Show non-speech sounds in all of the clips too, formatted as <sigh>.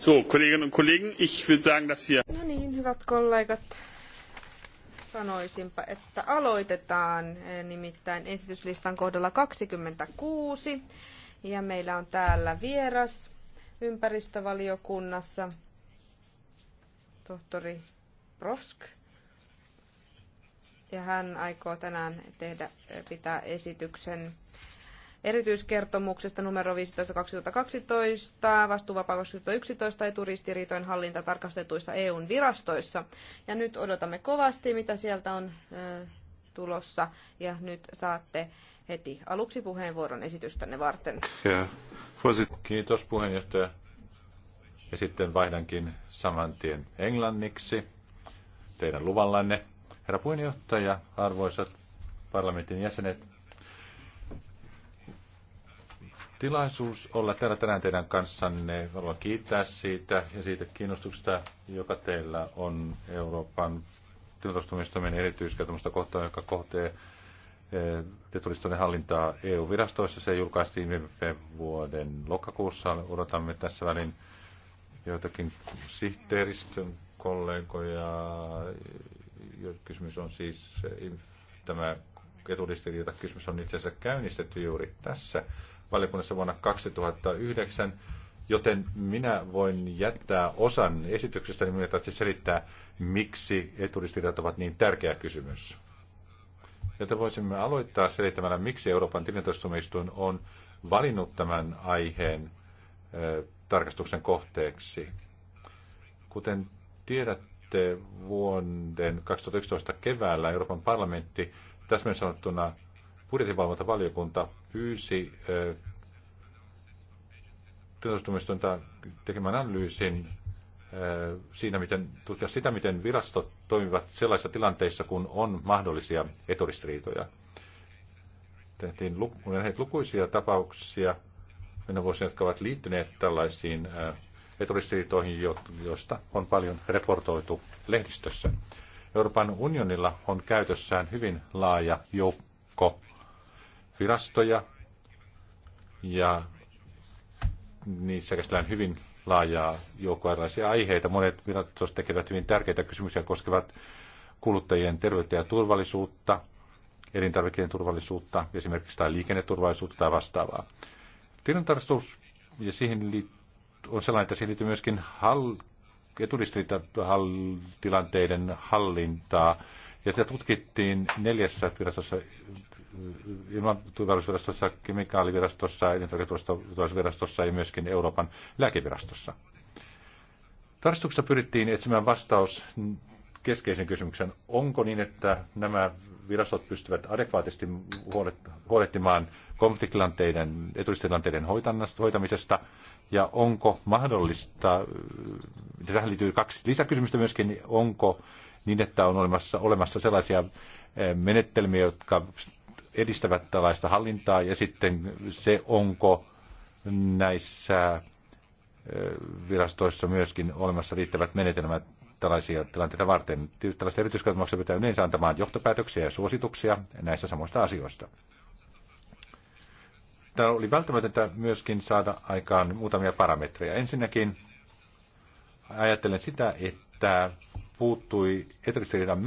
So, Kolleginnen und Kollegen, ich würde sagen, dass wir... No niin, hyvät kollegat. Sanoisinpa, että aloitetaan eh, nimittäin esityslistan kohdalla 26. Ja meillä on täällä vieras ympäristövaliokunnassa, tohtori Prosk. Ja hän aikoo tänään tehdä, eh, pitää esityksen erityiskertomuksesta numero 15 2012, vastuuvapaus 2011 ja turistiriitojen hallinta tarkastetuissa EUn virastoissa. Ja nyt odotamme kovasti, mitä sieltä on ö, tulossa ja nyt saatte heti aluksi puheenvuoron esitystänne varten. Kiitos puheenjohtaja. Ja sitten vaihdankin saman tien englanniksi teidän luvallanne. Herra puheenjohtaja, arvoisat parlamentin jäsenet, tilaisuus olla täällä tänään teidän kanssanne. Haluan kiittää siitä ja siitä kiinnostuksesta, joka teillä on Euroopan tilastustumistomien erityiskertomusta kohtaan, joka kohtee eh, tietolistojen hallintaa EU-virastoissa. Se julkaistiin viime vuoden lokakuussa. Odotamme tässä välin joitakin sihteeristön kollegoja. Kysymys on siis eh, tämä etulistiriita. Kysymys on itse asiassa käynnistetty juuri tässä valiokunnassa vuonna 2009, joten minä voin jättää osan esityksestä, niin minä tarvitsen selittää, miksi eturistiriidat ovat niin tärkeä kysymys. Joten voisimme aloittaa selittämällä, miksi Euroopan tilintoistumistuin on valinnut tämän aiheen ö, tarkastuksen kohteeksi. Kuten tiedätte, vuoden 2011 keväällä Euroopan parlamentti täsmälleen sanottuna Budjetinvalvontavaliokunta pyysi tilastumistointa tekemään analyysin siinä, miten tutkia sitä, miten virastot toimivat sellaisissa tilanteissa, kun on mahdollisia eturistiriitoja. Tehtiin lukuisia tapauksia minä vuosina, jotka ovat liittyneet tällaisiin eturistiriitoihin, joista on paljon reportoitu lehdistössä. Euroopan unionilla on käytössään hyvin laaja joukko virastoja ja niissä käsitellään hyvin laajaa joukkoa erilaisia aiheita. Monet virastot tekevät hyvin tärkeitä kysymyksiä koskevat kuluttajien terveyttä ja turvallisuutta, elintarvikkeiden turvallisuutta, esimerkiksi tai liikenneturvallisuutta tai vastaavaa. Tilintarkastus ja siihen on sellainen, että siihen liittyy myöskin hall, hal hall, hallintaa. Ja sitä tutkittiin neljässä virastossa ilmaturvallisuusvirastossa, kemikaalivirastossa, elintarviketurvallisuusvirastossa ja myöskin Euroopan lääkevirastossa. Tarkastuksessa pyrittiin etsimään vastaus keskeisen kysymyksen, onko niin, että nämä virastot pystyvät adekvaatisti huolehtimaan konfliktilanteiden, etuistilanteiden hoitamisesta, ja onko mahdollista, tähän liittyy kaksi lisäkysymystä myöskin, onko niin, että on olemassa, olemassa sellaisia eh, menettelmiä, jotka edistävät tällaista hallintaa ja sitten se, onko näissä virastoissa myöskin olemassa riittävät menetelmät tällaisia tilanteita varten. tällaista erityiskertomuksessa pitää yleensä antamaan johtopäätöksiä ja suosituksia näissä samoista asioista. Täällä oli välttämätöntä myöskin saada aikaan muutamia parametreja. Ensinnäkin ajattelen sitä, että puuttui eturistiriidan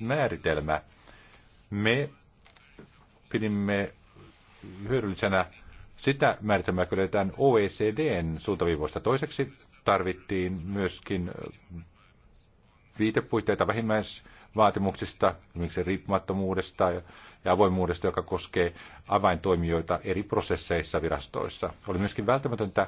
määritelmä. Me pidimme hyödyllisenä sitä määritelmää, kun tämän OECDn suuntaviivoista. Toiseksi tarvittiin myöskin äh, viitepuitteita vähimmäisvaatimuksista, esimerkiksi riippumattomuudesta ja avoimuudesta, joka koskee avaintoimijoita eri prosesseissa virastoissa. Oli myöskin välttämätöntä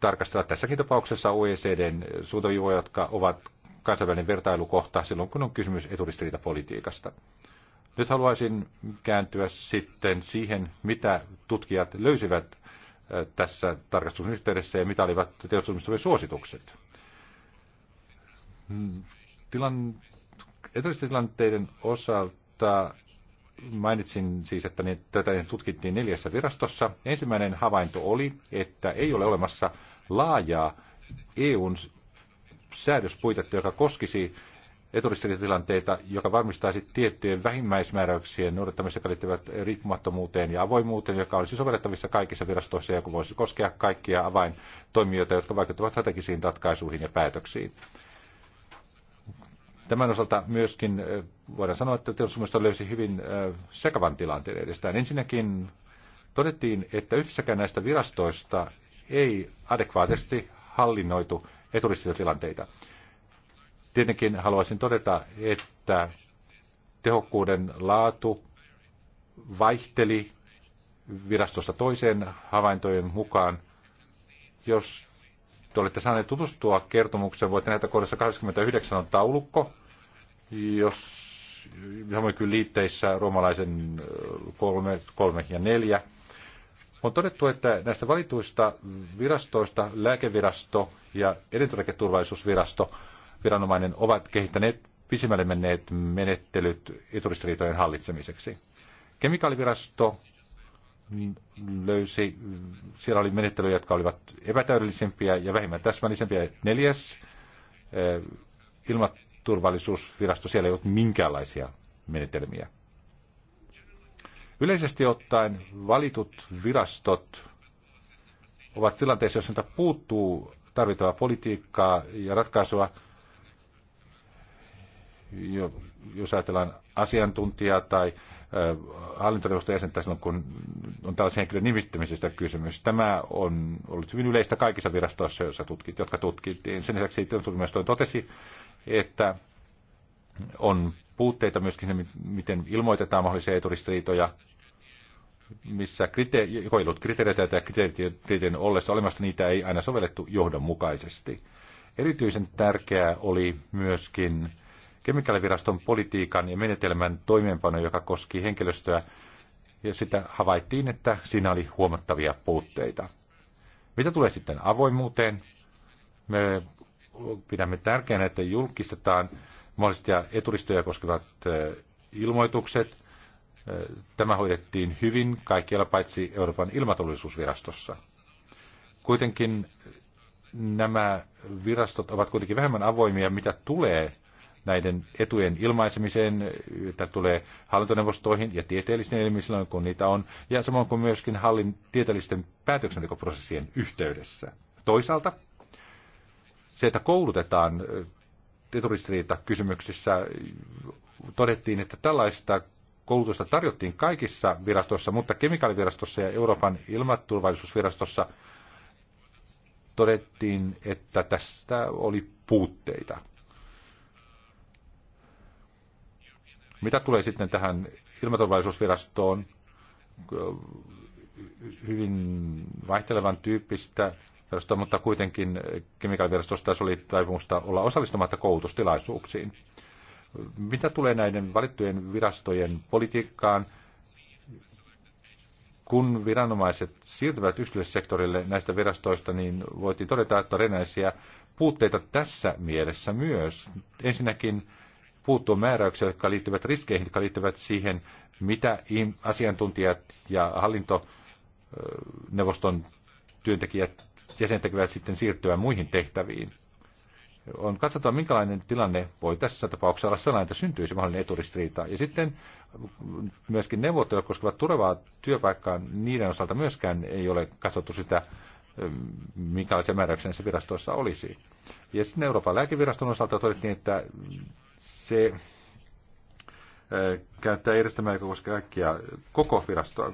tarkastella tässäkin tapauksessa OECDn suuntaviivoja, jotka ovat kansainvälinen vertailukohta silloin, kun on kysymys eturistiriitapolitiikasta. politiikasta. Nyt haluaisin kääntyä sitten siihen, mitä tutkijat löysivät äh, tässä tarkastuksen yhteydessä ja mitä olivat teollisuusministeriön suositukset. Hmm, tilan, tilanteiden osalta mainitsin siis, että ne, tätä tutkittiin neljässä virastossa. Ensimmäinen havainto oli, että ei ole olemassa laajaa EUn säädöspuitetta, joka koskisi eturistiriitatilanteita, joka varmistaisi tiettyjen vähimmäismääräyksien noudattamista, jotka liittyvät riippumattomuuteen ja avoimuuteen, joka olisi sovellettavissa kaikissa virastoissa ja joka voisi koskea kaikkia avaintoimijoita, jotka vaikuttavat strategisiin ratkaisuihin ja päätöksiin. Tämän osalta myöskin voidaan sanoa, että teollisuusmuisto löysi hyvin sekavan tilanteen edestään. Ensinnäkin todettiin, että yhdessäkään näistä virastoista ei adekvaatisti hallinnoitu eturistiriitatilanteita. tilanteita. Tietenkin haluaisin todeta, että tehokkuuden laatu vaihteli virastosta toiseen havaintojen mukaan. Jos te olette saaneet tutustua kertomukseen, voitte näitä kohdassa 89 on taulukko, jos samoin kuin liitteissä ruomalaisen kolme, kolme ja neljä. On todettu, että näistä valituista virastoista lääkevirasto ja elintarviketurvallisuusvirasto viranomainen ovat kehittäneet pisimmälle menneet menettelyt eturistiriitojen hallitsemiseksi. Kemikaalivirasto löysi, siellä oli menettelyjä, jotka olivat epätäydellisempiä ja vähemmän täsmällisempiä. Neljäs, eh, ilmaturvallisuusvirasto, siellä ei ollut minkäänlaisia menetelmiä. Yleisesti ottaen valitut virastot ovat tilanteessa, jossa puuttuu tarvittavaa politiikkaa ja ratkaisua – jos ajatellaan asiantuntijaa tai hallintoneuvoston jäsentä silloin, kun on tällaisen henkilön nimittämisestä kysymys. Tämä on ollut hyvin yleistä kaikissa virastoissa, joissa tutkit, jotka tutkittiin. Sen lisäksi työturvallisuus totesi, että on puutteita myöskin, miten ilmoitetaan mahdollisia eturistiriitoja, missä krite- joko ei ollut kriteereitä tai kriteereiden ollessa olemassa, niitä ei aina sovellettu johdonmukaisesti. Erityisen tärkeää oli myöskin kemikaaliviraston politiikan ja menetelmän toimeenpano, joka koski henkilöstöä, ja sitä havaittiin, että siinä oli huomattavia puutteita. Mitä tulee sitten avoimuuteen? Me pidämme tärkeänä, että julkistetaan mahdollisia eturistoja koskevat ilmoitukset. Tämä hoidettiin hyvin kaikkialla paitsi Euroopan ilmatollisuusvirastossa. Kuitenkin nämä virastot ovat kuitenkin vähemmän avoimia, mitä tulee näiden etujen ilmaisemiseen, että tulee hallintoneuvostoihin ja tieteellisiin elimiin silloin, kun niitä on, ja samoin kuin myöskin hallin tieteellisten päätöksentekoprosessien yhteydessä. Toisaalta se, että koulutetaan kysymyksissä todettiin, että tällaista koulutusta tarjottiin kaikissa virastoissa, mutta kemikaalivirastossa ja Euroopan ilmaturvallisuusvirastossa todettiin, että tästä oli puutteita. Mitä tulee sitten tähän ilmaturvallisuusvirastoon, hyvin vaihtelevan tyyppistä virastoa, mutta kuitenkin kemikaalivirastosta oli taipumusta olla osallistumatta koulutustilaisuuksiin. Mitä tulee näiden valittujen virastojen politiikkaan, kun viranomaiset siirtyvät yksityiselle sektorille näistä virastoista, niin voitiin todeta, että on puutteita tässä mielessä myös. Ensinnäkin puuttua määräyksiä, jotka liittyvät riskeihin, jotka liittyvät siihen, mitä asiantuntijat ja hallintoneuvoston työntekijät, jäsenet tekevät sitten siirtyä muihin tehtäviin. On katsotaan, minkälainen tilanne voi tässä tapauksessa olla sellainen, että syntyisi mahdollinen eturistiriita. Ja sitten myöskin neuvottelut koskevat tulevaa työpaikkaa, niiden osalta myöskään ei ole katsottu sitä, minkälaisia määräyksiä se virastoissa olisi. Ja sitten Euroopan lääkeviraston osalta todettiin, että se äh, käyttää järjestelmää, joka koskee kaikkia koko virastoa.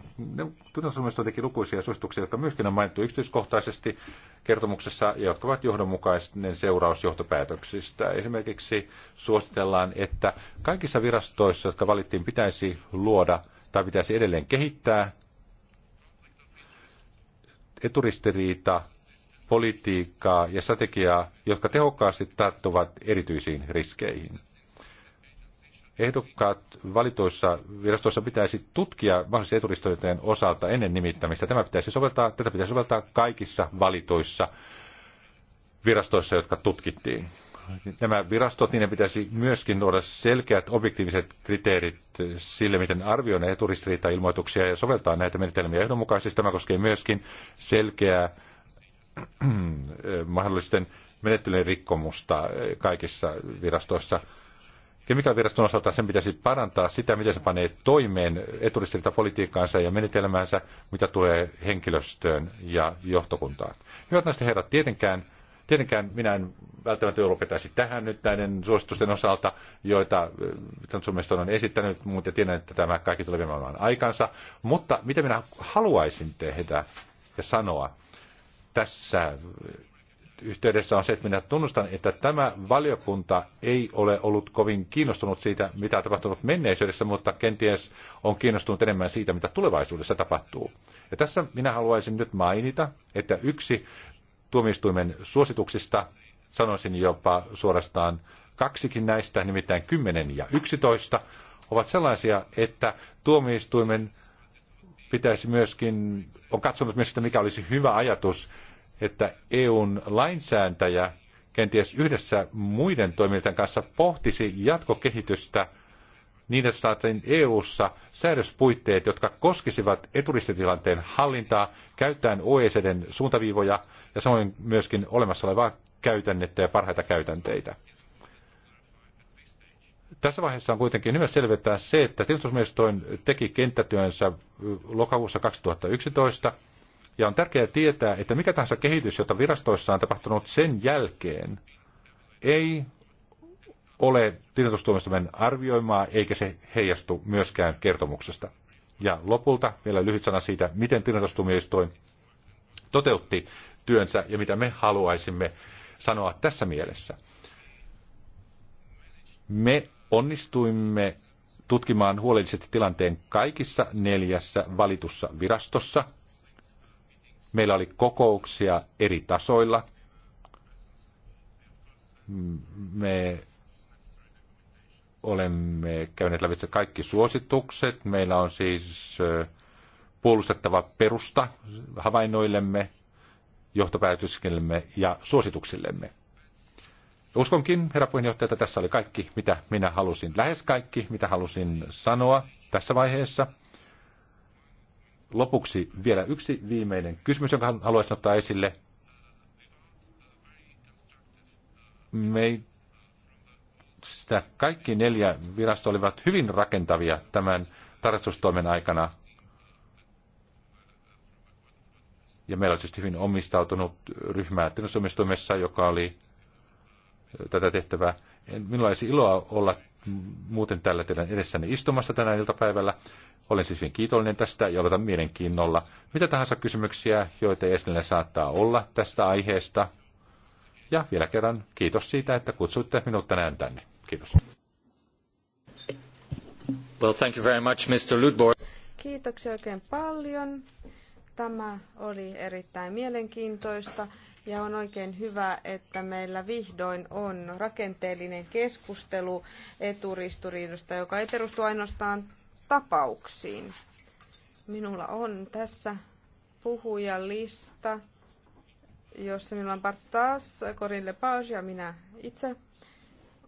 Tunnusomista teki lukuisia suosituksia, jotka myöskin on mainittu yksityiskohtaisesti kertomuksessa ja jotka ovat johdonmukaisen seuraus johtopäätöksistä. Esimerkiksi suositellaan, että kaikissa virastoissa, jotka valittiin, pitäisi luoda tai pitäisi edelleen kehittää eturistiriita, politiikkaa ja strategiaa, jotka tehokkaasti tarttuvat erityisiin riskeihin ehdokkaat valituissa virastoissa pitäisi tutkia mahdollisesti eturistojen osalta ennen nimittämistä. Tämä pitäisi soveltaa, tätä pitäisi soveltaa kaikissa valituissa virastoissa, jotka tutkittiin. Nämä virastot, niiden pitäisi myöskin luoda selkeät objektiiviset kriteerit sille, miten arvioidaan eturistiriita-ilmoituksia ja soveltaa näitä menetelmiä ehdonmukaisesti. Tämä koskee myöskin selkeää <clears throat> mahdollisten menettelyjen rikkomusta kaikissa virastoissa. Kemikaaliviraston osalta sen pitäisi parantaa sitä, miten se panee toimeen politiikkaansa ja menetelmäänsä, mitä tulee henkilöstöön ja johtokuntaan. Hyvät naiset herrat, tietenkään, tietenkään minä en välttämättä lopettaisi tähän nyt näiden suositusten osalta, joita äh, Tansumiston on esittänyt, mutta tiedän, että tämä kaikki tulee viemään aikansa. Mutta mitä minä haluaisin tehdä ja sanoa tässä yhteydessä on se, että minä tunnustan, että tämä valiokunta ei ole ollut kovin kiinnostunut siitä, mitä on tapahtunut menneisyydessä, mutta kenties on kiinnostunut enemmän siitä, mitä tulevaisuudessa tapahtuu. Ja tässä minä haluaisin nyt mainita, että yksi tuomioistuimen suosituksista, sanoisin jopa suorastaan kaksikin näistä, nimittäin 10 ja 11, ovat sellaisia, että tuomioistuimen pitäisi myöskin, on katsonut myös sitä, mikä olisi hyvä ajatus että EUn lainsääntäjä kenties yhdessä muiden toimijoiden kanssa pohtisi jatkokehitystä niin, että saatiin EU-ssa säädöspuitteet, jotka koskisivat eturistitilanteen hallintaa käyttäen OECDn suuntaviivoja ja samoin myöskin olemassa olevaa käytännettä ja parhaita käytänteitä. Tässä vaiheessa on kuitenkin hyvä selvittää se, että tilintusmiestoin teki kenttätyönsä lokakuussa 2011 ja on tärkeää tietää, että mikä tahansa kehitys, jota virastoissa on tapahtunut sen jälkeen, ei ole tilintustuomioistuimen arvioimaa, eikä se heijastu myöskään kertomuksesta. Ja lopulta vielä lyhyt sana siitä, miten tilintustuomioistuin toteutti työnsä ja mitä me haluaisimme sanoa tässä mielessä. Me onnistuimme tutkimaan huolellisesti tilanteen kaikissa neljässä valitussa virastossa. Meillä oli kokouksia eri tasoilla. Me olemme käyneet lävitse kaikki suositukset. Meillä on siis puolustettava perusta havainnoillemme, johtopäätöskillemme ja suosituksillemme. Uskonkin, herra puheenjohtaja, että tässä oli kaikki, mitä minä halusin, lähes kaikki, mitä halusin sanoa tässä vaiheessa. Lopuksi vielä yksi viimeinen kysymys, jonka haluaisin ottaa esille. Meistä kaikki neljä virastoa olivat hyvin rakentavia tämän tarkastustoimen aikana. Ja meillä on tietysti hyvin omistautunut ryhmä tilastumistoimessa, joka oli tätä tehtävää. Minulla olisi iloa olla muuten tällä teidän edessänne istumassa tänään iltapäivällä. Olen siis hyvin kiitollinen tästä ja odotan mielenkiinnolla mitä tahansa kysymyksiä, joita esillä saattaa olla tästä aiheesta. Ja vielä kerran kiitos siitä, että kutsuitte minut tänään tänne. Kiitos. Well, thank you very much, Mr. Ludborg. Kiitoksia oikein paljon. Tämä oli erittäin mielenkiintoista ja on oikein hyvä, että meillä vihdoin on rakenteellinen keskustelu eturistiriidosta, joka ei perustu ainoastaan tapauksiin. Minulla on tässä puhujalista, jossa minulla on taas Corinne Lepage ja minä itse.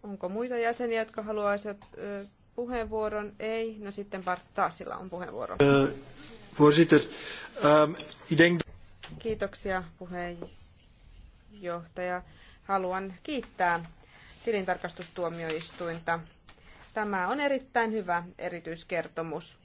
Onko muita jäseniä, jotka haluaisivat puheenvuoron? Ei. No sitten Bart Taasilla on puheenvuoro. Voorzitter, um, ik denk... Kiitoksia puheenjohtaja. Haluan kiittää tilintarkastustuomioistuinta Tämä on erittäin hyvä erityiskertomus.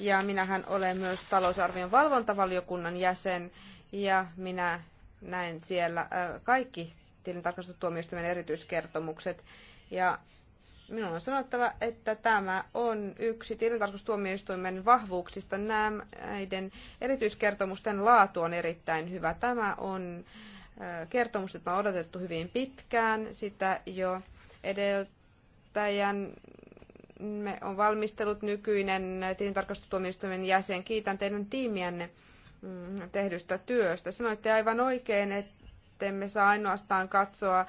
Ja minähän olen myös talousarvion valvontavaliokunnan jäsen ja minä näen siellä äh, kaikki tilintarkastustuomioistuimen erityiskertomukset. Ja minun on sanottava, että tämä on yksi tilintarkastustuomioistuimen vahvuuksista. Näiden erityiskertomusten laatu on erittäin hyvä. Tämä on äh, kertomus, jota on odotettu hyvin pitkään. Sitä jo edeltäjän me on valmistellut nykyinen tilintarkastustuomioistuimen jäsen. Kiitän teidän tiimiänne mm, tehdystä työstä. Sanoitte aivan oikein, että emme saa ainoastaan katsoa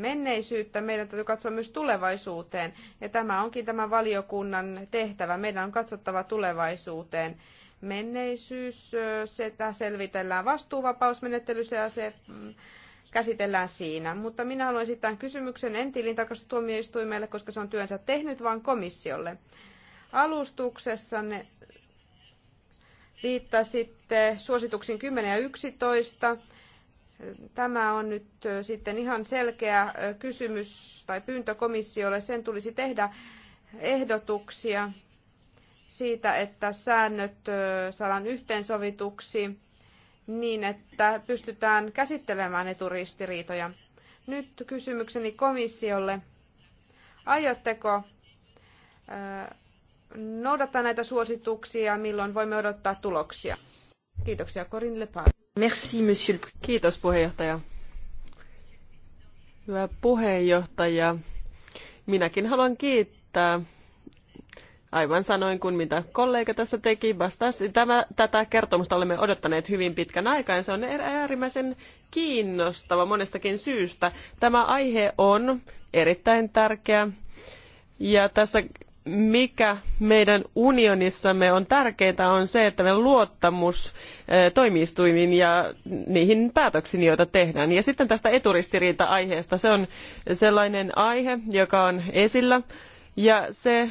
menneisyyttä, meidän täytyy katsoa myös tulevaisuuteen. Ja tämä onkin tämän valiokunnan tehtävä. Meidän on katsottava tulevaisuuteen menneisyys, sitä selvitellään vastuuvapausmenettelyssä ja se mm, käsitellään siinä. Mutta minä haluan esittää kysymyksen en tilintarkastustuomioistuimelle, koska se on työnsä tehnyt, vaan komissiolle. Alustuksessanne viittasitte suosituksiin 10 ja 11. Tämä on nyt sitten ihan selkeä kysymys tai pyyntö komissiolle. Sen tulisi tehdä ehdotuksia siitä, että säännöt saadaan yhteensovituksi niin, että pystytään käsittelemään eturistiriitoja. Nyt kysymykseni komissiolle. Aiotteko noudattaa näitä suosituksia, milloin voimme odottaa tuloksia? Kiitoksia Corinne Lepage. Merci, monsieur. Kiitos puheenjohtaja. Hyvä puheenjohtaja. Minäkin haluan kiittää aivan sanoin kuin mitä kollega tässä teki. Vastasi. Tämä, tätä kertomusta olemme odottaneet hyvin pitkän aikaa ja se on er- äärimmäisen kiinnostava monestakin syystä. Tämä aihe on erittäin tärkeä ja tässä mikä meidän unionissamme on tärkeintä on se, että me luottamus toimistuimiin ja niihin päätöksiin, joita tehdään. Ja sitten tästä eturistiriita-aiheesta. Se on sellainen aihe, joka on esillä ja se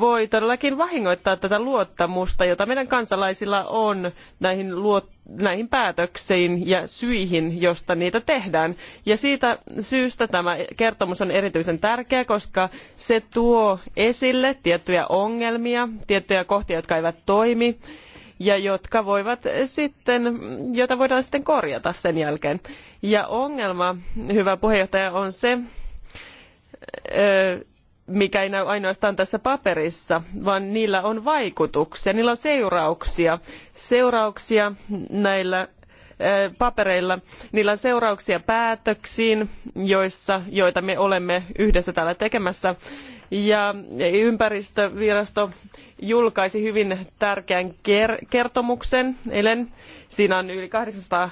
voi todellakin vahingoittaa tätä luottamusta, jota meidän kansalaisilla on näihin, näihin päätöksiin ja syihin, josta niitä tehdään. Ja siitä syystä tämä kertomus on erityisen tärkeä, koska se tuo esille tiettyjä ongelmia, tiettyjä kohtia, jotka eivät toimi ja jotka voivat sitten, joita voidaan sitten korjata sen jälkeen. Ja ongelma, hyvä puheenjohtaja, on se, mikä ei näy ainoastaan tässä paperissa, vaan niillä on vaikutuksia, niillä on seurauksia. Seurauksia näillä eh, papereilla. Niillä on seurauksia päätöksiin, joissa, joita me olemme yhdessä täällä tekemässä. Ja ympäristövirasto julkaisi hyvin tärkeän kertomuksen eilen. Siinä on yli 800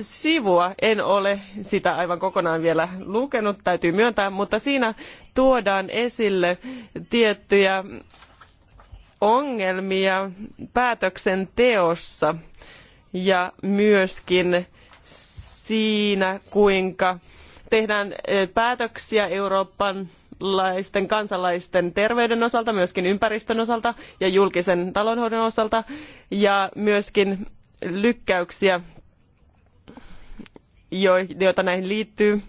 sivua. En ole sitä aivan kokonaan vielä lukenut, täytyy myöntää, mutta siinä tuodaan esille tiettyjä ongelmia päätöksenteossa ja myöskin siinä, kuinka tehdään eh, päätöksiä Euroopan suomalaisten kansalaisten terveyden osalta, myöskin ympäristön osalta ja julkisen talonhoidon osalta ja myöskin lykkäyksiä, joita näihin liittyy.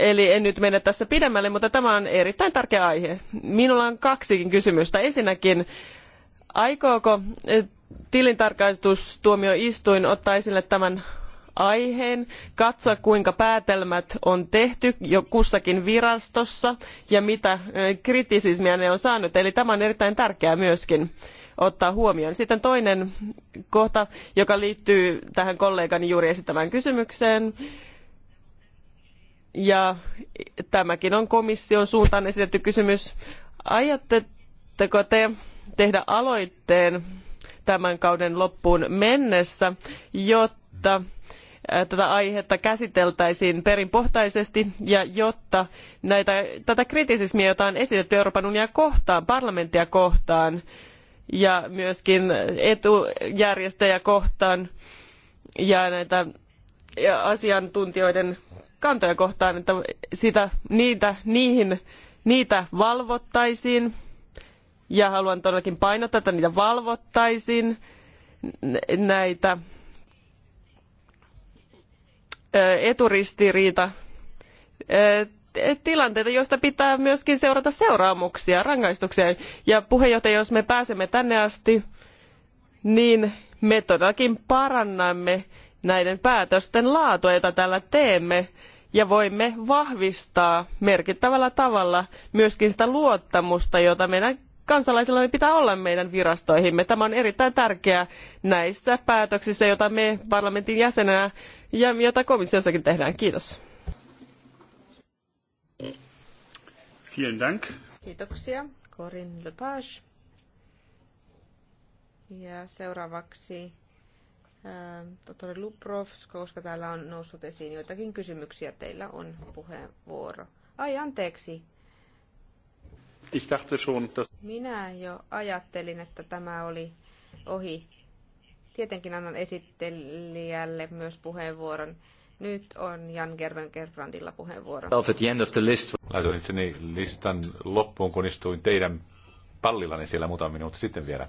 Eli en nyt mene tässä pidemmälle, mutta tämä on erittäin tärkeä aihe. Minulla on kaksikin kysymystä. Ensinnäkin, aikooko eh, tilintarkastustuomioistuin ottaa esille tämän aiheen, katsoa kuinka päätelmät on tehty jo kussakin virastossa ja mitä kritisismiä ne on saanut. Eli tämä on erittäin tärkeää myöskin ottaa huomioon. Sitten toinen kohta, joka liittyy tähän kollegani juuri esittämään kysymykseen. Ja tämäkin on komission suuntaan esitetty kysymys. Aiotteko te tehdä aloitteen tämän kauden loppuun mennessä, jotta jotta tätä aihetta käsiteltäisiin perinpohtaisesti ja jotta näitä, tätä kritisismiä, jota on esitetty Euroopan unionia kohtaan, parlamenttia kohtaan ja myöskin etujärjestöjä kohtaan ja näitä ja asiantuntijoiden kantoja kohtaan, että sitä, niitä, niihin, niitä valvottaisiin ja haluan todellakin painottaa, että niitä valvottaisiin näitä eturistiriita tilanteita, joista pitää myöskin seurata seuraamuksia, rangaistuksia. Ja puheenjohtaja, jos me pääsemme tänne asti, niin me todellakin parannamme näiden päätösten laatua, jota täällä teemme, ja voimme vahvistaa merkittävällä tavalla myöskin sitä luottamusta, jota meidän kansalaisilla pitää olla meidän virastoihimme. Tämä on erittäin tärkeää näissä päätöksissä, joita me parlamentin jäsenenä ja jota komissiossakin tehdään. Kiitos. Kiitoksia. Corinne Lepage. Ja seuraavaksi ähm, Totori Luprov, koska täällä on noussut esiin joitakin kysymyksiä, teillä on puheenvuoro. Ai anteeksi, minä jo ajattelin, että tämä oli ohi. Tietenkin annan esittelijälle myös puheenvuoron. Nyt on Jan Gerven Gerbrandilla puheenvuoro. Laitoin sen listan loppuun, kun istuin teidän pallillani siellä muutama minuutti sitten vielä.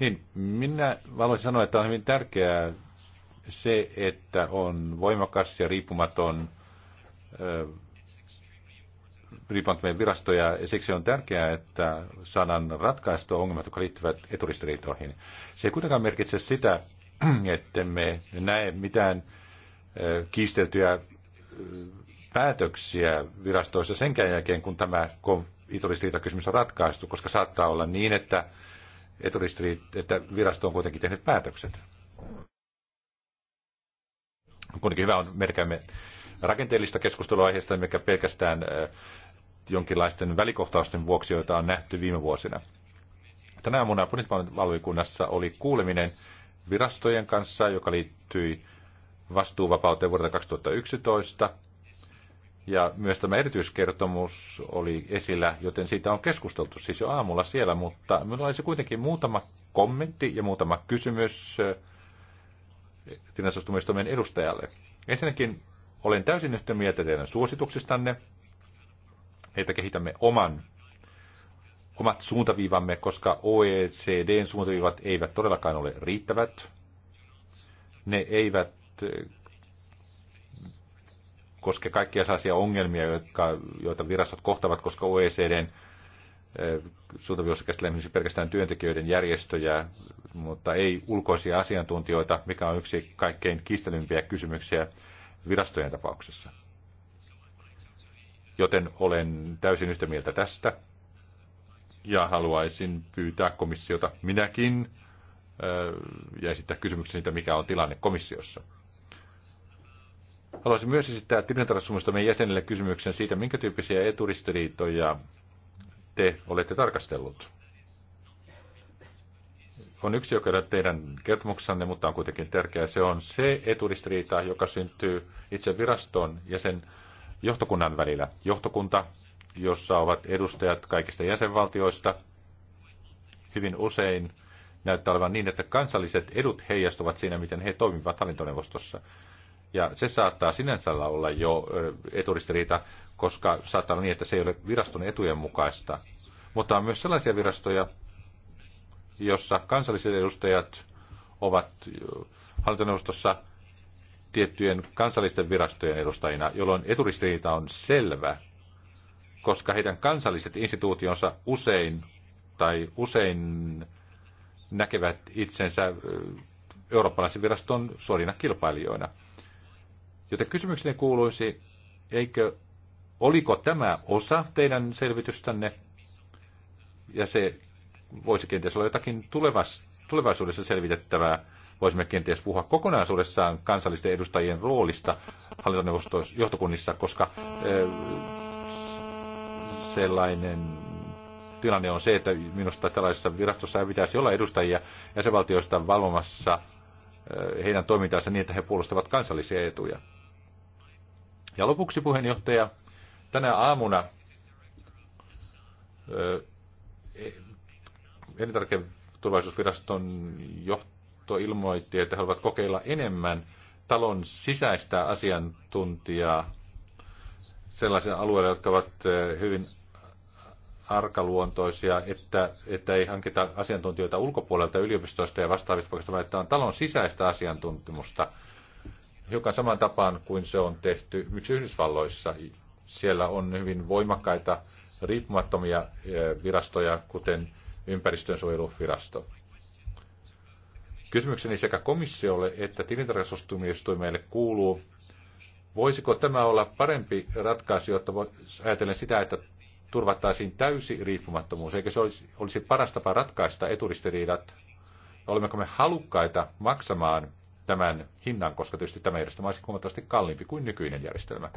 Niin, minä haluaisin sanoa, että on hyvin tärkeää se, että on voimakas ja riippumaton riippumattomia virastoja. Ja siksi on tärkeää, että saadaan ratkaistua ongelmat, jotka liittyvät eturistiriitoihin. Se ei kuitenkaan merkitse sitä, <clears throat> että me näe mitään kiisteltyjä päätöksiä virastoissa senkään jälkeen, kun tämä eturistiriitakysymys on ratkaistu, koska saattaa olla niin, että, että virasto on kuitenkin tehnyt päätökset. Kuitenkin hyvä on merkäämme rakenteellista keskustelua aiheesta, mikä pelkästään jonkinlaisten välikohtausten vuoksi, joita on nähty viime vuosina. Tänä aamuna budjettivaliokunnassa oli kuuleminen virastojen kanssa, joka liittyi vastuuvapauteen vuodelta 2011. Ja myös tämä erityiskertomus oli esillä, joten siitä on keskusteltu siis jo aamulla siellä, mutta minulla olisi kuitenkin muutama kommentti ja muutama kysymys eh, tilastustumistoimen edustajalle. Ensinnäkin olen täysin yhtä mieltä teidän suosituksistanne, että kehitämme oman, omat suuntaviivamme, koska OECDn suuntaviivat eivät todellakaan ole riittävät. Ne eivät eh, koske kaikkia sellaisia ongelmia, jotka, joita virastot kohtavat, koska OECDn eh, suuntaviivassa käsitellään pelkästään työntekijöiden järjestöjä, mutta ei ulkoisia asiantuntijoita, mikä on yksi kaikkein kiistelympiä kysymyksiä virastojen tapauksessa joten olen täysin yhtä mieltä tästä. Ja haluaisin pyytää komissiota minäkin äh, ja esittää kysymyksen siitä, mikä on tilanne komissiossa. Haluaisin myös esittää tilintarkastusmuista meidän jäsenille kysymyksen siitä, minkä tyyppisiä eturistiriitoja te olette tarkastellut. On yksi, joka on teidän kertomuksenne, mutta on kuitenkin tärkeää, Se on se eturistiriita, joka syntyy itse viraston ja sen johtokunnan välillä. Johtokunta, jossa ovat edustajat kaikista jäsenvaltioista, hyvin usein näyttää olevan niin, että kansalliset edut heijastuvat siinä, miten he toimivat hallintoneuvostossa. Ja se saattaa sinänsä olla jo eturistiriita, koska saattaa olla niin, että se ei ole viraston etujen mukaista. Mutta on myös sellaisia virastoja, jossa kansalliset edustajat ovat hallintoneuvostossa tiettyjen kansallisten virastojen edustajina, jolloin eturistiriita on selvä, koska heidän kansalliset instituutionsa usein tai usein näkevät itsensä eurooppalaisen viraston suorina kilpailijoina. Joten kysymykseni kuuluisi, eikö, oliko tämä osa teidän selvitystänne ja se voisi kenties olla jotakin tulevaisuudessa selvitettävää, Voisimme kenties puhua kokonaisuudessaan kansallisten edustajien roolista hallintoneuvoston johtokunnissa, koska sellainen tilanne on se, että minusta tällaisessa virastossa ei pitäisi olla edustajia jäsenvaltioista valvomassa heidän toimintaansa niin, että he puolustavat kansallisia etuja. Ja lopuksi puheenjohtaja, tänä aamuna e, elintarviketurvallisuusviraston johtaja neuvosto ilmoitti, että he haluavat kokeilla enemmän talon sisäistä asiantuntijaa sellaisen alueella, jotka ovat eh, hyvin arkaluontoisia, että, että ei hankita asiantuntijoita ulkopuolelta yliopistoista ja vastaavista paikoista, vaan että on talon sisäistä asiantuntemusta, joka saman tapaan kuin se on tehty yksi Yhdysvalloissa. Siellä on hyvin voimakkaita riippumattomia eh, virastoja, kuten ympäristönsuojeluvirasto. Kysymykseni sekä komissiolle että tilintarkastustuomioistuimelle kuuluu, voisiko tämä olla parempi ratkaisu, jotta ajatellen sitä, että turvattaisiin täysi riippumattomuus, eikä se olisi, olisi paras tapa ratkaista eturistiriidat? Olemmeko me halukkaita maksamaan tämän hinnan, koska tietysti tämä järjestelmä olisi huomattavasti kalliimpi kuin nykyinen järjestelmä?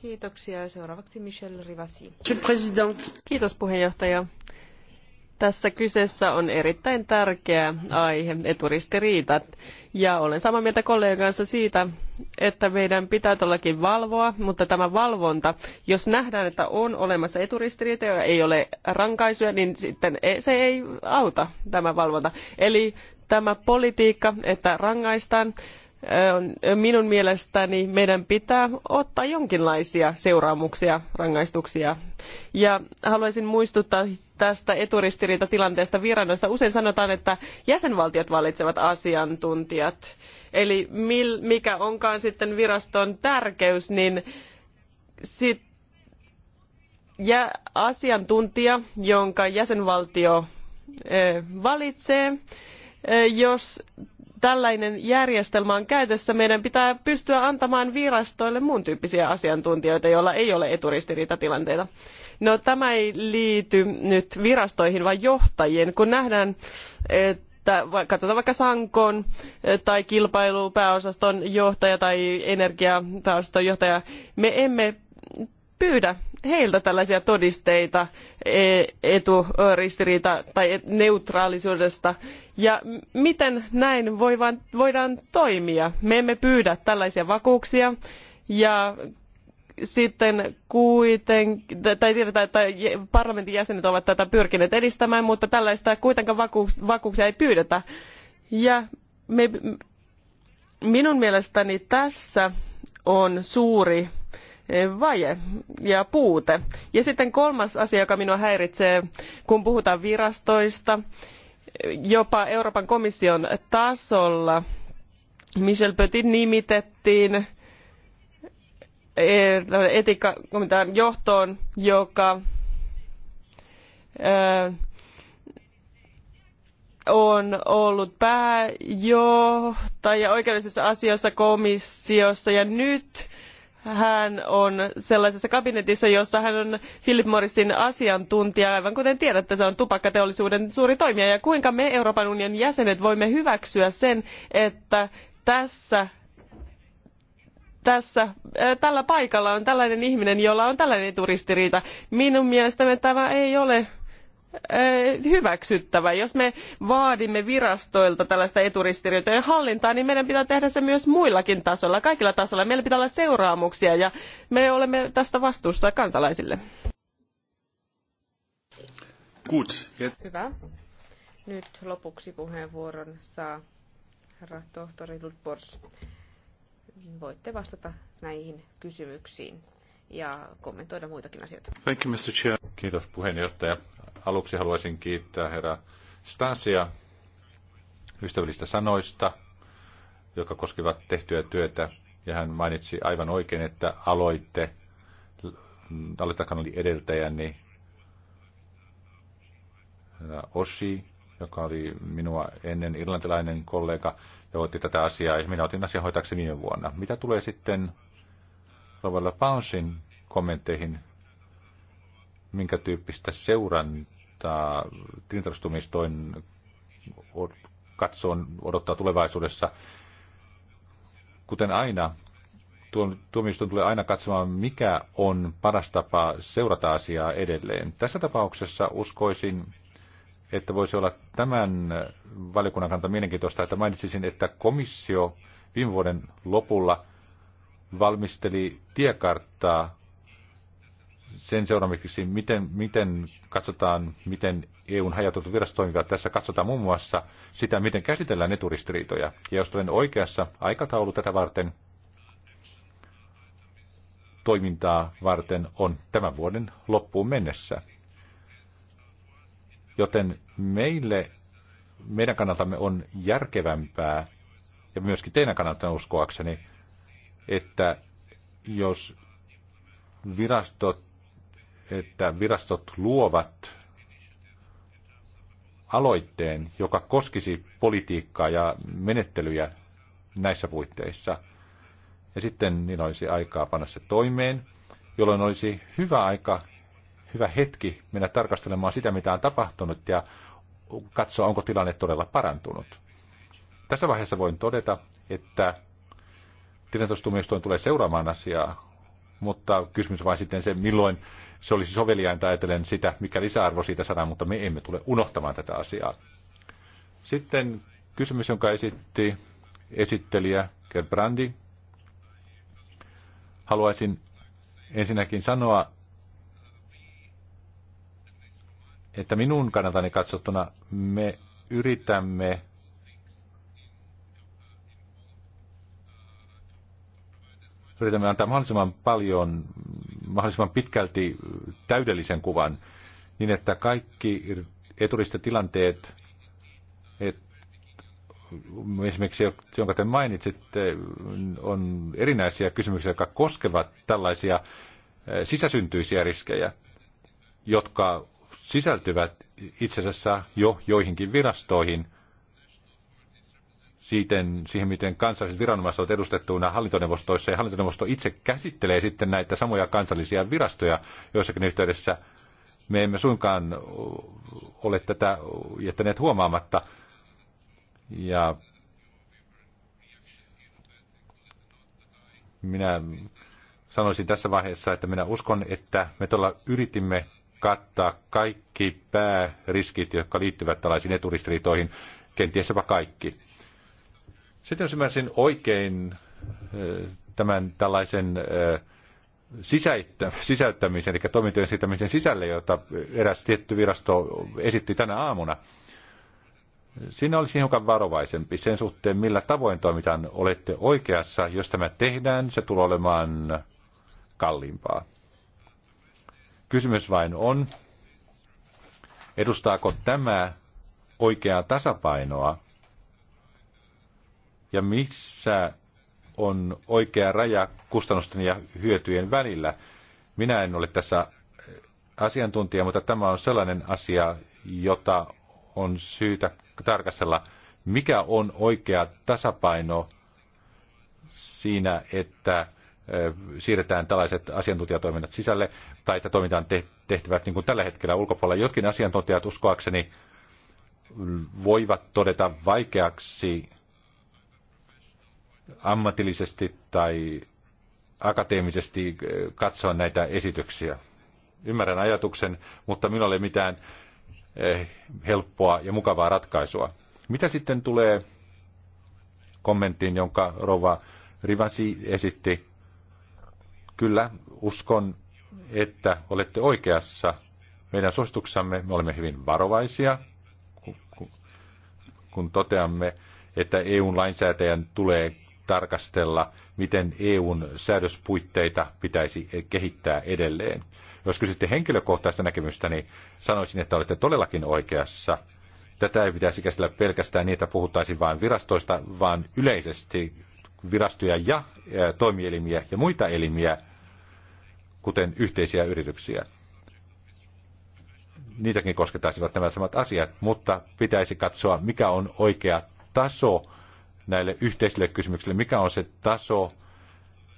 Kiitoksia. Seuraavaksi Michel Rivasi. Kiitos puheenjohtaja. Tässä kyseessä on erittäin tärkeä aihe, eturistiriitat. Ja olen samaa mieltä kollegan kanssa siitä, että meidän pitää todellakin valvoa, mutta tämä valvonta, jos nähdään, että on olemassa eturistiriitoja ja ei ole rankaisuja, niin sitten e- se ei auta tämä valvonta. Eli tämä politiikka, että rangaistaan, minun mielestäni meidän pitää ottaa jonkinlaisia seuraamuksia, rangaistuksia. Ja haluaisin muistuttaa tästä eturistiriitatilanteesta virannoissa. Usein sanotaan, että jäsenvaltiot valitsevat asiantuntijat. Eli mikä onkaan sitten viraston tärkeys, niin sit, ja asiantuntija, jonka jäsenvaltio valitsee, jos tällainen järjestelmä on käytössä, meidän pitää pystyä antamaan virastoille muun tyyppisiä asiantuntijoita, joilla ei ole eturistiriitatilanteita. No tämä ei liity nyt virastoihin, vaan johtajien. Kun nähdään, että katsotaan vaikka Sankon eh, tai kilpailupääosaston johtaja tai energiapääosaston johtaja, me emme pyydä heiltä tällaisia todisteita e, eturistiriita tai neutraalisuudesta ja miten näin voidaan toimia. Me emme pyydä tällaisia vakuuksia ja sitten kuitenkin, tai tiedetään, että parlamentin jäsenet ovat tätä pyrkineet edistämään, mutta tällaista kuitenkaan vakuuksia ei pyydetä. Ja me, minun mielestäni tässä on suuri Eh, vaje ja puute. Ja sitten kolmas asia, joka minua häiritsee, kun puhutaan virastoista, jopa Euroopan komission tasolla Michel Petit nimitettiin etiikkakomitean johtoon, joka on ollut pääjohtaja oikeudellisissa asioissa komissiossa ja nyt hän on sellaisessa kabinetissa, jossa hän on Philip Morrisin asiantuntija, aivan kuten tiedätte, se on tupakkateollisuuden suuri toimija. Ja kuinka me Euroopan unionin jäsenet voimme hyväksyä sen, että tässä tässä, äh, tällä paikalla on tällainen ihminen, jolla on tällainen turistiriita. Minun mielestäni tämä ei ole Eh, hyväksyttävä. Jos me vaadimme virastoilta tällaista eturistiriitojen hallintaa, niin meidän pitää tehdä se myös muillakin tasoilla, kaikilla tasoilla. Meillä pitää olla seuraamuksia ja me olemme tästä vastuussa kansalaisille. Gut. Hyvä. Nyt lopuksi puheenvuoron saa herra tohtori Voitte vastata näihin kysymyksiin ja kommentoida muitakin asioita. Thank you, Mr. Chair. Kiitos puheenjohtaja. Aluksi haluaisin kiittää herra Stasia ystävällistä sanoista, jotka koskivat tehtyä työtä. Ja hän mainitsi aivan oikein, että aloitte, aloittakan oli edeltäjäni Osi, joka oli minua ennen irlantilainen kollega, ja otti tätä asiaa, ja minä otin asian hoitaakseni viime vuonna. Mitä tulee sitten Ravalla Pansin kommentteihin, minkä tyyppistä seurantaa tilintarkastumistoin katsoo odottaa tulevaisuudessa. Kuten aina, tuomioistuin tulee aina katsomaan, mikä on paras tapa seurata asiaa edelleen. Tässä tapauksessa uskoisin, että voisi olla tämän valiokunnan kanta mielenkiintoista, että mainitsisin, että komissio viime vuoden lopulla valmisteli tiekarttaa sen seuraamiseksi, miten, miten katsotaan, miten EUn hajautetut virastot toimivat. Tässä katsotaan muun muassa sitä, miten käsitellään eturistiriitoja. Ja jos olen oikeassa, aikataulu tätä varten, toimintaa varten on tämän vuoden loppuun mennessä. Joten meille, meidän kannaltamme on järkevämpää, ja myöskin teidän kannaltanne uskoakseni, että jos virastot, että virastot luovat aloitteen, joka koskisi politiikkaa ja menettelyjä näissä puitteissa. Ja sitten niin olisi aikaa panna se toimeen, jolloin olisi hyvä aika, hyvä hetki mennä tarkastelemaan sitä, mitä on tapahtunut ja katsoa, onko tilanne todella parantunut. Tässä vaiheessa voin todeta, että tilintarkastustuomioistuin tulee seuraamaan asiaa, mutta kysymys vain sitten se, milloin se olisi soveliainta ajatellen sitä, mikä lisäarvo siitä saadaan, mutta me emme tule unohtamaan tätä asiaa. Sitten kysymys, jonka esitti esittelijä Gerbrandi. Haluaisin ensinnäkin sanoa, että minun kannaltani katsottuna me yritämme yritämme antaa mahdollisimman paljon, mahdollisimman pitkälti täydellisen kuvan, niin että kaikki eturistitilanteet, et, esimerkiksi jonka te mainitsitte, on erinäisiä kysymyksiä, jotka koskevat tällaisia eh, sisäsyntyisiä riskejä, jotka sisältyvät itse asiassa jo joihinkin virastoihin – siten, siihen, miten kansalliset viranomaiset ovat edustettuina hallintoneuvostoissa, ja hallintoneuvosto itse käsittelee sitten näitä samoja kansallisia virastoja joissakin yhteydessä. Me emme suinkaan ole tätä jättäneet huomaamatta. Ja minä sanoisin tässä vaiheessa, että minä uskon, että me tuolla yritimme kattaa kaikki pääriskit, jotka liittyvät tällaisiin eturistiriitoihin, kenties jopa kaikki. Sitten jos ymmärsin oikein tämän tällaisen sisäyttä, sisäyttämisen, eli toimintojen siirtämisen sisälle, jota eräs tietty virasto esitti tänä aamuna. Siinä olisi hiukan varovaisempi sen suhteen, millä tavoin toimitaan. Olette oikeassa, jos tämä tehdään, se tulee olemaan kalliimpaa. Kysymys vain on, edustaako tämä oikeaa tasapainoa ja missä on oikea raja kustannusten ja hyötyjen välillä. Minä en ole tässä äh, asiantuntija, mutta tämä on sellainen asia, jota on syytä tarkastella, mikä on oikea tasapaino siinä, että äh, siirretään tällaiset asiantuntijatoiminnat sisälle, tai että toimitaan tehtävät niin kuin tällä hetkellä ulkopuolella. Jotkin asiantuntijat uskoakseni voivat todeta vaikeaksi ammatillisesti tai akateemisesti äh, katsoa näitä esityksiä. Ymmärrän ajatuksen, mutta minulla ei ole mitään äh, helppoa ja mukavaa ratkaisua. Mitä sitten tulee kommenttiin, jonka Rova Rivasi esitti? Kyllä, uskon, että olette oikeassa. Meidän suosituksessamme me olemme hyvin varovaisia, kun toteamme, että EUn lainsäätäjän tulee tarkastella, miten EUn säädöspuitteita pitäisi kehittää edelleen. Jos kysytte henkilökohtaista näkemystä, niin sanoisin, että olette todellakin oikeassa. Tätä ei pitäisi käsitellä pelkästään niin, että puhuttaisiin vain virastoista, vaan yleisesti virastoja ja toimielimiä ja muita elimiä, kuten yhteisiä yrityksiä niitäkin koskettaisivat nämä samat asiat, mutta pitäisi katsoa, mikä on oikea taso näille yhteisille kysymyksille, mikä on se taso,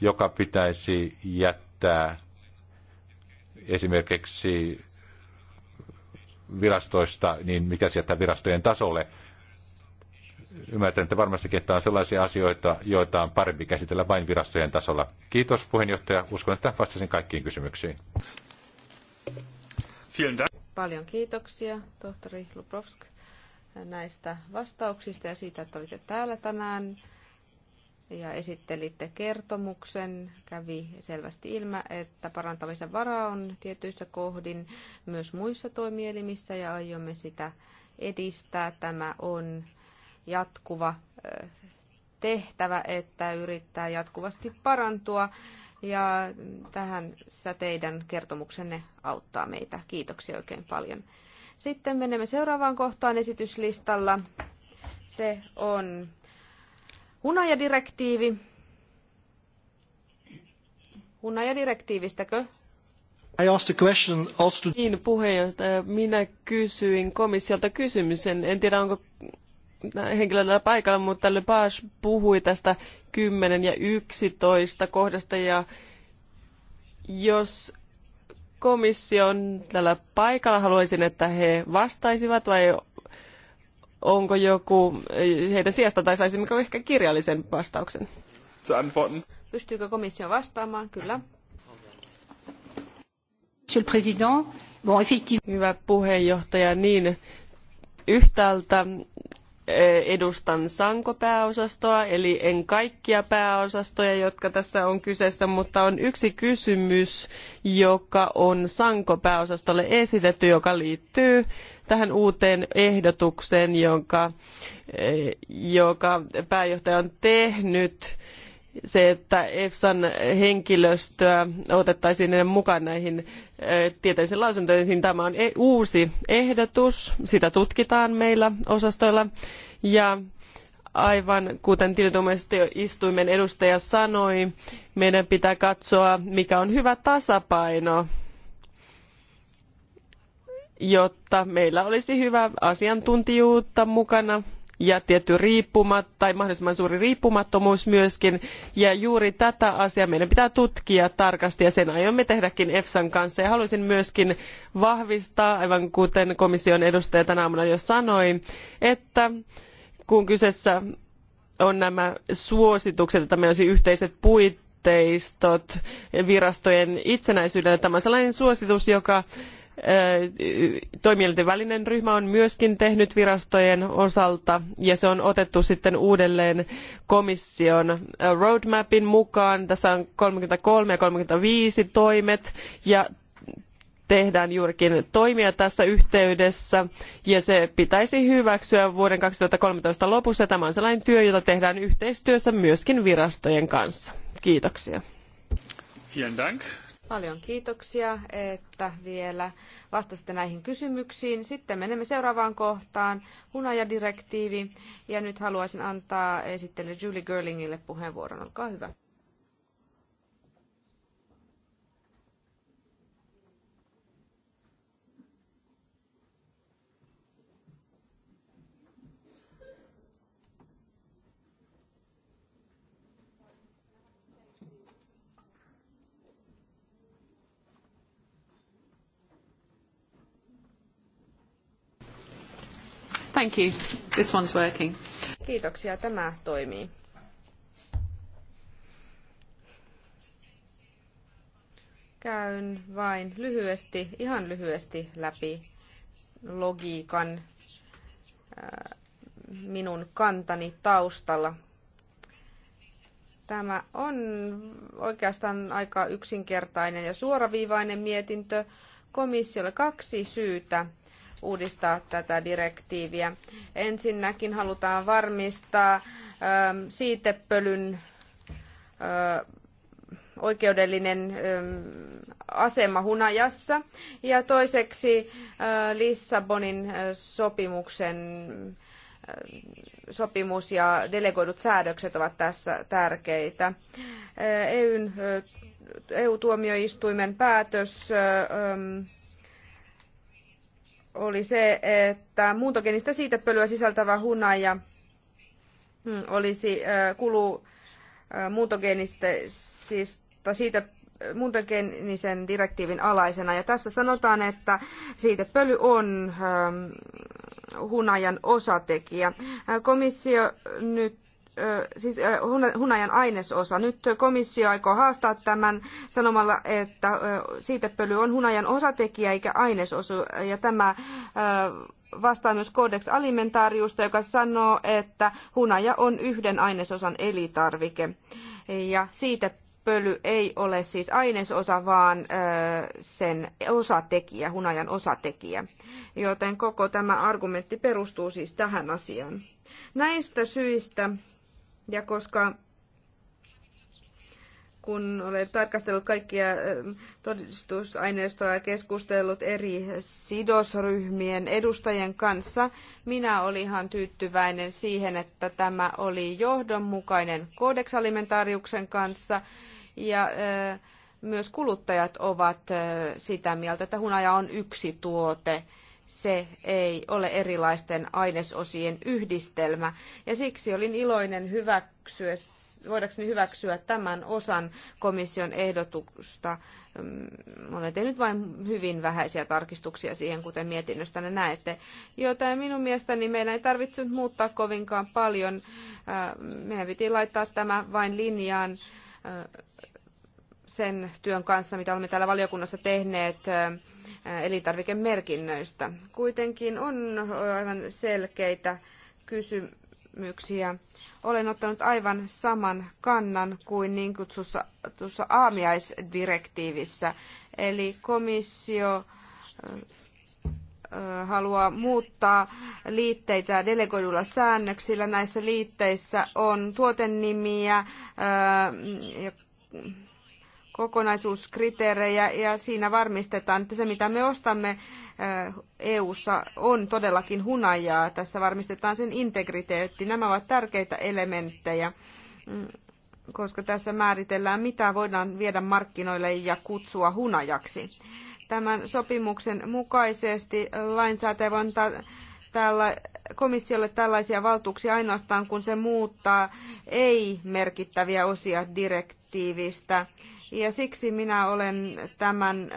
joka pitäisi jättää esimerkiksi virastoista, niin mikä sieltä virastojen tasolle. Ymmärtän, että varmastikin, että on sellaisia asioita, joita on parempi käsitellä vain virastojen tasolla. Kiitos puheenjohtaja. Uskon, että vastasin kaikkiin kysymyksiin. Paljon kiitoksia, tohtori Lubrovsk näistä vastauksista ja siitä, että olitte täällä tänään ja esittelitte kertomuksen. Kävi selvästi ilmä, että parantamisen varaa on tietyissä kohdin myös muissa toimielimissä ja aiomme sitä edistää. Tämä on jatkuva tehtävä, että yrittää jatkuvasti parantua ja tähän teidän kertomuksenne auttaa meitä. Kiitoksia oikein paljon. Sitten menemme seuraavaan kohtaan esityslistalla. Se on hunajadirektiivi. Hunajadirektiivistäkö? I asked a question also to... Niin, puheenjohtaja. Minä kysyin komissiolta kysymyksen. En tiedä, onko täällä paikalla, mutta Lepage puhui tästä 10 ja 11 kohdasta ja jos komissio on tällä paikalla? Haluaisin, että he vastaisivat vai onko joku heidän sijasta tai saisimmeko ehkä kirjallisen vastauksen? Pystyykö komissio vastaamaan? Kyllä. Monsieur le Président, Hyvä puheenjohtaja, niin yhtäältä edustan Sanko-pääosastoa, eli en kaikkia pääosastoja, jotka tässä on kyseessä, mutta on yksi kysymys, joka on Sanko-pääosastolle esitetty, joka liittyy tähän uuteen ehdotukseen, jonka, joka pääjohtaja on tehnyt se, että EFSAn henkilöstöä otettaisiin mukaan näihin tieteellisiin lausuntoihin. Tämä on e- uusi ehdotus, sitä tutkitaan meillä osastoilla ja aivan kuten tilituomioistuimen edustaja sanoi, meidän pitää katsoa, mikä on hyvä tasapaino, jotta meillä olisi hyvä asiantuntijuutta mukana ja tietty riippumat, tai mahdollisimman suuri riippumattomuus myöskin. Ja juuri tätä asiaa meidän pitää tutkia tarkasti ja sen aiomme tehdäkin EFSAn kanssa. Ja haluaisin myöskin vahvistaa, aivan kuten komission edustaja tänä aamuna jo sanoi, että kun kyseessä on nämä suositukset, että meillä olisi yhteiset puitteistot virastojen itsenäisyydelle. Tämä on sellainen suositus, joka toimielinten välinen ryhmä on myöskin tehnyt virastojen osalta ja se on otettu sitten uudelleen komission roadmapin mukaan. Tässä on 33 ja 35 toimet ja tehdään juurikin toimia tässä yhteydessä ja se pitäisi hyväksyä vuoden 2013 lopussa. Tämä on sellainen työ, jota tehdään yhteistyössä myöskin virastojen kanssa. Kiitoksia. Vielen Dank. Paljon kiitoksia, että vielä vastasitte näihin kysymyksiin. Sitten menemme seuraavaan kohtaan, hunajadirektiivi. Ja nyt haluaisin antaa esittelijä Julie Girlingille puheenvuoron. Olkaa hyvä. Thank you. This one's working. Kiitoksia, tämä toimii. Käyn vain lyhyesti, ihan lyhyesti läpi logiikan äh, minun kantani taustalla. Tämä on oikeastaan aika yksinkertainen ja suoraviivainen mietintö. Komissiolle kaksi syytä uudistaa tätä direktiiviä. Ensinnäkin halutaan varmistaa ähm, siitepölyn äh, oikeudellinen ähm, asema Hunajassa ja toiseksi äh, Lissabonin äh, sopimuksen sopimus ja delegoidut säädökset ovat tässä tärkeitä. EU-tuomioistuimen päätös ähm, oli se, että muuntogenistä siitepölyä sisältävä hunaja hmm, olisi kulu muuntogeenistä siitä muuntogeenisen direktiivin alaisena. Ja tässä sanotaan, että siitepöly on hunajan osatekijä. Komissio nyt siis hunajan ainesosa. Nyt komissio aikoo haastaa tämän sanomalla, että siitepöly on hunajan osatekijä eikä ainesosa. Ja tämä vastaa myös Codex Alimentariusta, joka sanoo, että hunaja on yhden ainesosan elitarvike. Ja siitepöly ei ole siis ainesosa, vaan sen osatekijä, hunajan osatekijä. Joten koko tämä argumentti perustuu siis tähän asiaan. Näistä syistä ja koska kun olen tarkastellut kaikkia todistusaineistoa ja keskustellut eri sidosryhmien edustajien kanssa, minä olin ihan tyytyväinen siihen, että tämä oli johdonmukainen Codex kanssa ja myös kuluttajat ovat sitä mieltä, että hunaja on yksi tuote se ei ole erilaisten ainesosien yhdistelmä. Ja siksi olin iloinen hyväksyä, voidakseni hyväksyä tämän osan komission ehdotusta. Mm, olen tehnyt vain hyvin vähäisiä tarkistuksia siihen, kuten mietinnöstä näette. Joten minun mielestäni meidän ei tarvitse muuttaa kovinkaan paljon. Äh, meidän piti laittaa tämä vain linjaan äh, sen työn kanssa, mitä olemme täällä valiokunnassa tehneet äh, elintarvikemerkinnöistä. Kuitenkin on aivan selkeitä kysymyksiä. Olen ottanut aivan saman kannan kuin niin kutsussa tuossa aamiaisdirektiivissä. Eli komissio haluaa muuttaa liitteitä delegoidulla säännöksillä. Näissä liitteissä on tuotennimiä ja kokonaisuuskriteerejä ja siinä varmistetaan, että se mitä me ostamme eh, EU:ssa on todellakin hunajaa. Tässä varmistetaan sen integriteetti. Nämä ovat tärkeitä elementtejä, mm, koska tässä määritellään, mitä voidaan viedä markkinoille ja kutsua hunajaksi. Tämän sopimuksen mukaisesti lainsäätäjä voi antaa Täällä komissiolle tällaisia valtuuksia ainoastaan, kun se muuttaa ei-merkittäviä osia direktiivistä ja siksi minä olen tämän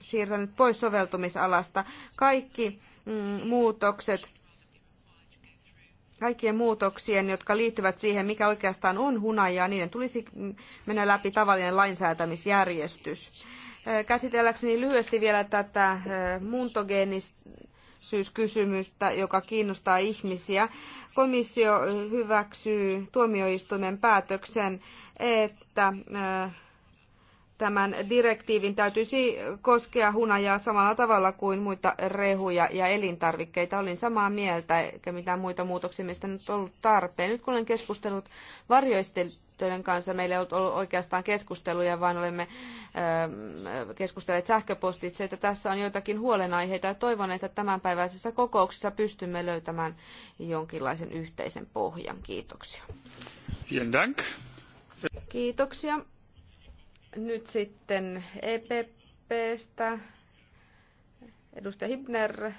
siirtänyt pois soveltumisalasta. Kaikki mm, muutokset kaikkien muutoksien, jotka liittyvät siihen, mikä oikeastaan on hunajaa, niiden tulisi mennä läpi tavallinen lainsäätämisjärjestys. Käsitelläkseni lyhyesti vielä tätä muuntogeenisyyskysymystä, joka kiinnostaa ihmisiä. Komissio hyväksyy tuomioistuimen päätöksen, että että tämän direktiivin täytyisi koskea hunajaa samalla tavalla kuin muita rehuja ja elintarvikkeita. Olin samaa mieltä, eikä mitään muita muutoksia mistä nyt ollut tarpeen. Nyt kun olen keskustellut varjoistelijoiden kanssa, meillä ei ollut oikeastaan keskusteluja, vaan olemme keskustelleet sähköpostitse, että tässä on joitakin huolenaiheita ja toivon, että tämänpäiväisessä kokouksessa pystymme löytämään jonkinlaisen yhteisen pohjan. Kiitoksia. Vielen Dank. Kiitoksia. Nyt sitten EPPstä. Edustaja Hibner eh,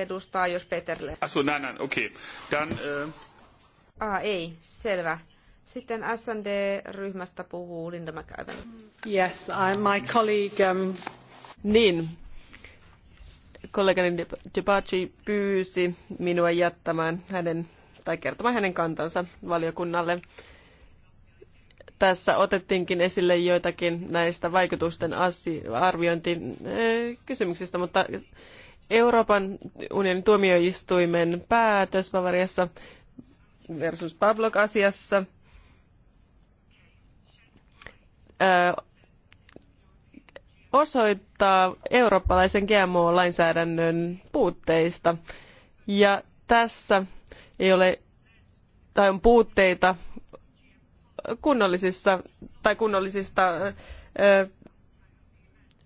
edustaa, jos Peterle. Asu, näin, näin, okei. Okay. uh... Ah, ei, selvä. Sitten SND-ryhmästä puhuu Linda McAven. Yes, I'm my colleague. Um... Niin, kollegani Debaci pyysi minua jättämään hänen tai kertomaan hänen kantansa valiokunnalle tässä otettiinkin esille joitakin näistä vaikutusten arviointikysymyksistä, mutta Euroopan unionin tuomioistuimen päätös Bavariassa versus Pavlok-asiassa osoittaa eurooppalaisen GMO-lainsäädännön puutteista. Ja tässä ei ole, tai on puutteita kunnollisissa tai kunnollisista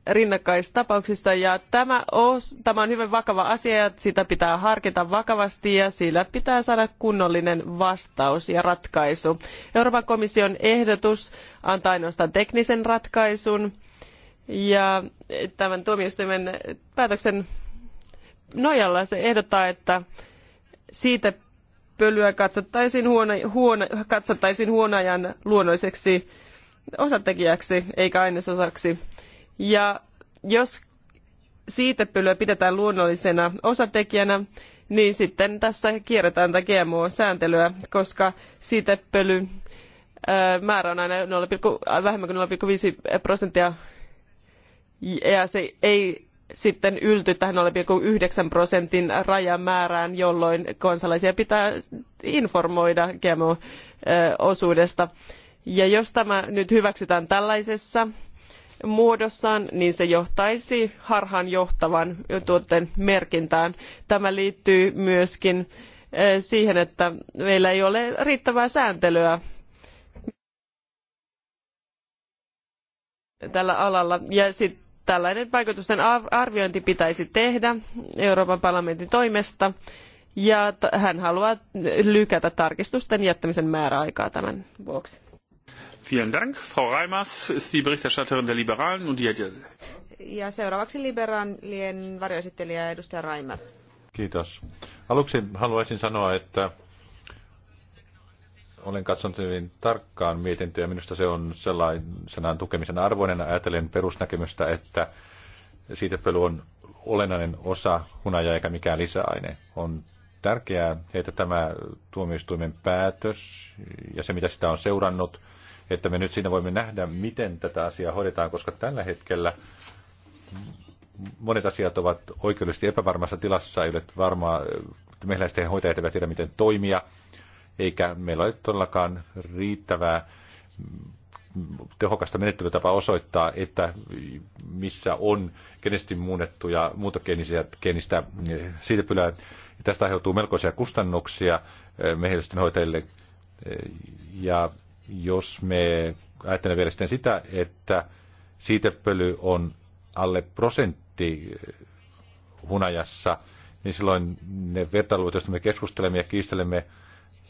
rinnakkaistapauksista ja tämä, os, tämä on hyvin vakava asia ja sitä pitää harkita vakavasti ja sillä pitää saada kunnollinen vastaus ja ratkaisu. Euroopan komission ehdotus antaa ainoastaan teknisen ratkaisun ja tämän tuomioistuimen päätöksen nojalla se ehdottaa, että siitä pölyä katsottaisiin, huono, huono, katsottaisiin huonajan luonnolliseksi osatekijäksi eikä ainesosaksi. Ja jos siitepölyä pidetään luonnollisena osatekijänä, niin sitten tässä kierretään tätä GMO-sääntelyä, koska siitepöly määrä on aina 0, vähemmän kuin 0,5 prosenttia ja se ei sitten ylty tähän 0,9 prosentin rajamäärään, jolloin kansalaisia pitää informoida GMO-osuudesta. Ja jos tämä nyt hyväksytään tällaisessa muodossaan, niin se johtaisi harhaan johtavan tuotteen merkintään. Tämä liittyy myöskin eh, siihen, että meillä ei ole riittävää sääntelyä tällä alalla. Ja sitten Tällainen vaikutusten arviointi pitäisi tehdä Euroopan parlamentin toimesta ja hän haluaa lykätä tarkistusten jättämisen määräaikaa tämän vuoksi. Vielen Dank. Frau Reimers ist die Berichterstatterin der Liberalen und die hat ja seuraavaksi liberaalien varjoesittelijä edustaja Reimers. Kiitos. Aluksi haluaisin sanoa, että olen katsonut hyvin tarkkaan mietintöä ja minusta se on sellaisenaan tukemisen arvoinen ajatellen perusnäkemystä, että siitepöly on olennainen osa hunajaa eikä mikään lisäaine. On tärkeää, että tämä tuomioistuimen päätös ja se, mitä sitä on seurannut, että me nyt siinä voimme nähdä, miten tätä asiaa hoidetaan, koska tällä hetkellä monet asiat ovat oikeudellisesti epävarmassa tilassa, ei ole varmaa, mehiläisten hoitajat eivät tiedä, miten toimia eikä meillä ole todellakaan riittävää tehokasta menettelytapaa osoittaa, että missä on muunnettu muunnettuja muutogeenisiä geenistä silpylää. Tästä aiheutuu melkoisia kustannuksia eh, mehiläisten hoitajille. Eh, ja jos me ajattelemme vielä sitten sitä, että siitepöly on alle prosentti eh, hunajassa, niin silloin ne vertailut, joista me keskustelemme ja kiistelemme,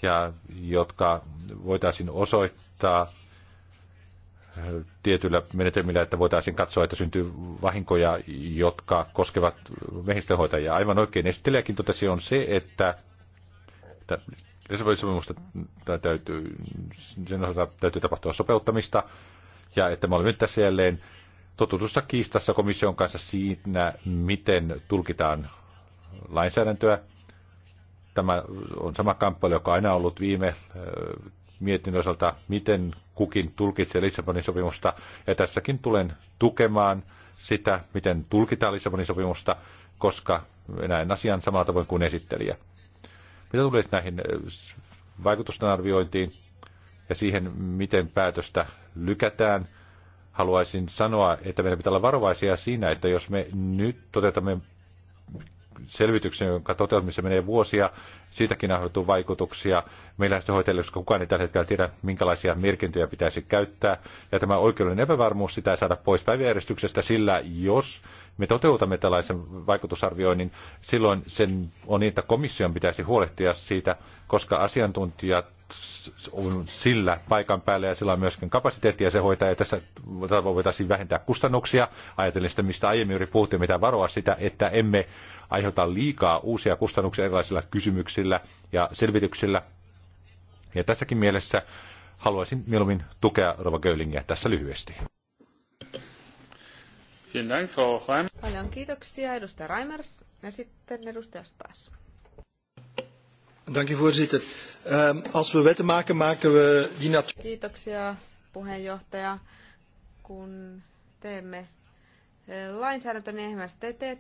ja jotka voitaisiin osoittaa tietyillä menetelmillä, että voitaisiin katsoa, että syntyy vahinkoja, jotka koskevat vehistönhoitajia. Aivan oikein esittelijäkin totesi on se, että, että Lissabonin täytyy, sen osalta täytyy tapahtua sopeuttamista, ja että me olemme nyt tässä jälleen totutusta kiistassa komission kanssa siinä, miten tulkitaan lainsäädäntöä. Tämä on sama kamppailu, joka on aina ollut viime mietin osalta, miten kukin tulkitsee Lissabonin sopimusta. Ja tässäkin tulen tukemaan sitä, miten tulkitaan Lissabonin sopimusta, koska näen asian samalla tavoin kuin esittelijä. Mitä tulee näihin vaikutusten arviointiin ja siihen, miten päätöstä lykätään, haluaisin sanoa, että meidän pitää olla varovaisia siinä, että jos me nyt toteutamme selvityksen, jonka toteutumisen menee vuosia. Siitäkin aiheutuu vaikutuksia. Meillä sitten hoitajille, koska kukaan ei tällä hetkellä tiedä, minkälaisia merkintöjä pitäisi käyttää. Ja tämä oikeudellinen epävarmuus, sitä ei saada pois päiväjärjestyksestä, sillä jos me toteutamme tällaisen vaikutusarvioinnin, silloin sen on niin, että komission pitäisi huolehtia siitä, koska asiantuntijat on sillä paikan päällä ja sillä on myöskin kapasiteettia se hoitaa ja tässä voitaisiin vähentää kustannuksia. Ajatellen sitä, mistä aiemmin juuri puhuttiin, mitä varoa sitä, että emme aiheuta liikaa uusia kustannuksia erilaisilla kysymyksillä ja selvityksillä. Ja tässäkin mielessä haluaisin mieluummin tukea Rova Göllingiä tässä lyhyesti. Paljon kiitoksia edustaja Raimers ja sitten edustaja Stas. Dank voorzitter. Ehm, als we wetten maken, maken we die Kiitoksia puheenjohtaja. Kun teemme lainsäädäntö, niin eihän sitä, tee,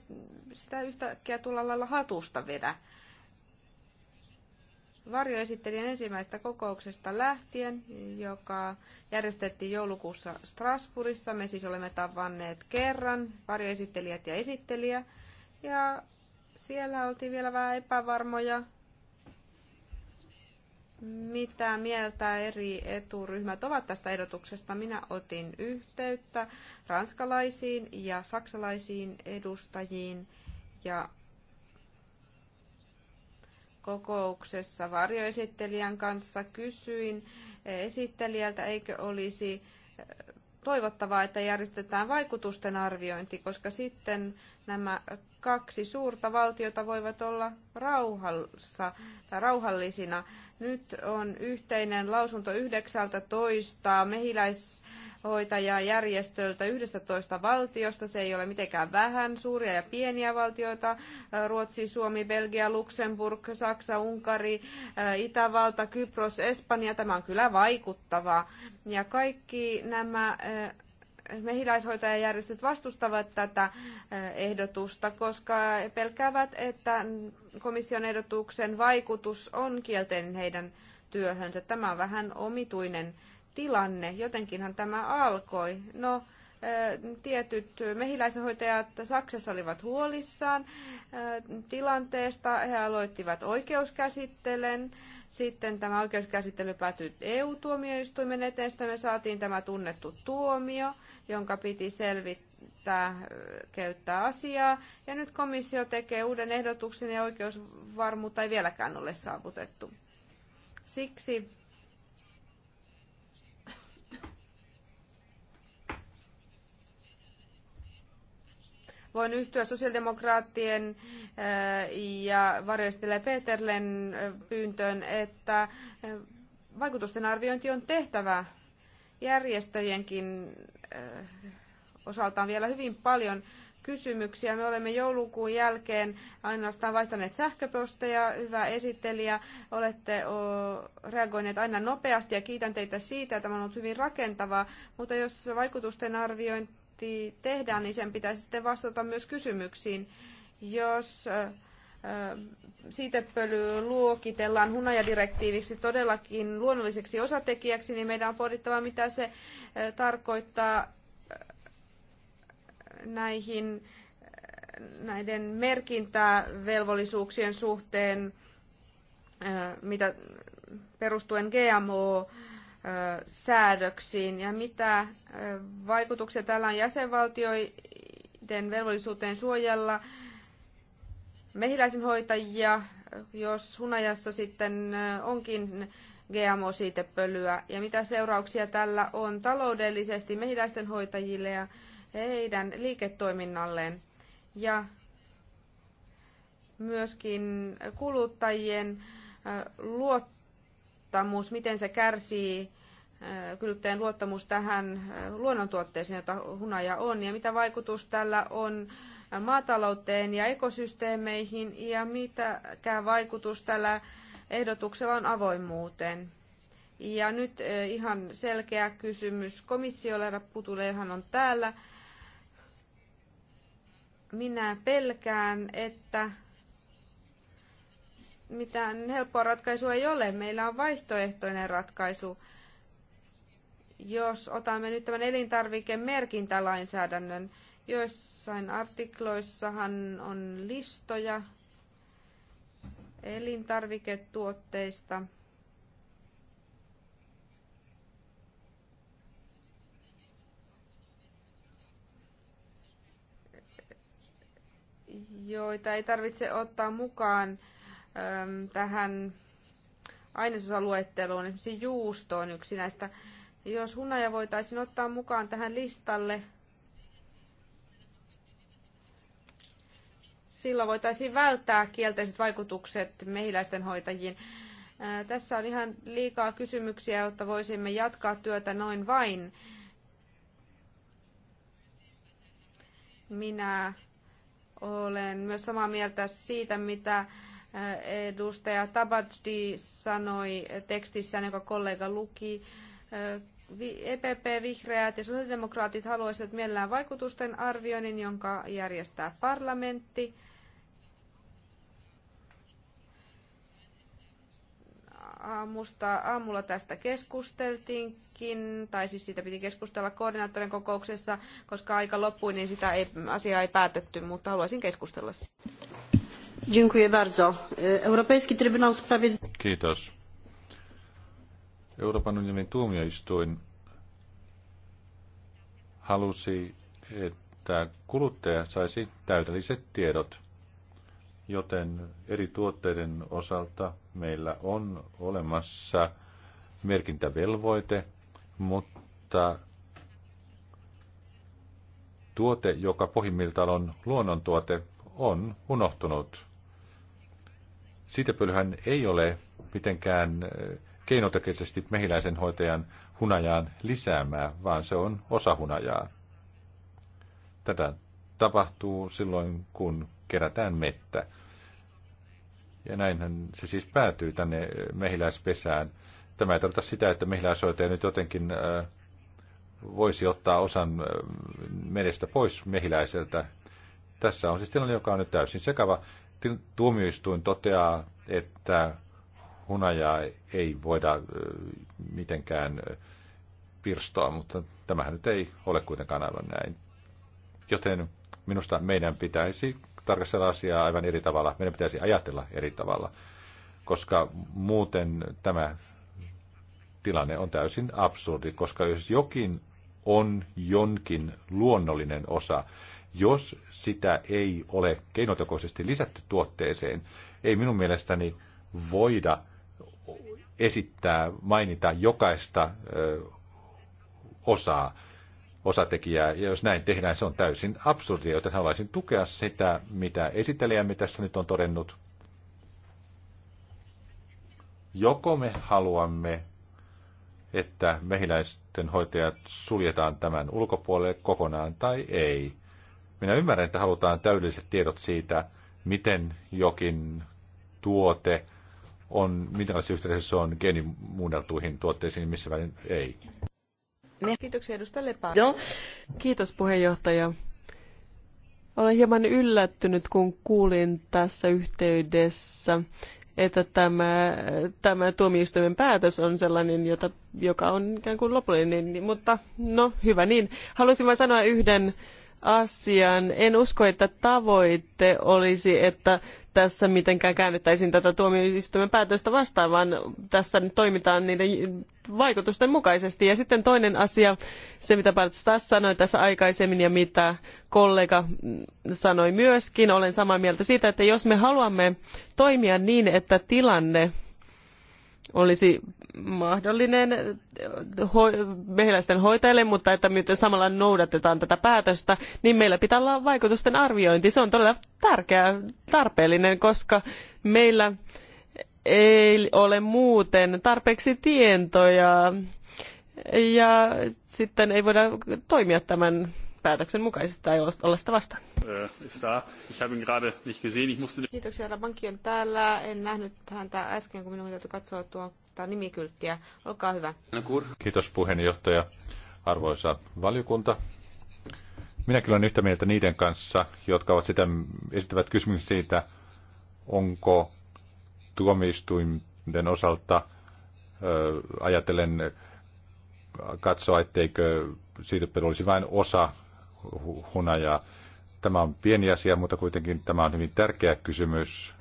sitä yhtäkkiä tulla lailla hatusta vedä. esitteli ensimmäistä kokouksesta lähtien, joka järjestettiin joulukuussa Strasbourgissa. Me siis olemme tavanneet kerran, varjoesittelijät ja esittelijä. Ja siellä oltiin vielä vähän epävarmoja mitä mieltä eri eturyhmät ovat tästä ehdotuksesta. Minä otin yhteyttä ranskalaisiin ja saksalaisiin edustajiin ja kokouksessa varjoesittelijän kanssa kysyin esittelijältä, eikö olisi toivottavaa, että järjestetään vaikutusten arviointi, koska sitten nämä kaksi suurta valtiota voivat olla rauhassa tai rauhallisina nyt on yhteinen lausunto 19 mehiläishoitajajärjestöltä 11 valtiosta. Se ei ole mitenkään vähän suuria ja pieniä valtioita. Ruotsi, Suomi, Belgia, Luxemburg, Saksa, Unkari, Itävalta, Kypros, Espanja. Tämä on kyllä vaikuttavaa. Ja kaikki nämä mehiläishoitajajärjestöt vastustavat tätä ehdotusta, koska pelkäävät, että komission ehdotuksen vaikutus on kielteinen heidän työhönsä. Tämä on vähän omituinen tilanne. Jotenkinhan tämä alkoi. No, tietyt mehiläisenhoitajat Saksassa olivat huolissaan tilanteesta. He aloittivat oikeuskäsittelen sitten tämä oikeuskäsittely päätyi EU-tuomioistuimen eteen. Sitten me saatiin tämä tunnettu tuomio, jonka piti selvittää, käyttää asiaa. Ja nyt komissio tekee uuden ehdotuksen ja oikeusvarmuutta ei vieläkään ole saavutettu. Siksi Voin yhtyä sosiaalidemokraattien eh, ja varjostille Peterlen eh, pyyntöön, että eh, vaikutusten arviointi on tehtävä järjestöjenkin osaltaan vielä hyvin paljon kysymyksiä. Me olemme joulukuun jälkeen ainoastaan vaihtaneet sähköposteja. Hyvä esittelijä, olette reagoineet aina nopeasti ja kiitän teitä siitä. että Tämä on ollut hyvin rakentavaa, mutta jos vaikutusten arviointi ti tehdään, niin sen pitäisi sitten vastata myös kysymyksiin. Jos siitepöly luokitellaan hunajadirektiiviksi todellakin luonnolliseksi osatekijäksi, niin meidän on pohdittava, mitä se tarkoittaa näihin näiden merkintävelvollisuuksien suhteen, mitä perustuen GMO säädöksiin ja mitä vaikutuksia tällä on jäsenvaltioiden velvollisuuteen suojella mehiläisenhoitajia, jos hunajassa sitten onkin GMO-siitepölyä ja mitä seurauksia tällä on taloudellisesti mehiläisten hoitajille ja heidän liiketoiminnalleen ja myöskin kuluttajien luottamuksen luottamus, miten se kärsii kuluttajan luottamus tähän luonnontuotteeseen, jota hunaja on, ja mitä vaikutus tällä on maatalouteen ja ekosysteemeihin, ja mitä vaikutus tällä ehdotuksella on avoimuuteen. Ja nyt ihan selkeä kysymys komissiolle, Rapputulehan on täällä. Minä pelkään, että mitään helppoa ratkaisua ei ole. Meillä on vaihtoehtoinen ratkaisu. Jos otamme nyt tämän elintarvikemerkintälainsäädännön, joissain artikloissahan on listoja elintarviketuotteista. joita ei tarvitse ottaa mukaan Ähm, tähän ainesosaluetteloon, esimerkiksi juusto on yksi näistä. Jos hunaja voitaisiin ottaa mukaan tähän listalle, silloin voitaisiin välttää kielteiset vaikutukset mehiläisten hoitajiin. Äh, tässä on ihan liikaa kysymyksiä, jotta voisimme jatkaa työtä noin vain. Minä olen myös samaa mieltä siitä, mitä Edustaja Tabajdi sanoi tekstissään, joka kollega luki, EPP, Vihreät ja sosiaalidemokraatit haluaisivat mielellään vaikutusten arvioinnin, jonka järjestää parlamentti. Aamusta, aamulla tästä keskusteltiinkin, tai siis siitä piti keskustella koordinaattorin kokouksessa, koska aika loppui, niin sitä ei, asiaa ei päätetty, mutta haluaisin keskustella siitä. Dziękuję Trybunał Sprawiedliwości... Kiitos. Euroopan unionin tuomioistuin halusi, että kuluttaja saisi täydelliset tiedot, joten eri tuotteiden osalta meillä on olemassa merkintävelvoite, mutta tuote, joka pohjimmiltaan on luonnontuote, on unohtunut. Siitepölyhän ei ole mitenkään äh, keinotekisesti mehiläisen hoitajan hunajaan lisäämää, vaan se on osa hunajaa. Tätä tapahtuu silloin, kun kerätään mettä. Ja näinhän se siis päätyy tänne mehiläispesään. Tämä ei tarkoita sitä, että mehiläishoitaja nyt jotenkin äh, voisi ottaa osan äh, merestä pois mehiläiseltä. Tässä on siis tilanne, joka on nyt täysin sekava tuomioistuin toteaa, että hunajaa ei voida mitenkään pirstoa, mutta tämähän nyt ei ole kuitenkaan aivan näin. Joten minusta meidän pitäisi tarkastella asiaa aivan eri tavalla. Meidän pitäisi ajatella eri tavalla, koska muuten tämä tilanne on täysin absurdi, koska jos jokin on jonkin luonnollinen osa, jos sitä ei ole keinotekoisesti lisätty tuotteeseen, ei minun mielestäni voida esittää, mainita jokaista ö, osaa, osatekijää. Ja jos näin tehdään, se on täysin absurdia, joten haluaisin tukea sitä, mitä esittelijämme tässä nyt on todennut. Joko me haluamme, että mehiläisten hoitajat suljetaan tämän ulkopuolelle kokonaan tai ei – minä ymmärrän, että halutaan täydelliset tiedot siitä, miten jokin tuote on, minkälaisessa yhteydessä se on geenimuunneltuihin tuotteisiin, missä välin ei. Kiitoksia edustaja Lepää. Kiitos puheenjohtaja. Olen hieman yllättynyt, kun kuulin tässä yhteydessä, että tämä, tämä tuomioistuimen päätös on sellainen, jota, joka on ikään kuin lopullinen, niin, mutta no hyvä niin. Haluaisin vain sanoa yhden asian. En usko, että tavoite olisi, että tässä mitenkään käännettäisiin tätä tuomioistuimen päätöstä vastaan, vaan tässä nyt toimitaan niiden vaikutusten mukaisesti. Ja sitten toinen asia, se mitä Bartos sanoi tässä aikaisemmin ja mitä kollega sanoi myöskin, olen samaa mieltä siitä, että jos me haluamme toimia niin, että tilanne olisi mahdollinen eh, ho- mehiläisten hoitajille, mutta että miten samalla noudatetaan tätä päätöstä, niin meillä pitää olla vaikutusten arviointi. Se on todella tärkeä, tarpeellinen, koska meillä ei ole muuten tarpeeksi tietoja ja sitten ei voida toimia tämän päätöksen mukaisesti tai olla sitä vastaan. Äh, Kiitoksia, herra pankki on täällä. En nähnyt häntä äsken, kun minun täytyy katsoa tuota nimikylttiä. Olkaa hyvä. Kiitos puheenjohtaja. Arvoisa valiokunta, minä kyllä olen yhtä mieltä niiden kanssa, jotka ovat sitä, esittävät kysymyksen siitä, onko tuomioistuinten osalta ö, ajatellen katsoa, etteikö siitä olisi vain osa ja Tämä on pieni asia, mutta kuitenkin tämä on hyvin tärkeä kysymys.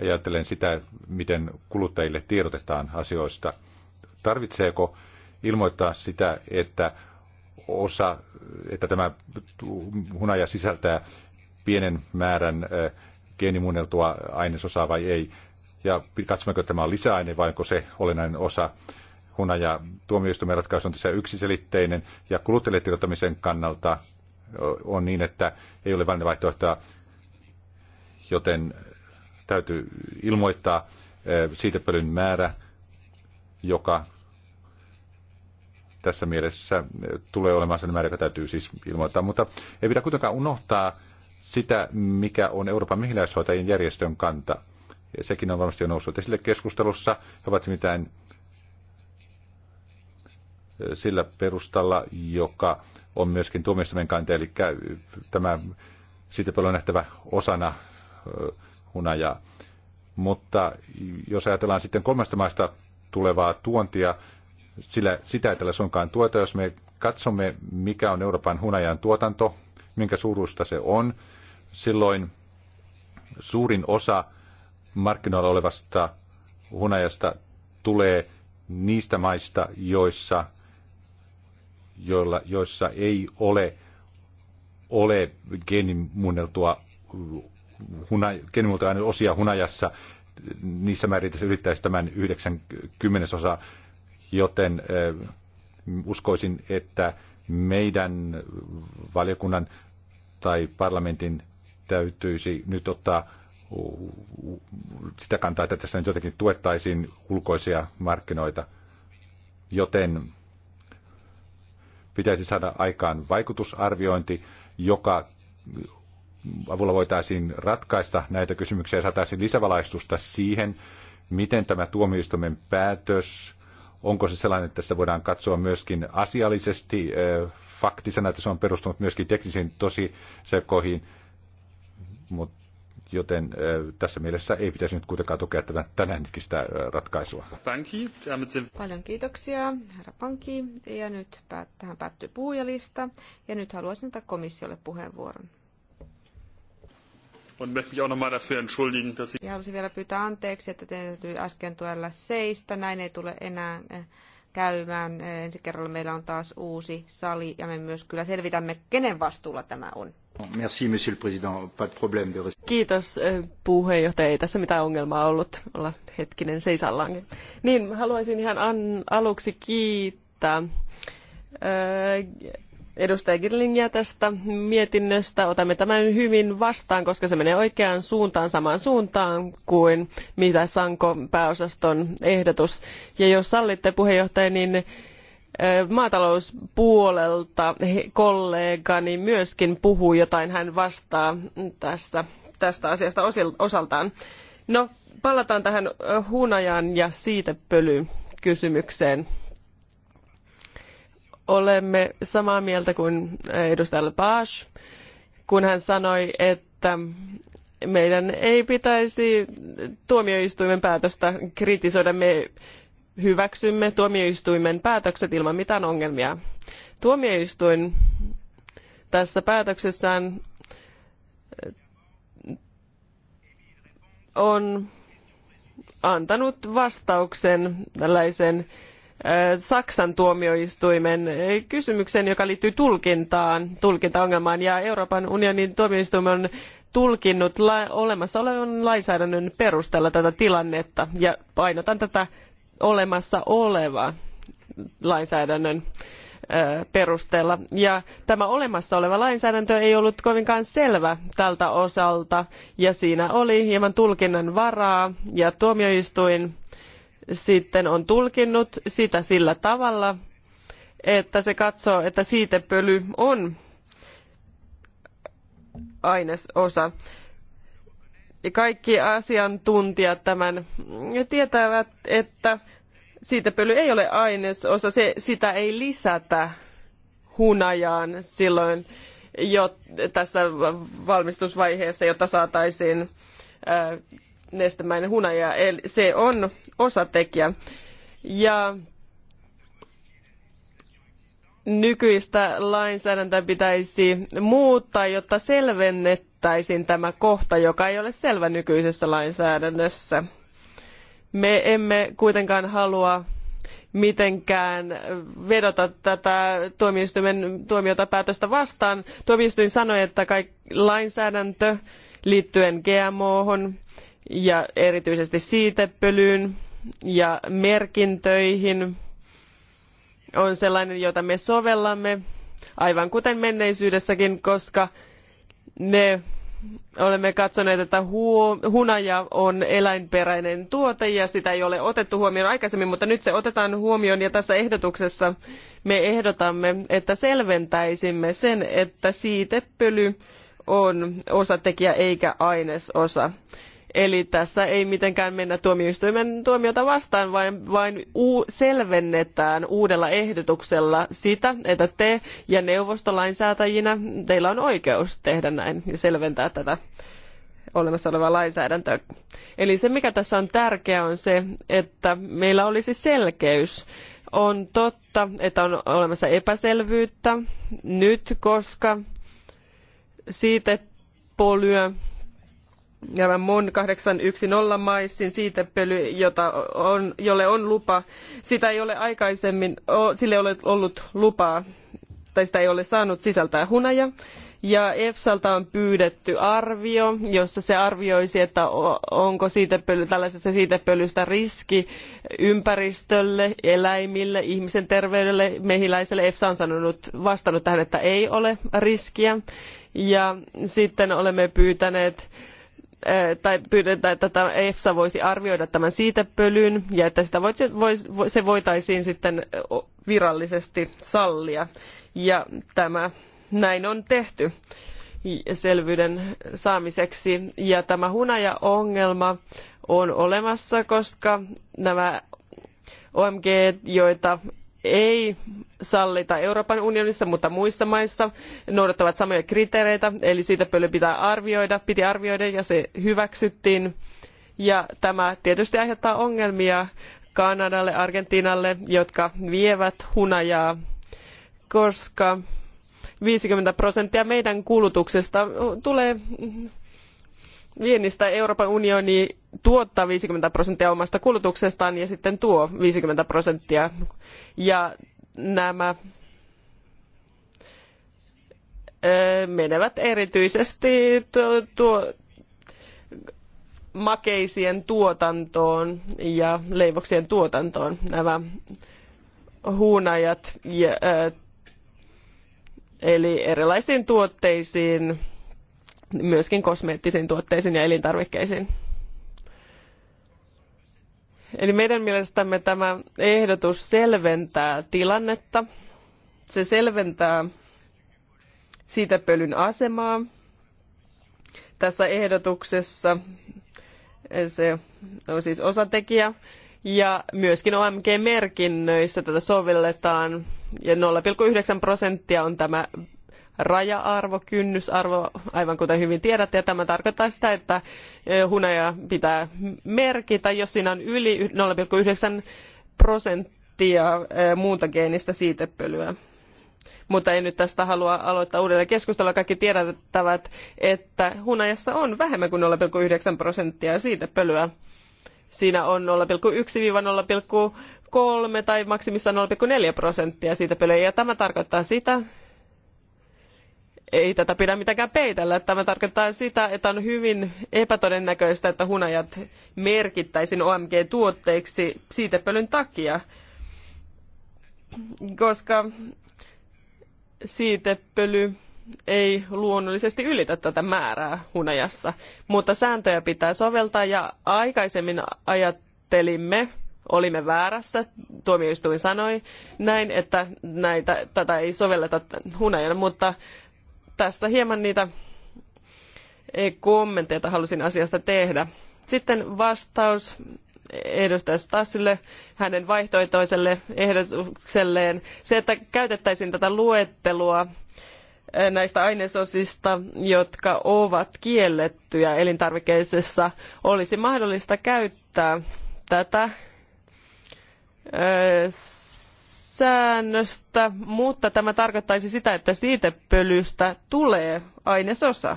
Ajattelen sitä, miten kuluttajille tiedotetaan asioista. Tarvitseeko ilmoittaa sitä, että osa, että tämä hunaja sisältää pienen määrän geenimuunneltua ainesosaa vai ei. Ja katsommeko, tämä on lisäaine vai onko se olennainen osa hunaja tuomioistuimen ratkaisu on tässä yksiselitteinen ja kuluttajille kannalta on niin, että ei ole välinen joten täytyy ilmoittaa siitepölyn määrä, joka tässä mielessä tulee olemaan sen määrä, joka täytyy siis ilmoittaa. Mutta ei pidä kuitenkaan unohtaa sitä, mikä on Euroopan mehiläishoitajien järjestön kanta. Sekin on varmasti jo noussut esille keskustelussa. He ovat mitään sillä perustalla, joka on myöskin tuomioistuimen kanteen, eli tämä siitä paljon nähtävä osana hunajaa. Mutta jos ajatellaan sitten kolmesta maista tulevaa tuontia, sillä, sitä ei tällä suinkaan tuota. Jos me katsomme, mikä on Euroopan hunajan tuotanto, minkä suuruista se on, silloin suurin osa markkinoilla olevasta hunajasta tulee niistä maista, joissa joilla, joissa ei ole, ole geenimuunneltua huna, geenimuunneltua osia hunajassa, niissä määrin ylittäisi tämän 90 osa, joten äh, uskoisin, että meidän valiokunnan tai parlamentin täytyisi nyt ottaa sitä kantaa, että tässä nyt jotenkin tuettaisiin ulkoisia markkinoita. Joten Pitäisi saada aikaan vaikutusarviointi, joka avulla voitaisiin ratkaista näitä kysymyksiä ja saataisiin lisävalaistusta siihen, miten tämä tuomioistuimen päätös, onko se sellainen, että sitä voidaan katsoa myöskin asiallisesti, faktisena, että se on perustunut myöskin teknisiin sekoihin, mutta joten tässä mielessä ei pitäisi nyt kuitenkaan tukea tätä sitä ratkaisua. Pankki, Paljon kiitoksia, herra Pankki. Ja nyt tähän päättyy puhujalista. Ja nyt haluaisin antaa komissiolle puheenvuoron. Ja haluaisin vielä pyytää anteeksi, että teidän täytyy äsken tuella seistä. Näin ei tule enää käymään. Ensi kerralla meillä on taas uusi sali ja me myös kyllä selvitämme, kenen vastuulla tämä on. Merci, monsieur le président. Pas de problème de... Kiitos eh, puheenjohtaja. Ei tässä mitään ongelmaa ollut olla hetkinen seisallaan. Niin, haluaisin ihan an- aluksi kiittää eh, edustaja Girlingiä tästä mietinnöstä. Otamme tämän hyvin vastaan, koska se menee oikeaan suuntaan, samaan suuntaan kuin mitä Sanko pääosaston ehdotus. Ja jos sallitte puheenjohtaja, niin maatalouspuolelta kollegani myöskin puhuu jotain, hän vastaa tästä, tästä asiasta osaltaan. No, palataan tähän hunajan ja siitepöly kysymykseen. Olemme samaa mieltä kuin edustaja Lepage, kun hän sanoi, että meidän ei pitäisi tuomioistuimen päätöstä kritisoida. Me hyväksymme tuomioistuimen päätökset ilman mitään ongelmia. Tuomioistuin tässä päätöksessään eh, on antanut vastauksen tällaisen eh, Saksan tuomioistuimen eh, kysymykseen, joka liittyy tulkintaan, tulkintaongelmaan, ja Euroopan unionin tuomioistuin on tulkinnut olemassa olevan lainsäädännön perusteella tätä tilannetta, ja painotan tätä olemassa oleva lainsäädännön perusteella. Ja tämä olemassa oleva lainsäädäntö ei ollut kovinkaan selvä tältä osalta ja siinä oli hieman tulkinnan varaa ja tuomioistuin sitten on tulkinnut sitä sillä tavalla, että se katsoo, että siitepöly on ainesosa kaikki asiantuntijat tämän tietävät, että siitepöly ei ole ainesosa, se, sitä ei lisätä hunajaan silloin jo tässä valmistusvaiheessa, jotta saataisiin nestemäinen hunaja. Eli se on osatekijä. Ja nykyistä lainsäädäntöä pitäisi muuttaa, jotta selvennettäisiin tämä kohta, joka ei ole selvä nykyisessä lainsäädännössä. Me emme kuitenkaan halua mitenkään vedota tätä tuomioistuimen tuomiota päätöstä vastaan. Tuomioistuin sanoi, että kaikki lainsäädäntö liittyen GMOhon ja erityisesti siitepölyyn ja merkintöihin on sellainen, jota me sovellamme, aivan kuten menneisyydessäkin, koska me olemme katsoneet, että hunaja on eläinperäinen tuote ja sitä ei ole otettu huomioon aikaisemmin, mutta nyt se otetaan huomioon ja tässä ehdotuksessa me ehdotamme, että selventäisimme sen, että siitepöly on osatekijä eikä ainesosa. Eli tässä ei mitenkään mennä tuomioistuimen tuomiota vastaan, vaan vain u- selvennetään uudella ehdotuksella sitä, että te ja neuvostolainsäätäjinä teillä on oikeus tehdä näin ja selventää tätä olemassa olevaa lainsäädäntöä. Eli se, mikä tässä on tärkeää, on se, että meillä olisi selkeys on totta, että on olemassa epäselvyyttä nyt, koska siitä polya nämä MON 810 maissin siitepöly, jota on, jolle on lupa, sitä ei ole aikaisemmin, sille ei ole ollut lupaa tai sitä ei ole saanut sisältää hunaja. Ja EFSAlta on pyydetty arvio, jossa se arvioisi, että onko siitepöly, tällaisesta siitepölystä riski ympäristölle, eläimille, ihmisen terveydelle, mehiläiselle. EFSA on sanonut, vastannut tähän, että ei ole riskiä. Ja sitten olemme pyytäneet Äh, tai pyydetään, että tämä EFSA voisi arvioida tämän siitepölyn ja että sitä voit, se voitaisiin sitten virallisesti sallia. Ja tämä näin on tehty selvyyden saamiseksi. Ja tämä hunaja-ongelma on olemassa, koska nämä OMG, joita ei sallita Euroopan unionissa, mutta muissa maissa noudattavat samoja kriteereitä, eli siitä pitää arvioida, piti arvioida ja se hyväksyttiin. Ja tämä tietysti aiheuttaa ongelmia Kanadalle, Argentiinalle, jotka vievät hunajaa, koska 50 prosenttia meidän kulutuksesta tulee viennistä Euroopan unioni tuottaa 50 prosenttia omasta kulutuksestaan ja sitten tuo 50 prosenttia. Ja nämä menevät erityisesti tuo, tuo, makeisien tuotantoon ja leivoksien tuotantoon nämä huunajat, ja, eli erilaisiin tuotteisiin myöskin kosmeettisiin tuotteisiin ja elintarvikkeisiin. Eli meidän mielestämme tämä ehdotus selventää tilannetta. Se selventää siitä pölyn asemaa tässä ehdotuksessa. Se on siis osatekijä. Ja myöskin OMG-merkinnöissä tätä sovelletaan. Ja 0,9 prosenttia on tämä raja-arvo, kynnysarvo, aivan kuten hyvin tiedätte. Ja tämä tarkoittaa sitä, että e, hunaja pitää merkitä, jos siinä on yli 0,9 prosenttia e, muuta geenistä siitepölyä. Mutta en nyt tästä halua aloittaa uudelleen keskustelua. Kaikki tiedättävät, että hunajassa on vähemmän kuin 0,9 prosenttia siitepölyä. Siinä on 0,1-0,3 tai maksimissaan 0,4 prosenttia siitepölyä. Ja tämä tarkoittaa sitä, ei tätä pidä mitenkään peitellä. Tämä tarkoittaa sitä, että on hyvin epätodennäköistä, että hunajat merkittäisiin OMG-tuotteiksi siitepölyn takia, koska siitepöly ei luonnollisesti ylitä tätä määrää hunajassa, mutta sääntöjä pitää soveltaa ja aikaisemmin ajattelimme, olimme väärässä, tuomioistuin sanoi näin, että näitä, tätä ei sovelleta hunajan, mutta tässä hieman niitä eh, kommentteja, joita halusin asiasta tehdä. Sitten vastaus edustaja Stassille, hänen vaihtoehtoiselle ehdotukselleen. Se, että käytettäisiin tätä luettelua eh, näistä ainesosista, jotka ovat kiellettyjä elintarvikeisessa, olisi mahdollista käyttää tätä eh, säännöstä, mutta tämä tarkoittaisi sitä, että siitepölystä tulee ainesosa.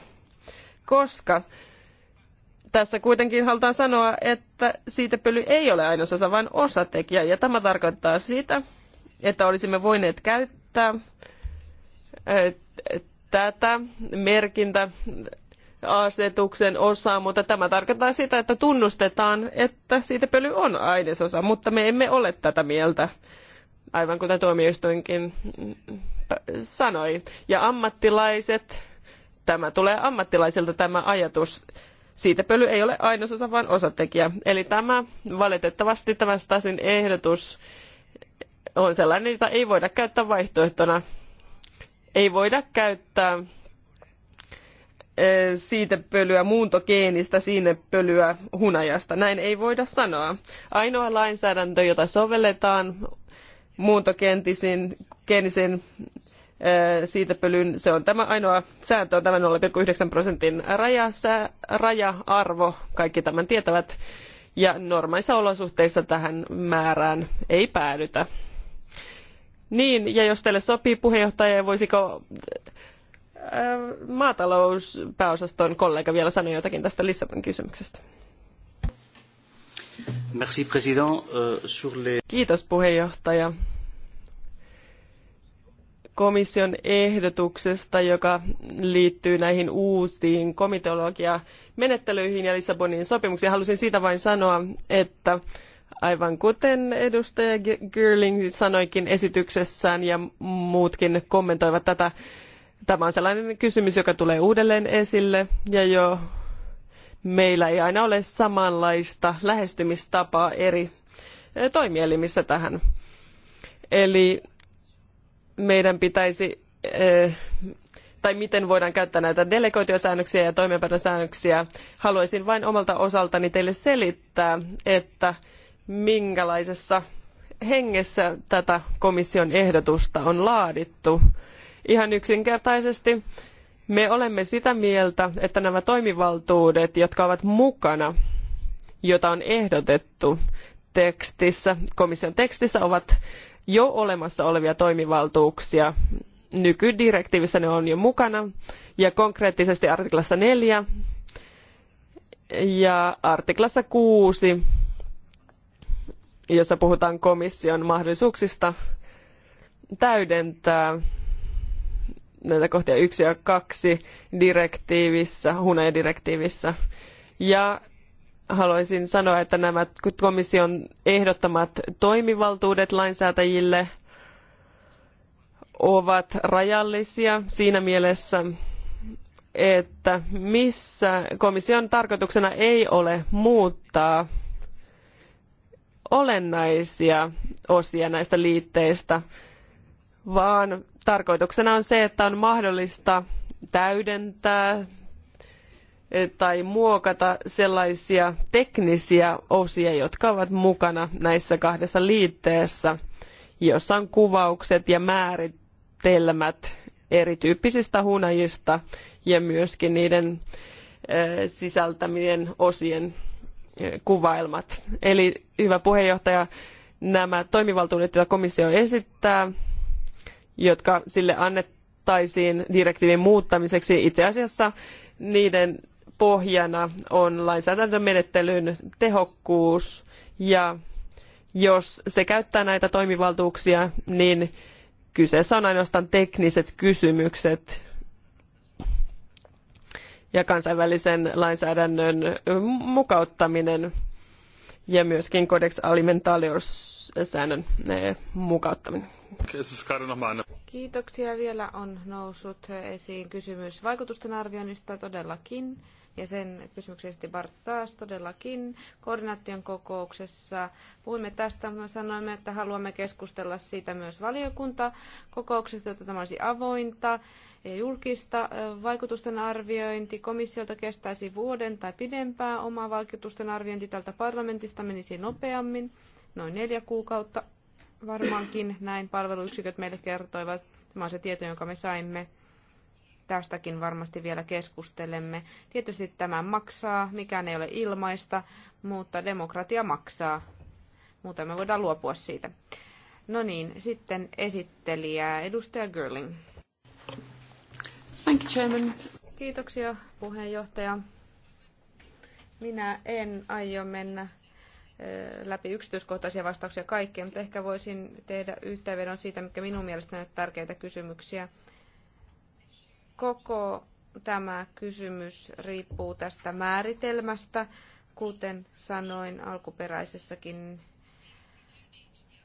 Koska tässä kuitenkin halutaan sanoa, että siitepöly ei ole ainesosa, vaan osatekijä. Ja tämä tarkoittaa sitä, että olisimme voineet käyttää äh, tätä merkintä asetuksen osaa, mutta tämä tarkoittaa sitä, että tunnustetaan, että siitepöly on ainesosa, mutta me emme ole tätä mieltä aivan kuten tuomioistuinkin mm, mm, sanoi. Ja ammattilaiset, tämä tulee ammattilaisilta tämä ajatus, siitepöly ei ole ainoastaan vaan osatekijä. Eli tämä valitettavasti tämä Stasin ehdotus on sellainen, jota ei voida käyttää vaihtoehtona. Ei voida käyttää e, siitepölyä, muuntogeenistä pölyä hunajasta. Näin ei voida sanoa. Ainoa lainsäädäntö, jota sovelletaan, muuntogeenisen geenisen, siitepölyn. Se on tämä ainoa sääntö on tämä 0,9 prosentin raja, raja-arvo. Kaikki tämän tietävät. Ja normaissa olosuhteissa tähän määrään ei päädytä. Niin, ja jos teille sopii puheenjohtaja, voisiko maatalouspääosaston kollega vielä sanoa jotakin tästä Lissabon kysymyksestä? Merci, président. Euh, sur les... Kiitos puheenjohtaja komission ehdotuksesta, joka liittyy näihin uusiin menettelyihin ja Lissabonin sopimuksiin. Halusin siitä vain sanoa, että aivan kuten edustaja Girling sanoikin esityksessään ja muutkin kommentoivat tätä, tämä on sellainen kysymys, joka tulee uudelleen esille ja jo meillä ei aina ole samanlaista lähestymistapaa eri eh, toimielimissä tähän. Eli meidän pitäisi, eh, tai miten voidaan käyttää näitä delegoitiosäännöksiä ja toimeenpanosäännöksiä. Haluaisin vain omalta osaltani teille selittää, että minkälaisessa hengessä tätä komission ehdotusta on laadittu. Ihan yksinkertaisesti me olemme sitä mieltä, että nämä toimivaltuudet, jotka ovat mukana, jota on ehdotettu tekstissä, komission tekstissä, ovat jo olemassa olevia toimivaltuuksia. Nykydirektiivissä ne on jo mukana ja konkreettisesti artiklassa 4 ja artiklassa 6, jossa puhutaan komission mahdollisuuksista täydentää näitä kohtia yksi ja kaksi direktiivissä, HUNE-direktiivissä. Ja haluaisin sanoa, että nämä komission ehdottamat toimivaltuudet lainsäätäjille ovat rajallisia siinä mielessä, että missä komission tarkoituksena ei ole muuttaa olennaisia osia näistä liitteistä, vaan Tarkoituksena on se, että on mahdollista täydentää eh, tai muokata sellaisia teknisiä osia, jotka ovat mukana näissä kahdessa liitteessä, jossa on kuvaukset ja määritelmät erityyppisistä hunajista ja myöskin niiden eh, sisältämien osien eh, kuvaelmat. Eli hyvä puheenjohtaja, nämä toimivaltuudet, joita komissio esittää, jotka sille annettaisiin direktiivin muuttamiseksi. Itse asiassa niiden pohjana on lainsäädäntömenettelyn tehokkuus ja jos se käyttää näitä toimivaltuuksia, niin kyseessä on ainoastaan tekniset kysymykset ja kansainvälisen lainsäädännön mukauttaminen ja myöskin Codex Alimentarius-säännön eh, mukauttaminen. Kiitoksia. Vielä on noussut esiin kysymys vaikutusten arvioinnista todellakin. Ja sen kysymyksen esitti Bart taas todellakin koordinaation kokouksessa. Puhuimme tästä, mutta sanoimme, että haluamme keskustella siitä myös valiokuntakokouksesta, jotta tämä olisi avointa ja julkista. Vaikutusten arviointi komissiolta kestäisi vuoden tai pidempään. Oma vaikutusten arviointi tältä parlamentista menisi nopeammin, noin neljä kuukautta varmaankin näin palveluyksiköt meille kertoivat. Tämä on se tieto, jonka me saimme. Tästäkin varmasti vielä keskustelemme. Tietysti tämä maksaa, mikään ei ole ilmaista, mutta demokratia maksaa. Muuten me voidaan luopua siitä. No niin, sitten esittelijä, edustaja Girling. Thank you, Chairman. Kiitoksia, puheenjohtaja. Minä en aio mennä läpi yksityiskohtaisia vastauksia kaikkeen, mutta ehkä voisin tehdä yhteenvedon siitä, mikä minun mielestäni on tärkeitä kysymyksiä. Koko tämä kysymys riippuu tästä määritelmästä, kuten sanoin alkuperäisessäkin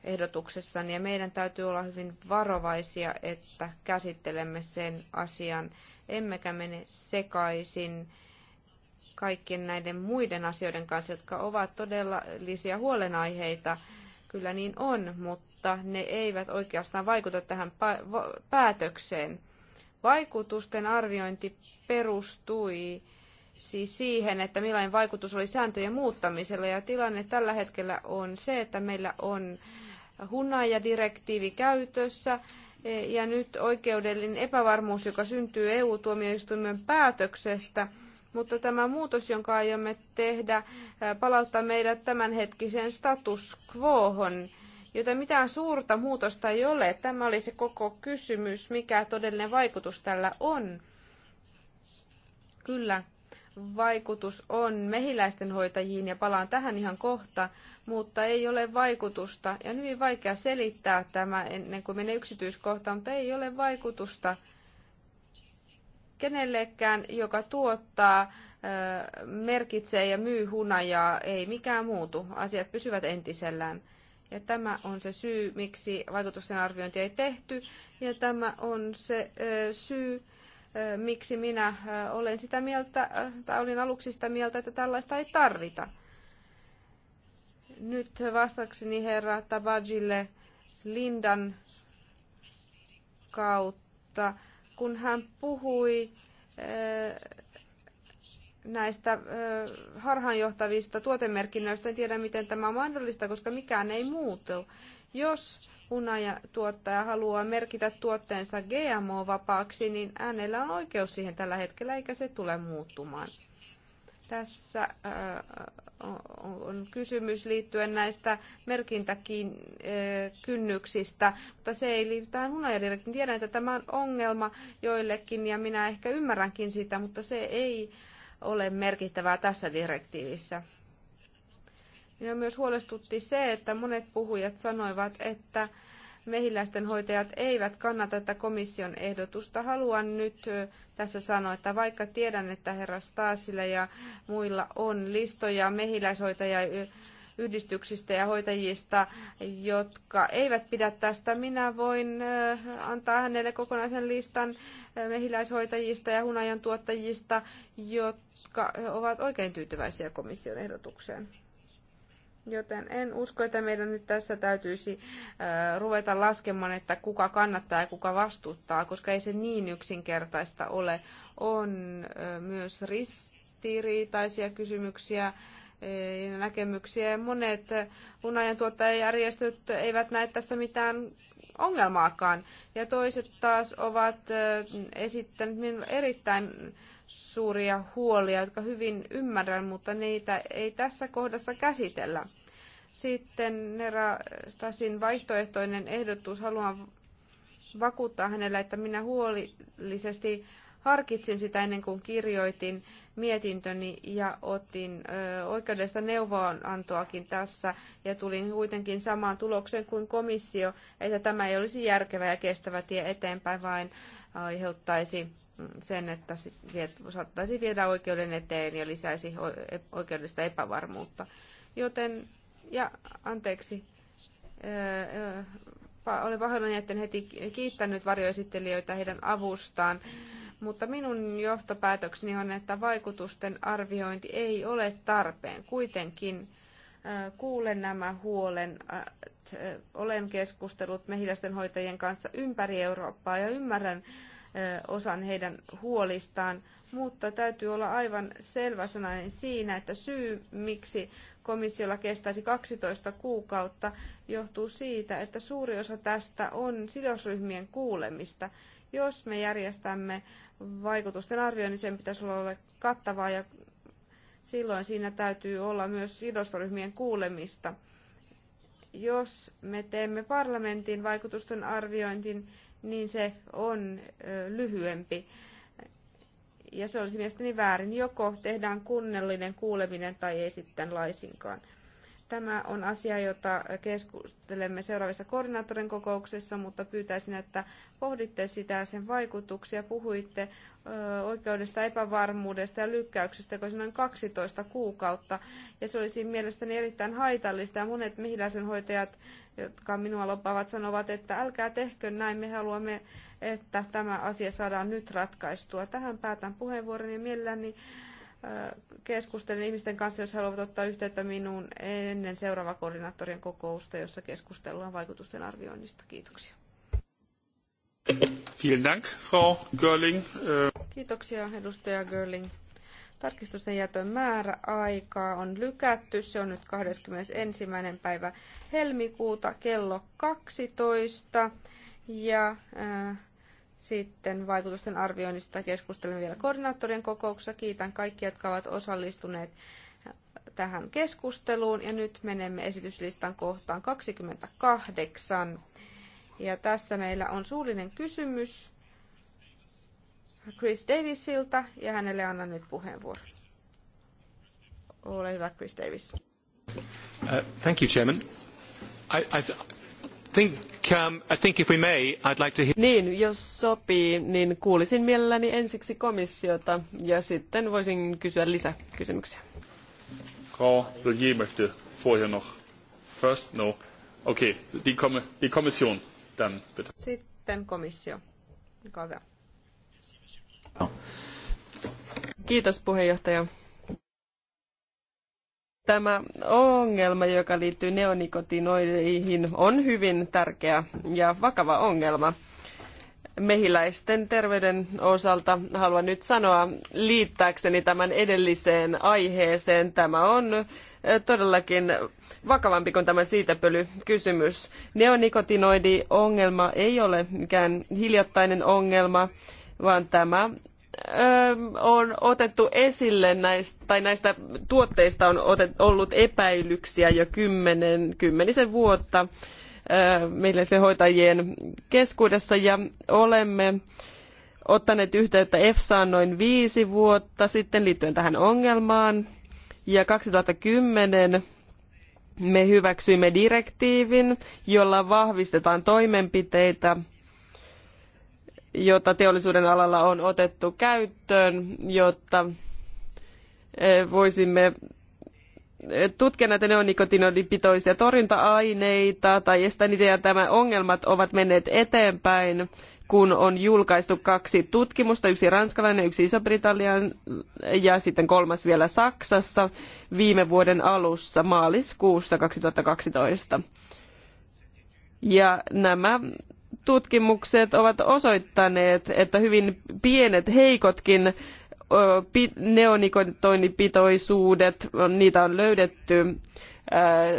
ehdotuksessa, ja meidän täytyy olla hyvin varovaisia, että käsittelemme sen asian, emmekä mene sekaisin kaikkien näiden muiden asioiden kanssa, jotka ovat todellisia huolenaiheita. Kyllä niin on, mutta ne eivät oikeastaan vaikuta tähän päätökseen. Vaikutusten arviointi perustui siis siihen, että millainen vaikutus oli sääntöjen muuttamisella. Ja tilanne tällä hetkellä on se, että meillä on hunajadirektiivi direktiivi käytössä, e, ja nyt oikeudellinen epävarmuus, joka syntyy EU-tuomioistuimen päätöksestä, mutta tämä muutos, jonka aiomme tehdä, palauttaa meidät tämänhetkiseen status quohon. Joten mitään suurta muutosta ei ole. Tämä oli se koko kysymys, mikä todellinen vaikutus tällä on. Kyllä, vaikutus on mehiläisten hoitajiin, ja palaan tähän ihan kohta, mutta ei ole vaikutusta, ja on hyvin vaikea selittää tämä ennen kuin menee yksityiskohtaan, mutta ei ole vaikutusta Kenellekään, joka tuottaa, merkitsee ja myy hunajaa, ei mikään muutu. Asiat pysyvät entisellään. Ja tämä on se syy, miksi vaikutusten arviointi ei tehty. Ja tämä on se syy, miksi minä olen sitä mieltä, tai olin aluksi sitä mieltä, että tällaista ei tarvita. Nyt vastakseni herra Tabajille Lindan kautta kun hän puhui näistä harhaanjohtavista tuotemerkinnöistä, en tiedä miten tämä on mahdollista, koska mikään ei muutu. Jos tuottaja haluaa merkitä tuotteensa GMO-vapaaksi, niin äänellä on oikeus siihen tällä hetkellä, eikä se tule muuttumaan. Tässä äh, on kysymys liittyen näistä merkintäkynnyksistä, äh, mutta se ei liity tähän hunajadirektiin. Tiedän, että tämä on ongelma joillekin ja minä ehkä ymmärränkin sitä, mutta se ei ole merkittävää tässä direktiivissä. Minua myös huolestutti se, että monet puhujat sanoivat, että mehiläisten hoitajat eivät kannata tätä komission ehdotusta. Haluan nyt tässä sanoa, että vaikka tiedän, että herra Staasilla ja muilla on listoja mehiläishoitajia yhdistyksistä ja hoitajista, jotka eivät pidä tästä. Minä voin antaa hänelle kokonaisen listan mehiläishoitajista ja hunajan tuottajista, jotka ovat oikein tyytyväisiä komission ehdotukseen. Joten en usko, että meidän nyt tässä täytyisi äh, ruveta laskemaan, että kuka kannattaa ja kuka vastuuttaa, koska ei se niin yksinkertaista ole. On äh, myös ristiriitaisia kysymyksiä äh, ja näkemyksiä. Monet unajan tuottajajärjestöt eivät näe tässä mitään ongelmaakaan. Ja toiset taas ovat esittäneet minun erittäin suuria huolia, jotka hyvin ymmärrän, mutta niitä ei tässä kohdassa käsitellä. Sitten Nera Stasin vaihtoehtoinen ehdotus. Haluan vakuuttaa hänelle, että minä huolellisesti harkitsin sitä ennen kuin kirjoitin mietintöni ja otin ö, oikeudesta neuvoantoakin tässä ja tulin kuitenkin samaan tulokseen kuin komissio, että tämä ei olisi järkevä ja kestävä tie eteenpäin, vaan aiheuttaisi sen, että saattaisi viedä oikeuden eteen ja lisäisi e-, oikeudellista epävarmuutta. Joten, ja anteeksi, olen pahoillani, etten heti kiittänyt varjoesittelijöitä heidän avustaan, mutta minun johtopäätökseni on, että vaikutusten arviointi ei ole tarpeen. Kuitenkin Äh, kuulen nämä huolen. Äh, olen keskustellut mehiläisten hoitajien kanssa ympäri Eurooppaa ja ymmärrän äh, osan heidän huolistaan, mutta täytyy olla aivan selväsanainen siinä, että syy, miksi komissiolla kestäisi 12 kuukautta, johtuu siitä, että suuri osa tästä on sidosryhmien kuulemista. Jos me järjestämme vaikutusten arvioinnin, sen pitäisi olla kattavaa ja silloin siinä täytyy olla myös sidosryhmien kuulemista. Jos me teemme parlamentin vaikutusten arviointin, niin se on lyhyempi. Ja se olisi mielestäni väärin. Joko tehdään kunnollinen kuuleminen tai ei sitten laisinkaan. Tämä on asia, jota keskustelemme seuraavissa koordinaattorin kokouksessa, mutta pyytäisin, että pohditte sitä sen vaikutuksia. Puhuitte oikeudesta epävarmuudesta ja lykkäyksestä, kun noin 12 kuukautta. Ja se olisi mielestäni erittäin haitallista. Ja monet mehiläisen hoitajat, jotka minua lopavat, sanovat, että älkää tehkö näin, me haluamme, että tämä asia saadaan nyt ratkaistua. Tähän päätän puheenvuoron ja mielelläni keskustelen ihmisten kanssa, jos haluavat ottaa yhteyttä minuun ennen seuraavaa koordinaattorien kokousta, jossa keskustellaan vaikutusten arvioinnista. Kiitoksia. Vielen Dank, Frau Görling. Äh, Kiitoksia, edustaja Görling. Tarkistusten jätön määrä aikaa on lykätty. Se on nyt 21. päivä helmikuuta kello 12. Ja äh, sitten vaikutusten arvioinnista keskustelemme vielä koordinaattorien kokouksessa. Kiitän kaikkia, jotka ovat osallistuneet tähän keskusteluun. Ja nyt menemme esityslistan kohtaan 28. Ja tässä meillä on suullinen kysymys Chris Davisilta ja hänelle annan nyt puheenvuoron. Ole hyvä, Chris Davis. Uh, thank you, Chairman. I, I think, um, I think if we may, I'd like to hear... Niin, jos sopii, niin kuulisin mielelläni ensiksi komissiota ja sitten voisin kysyä lisäkysymyksiä. Frau Logier möchte vorher noch. First, no. Okay, die, Kom die Kommission, dann bitte. Sitten komissio. Olkaa hyvä. Kiitos puheenjohtaja tämä ongelma, joka liittyy neonikotinoideihin, on hyvin tärkeä ja vakava ongelma. Mehiläisten terveyden osalta haluan nyt sanoa liittääkseni tämän edelliseen aiheeseen. Tämä on eh, todellakin vakavampi kuin tämä siitäpölykysymys. Neonikotinoidi-ongelma ei ole mikään hiljattainen ongelma, vaan tämä on otettu esille näistä, tai näistä tuotteista on otet, ollut epäilyksiä jo kymmenen, kymmenisen vuotta öö, meille se hoitajien keskuudessa ja olemme ottaneet yhteyttä EFSAan noin viisi vuotta sitten liittyen tähän ongelmaan ja 2010 me hyväksyimme direktiivin, jolla vahvistetaan toimenpiteitä – jota teollisuuden alalla on otettu käyttöön, jotta e, voisimme tutkia näitä neonikotinolipitoisia torjunta-aineita tai estää niitä, ja tämä ongelmat ovat menneet eteenpäin, kun on julkaistu kaksi tutkimusta, yksi ranskalainen, yksi Iso-Britannian ja sitten kolmas vielä Saksassa viime vuoden alussa maaliskuussa 2012. Ja nämä tutkimukset ovat osoittaneet, että hyvin pienet, heikotkin neonikotoinipitoisuudet, niitä on löydetty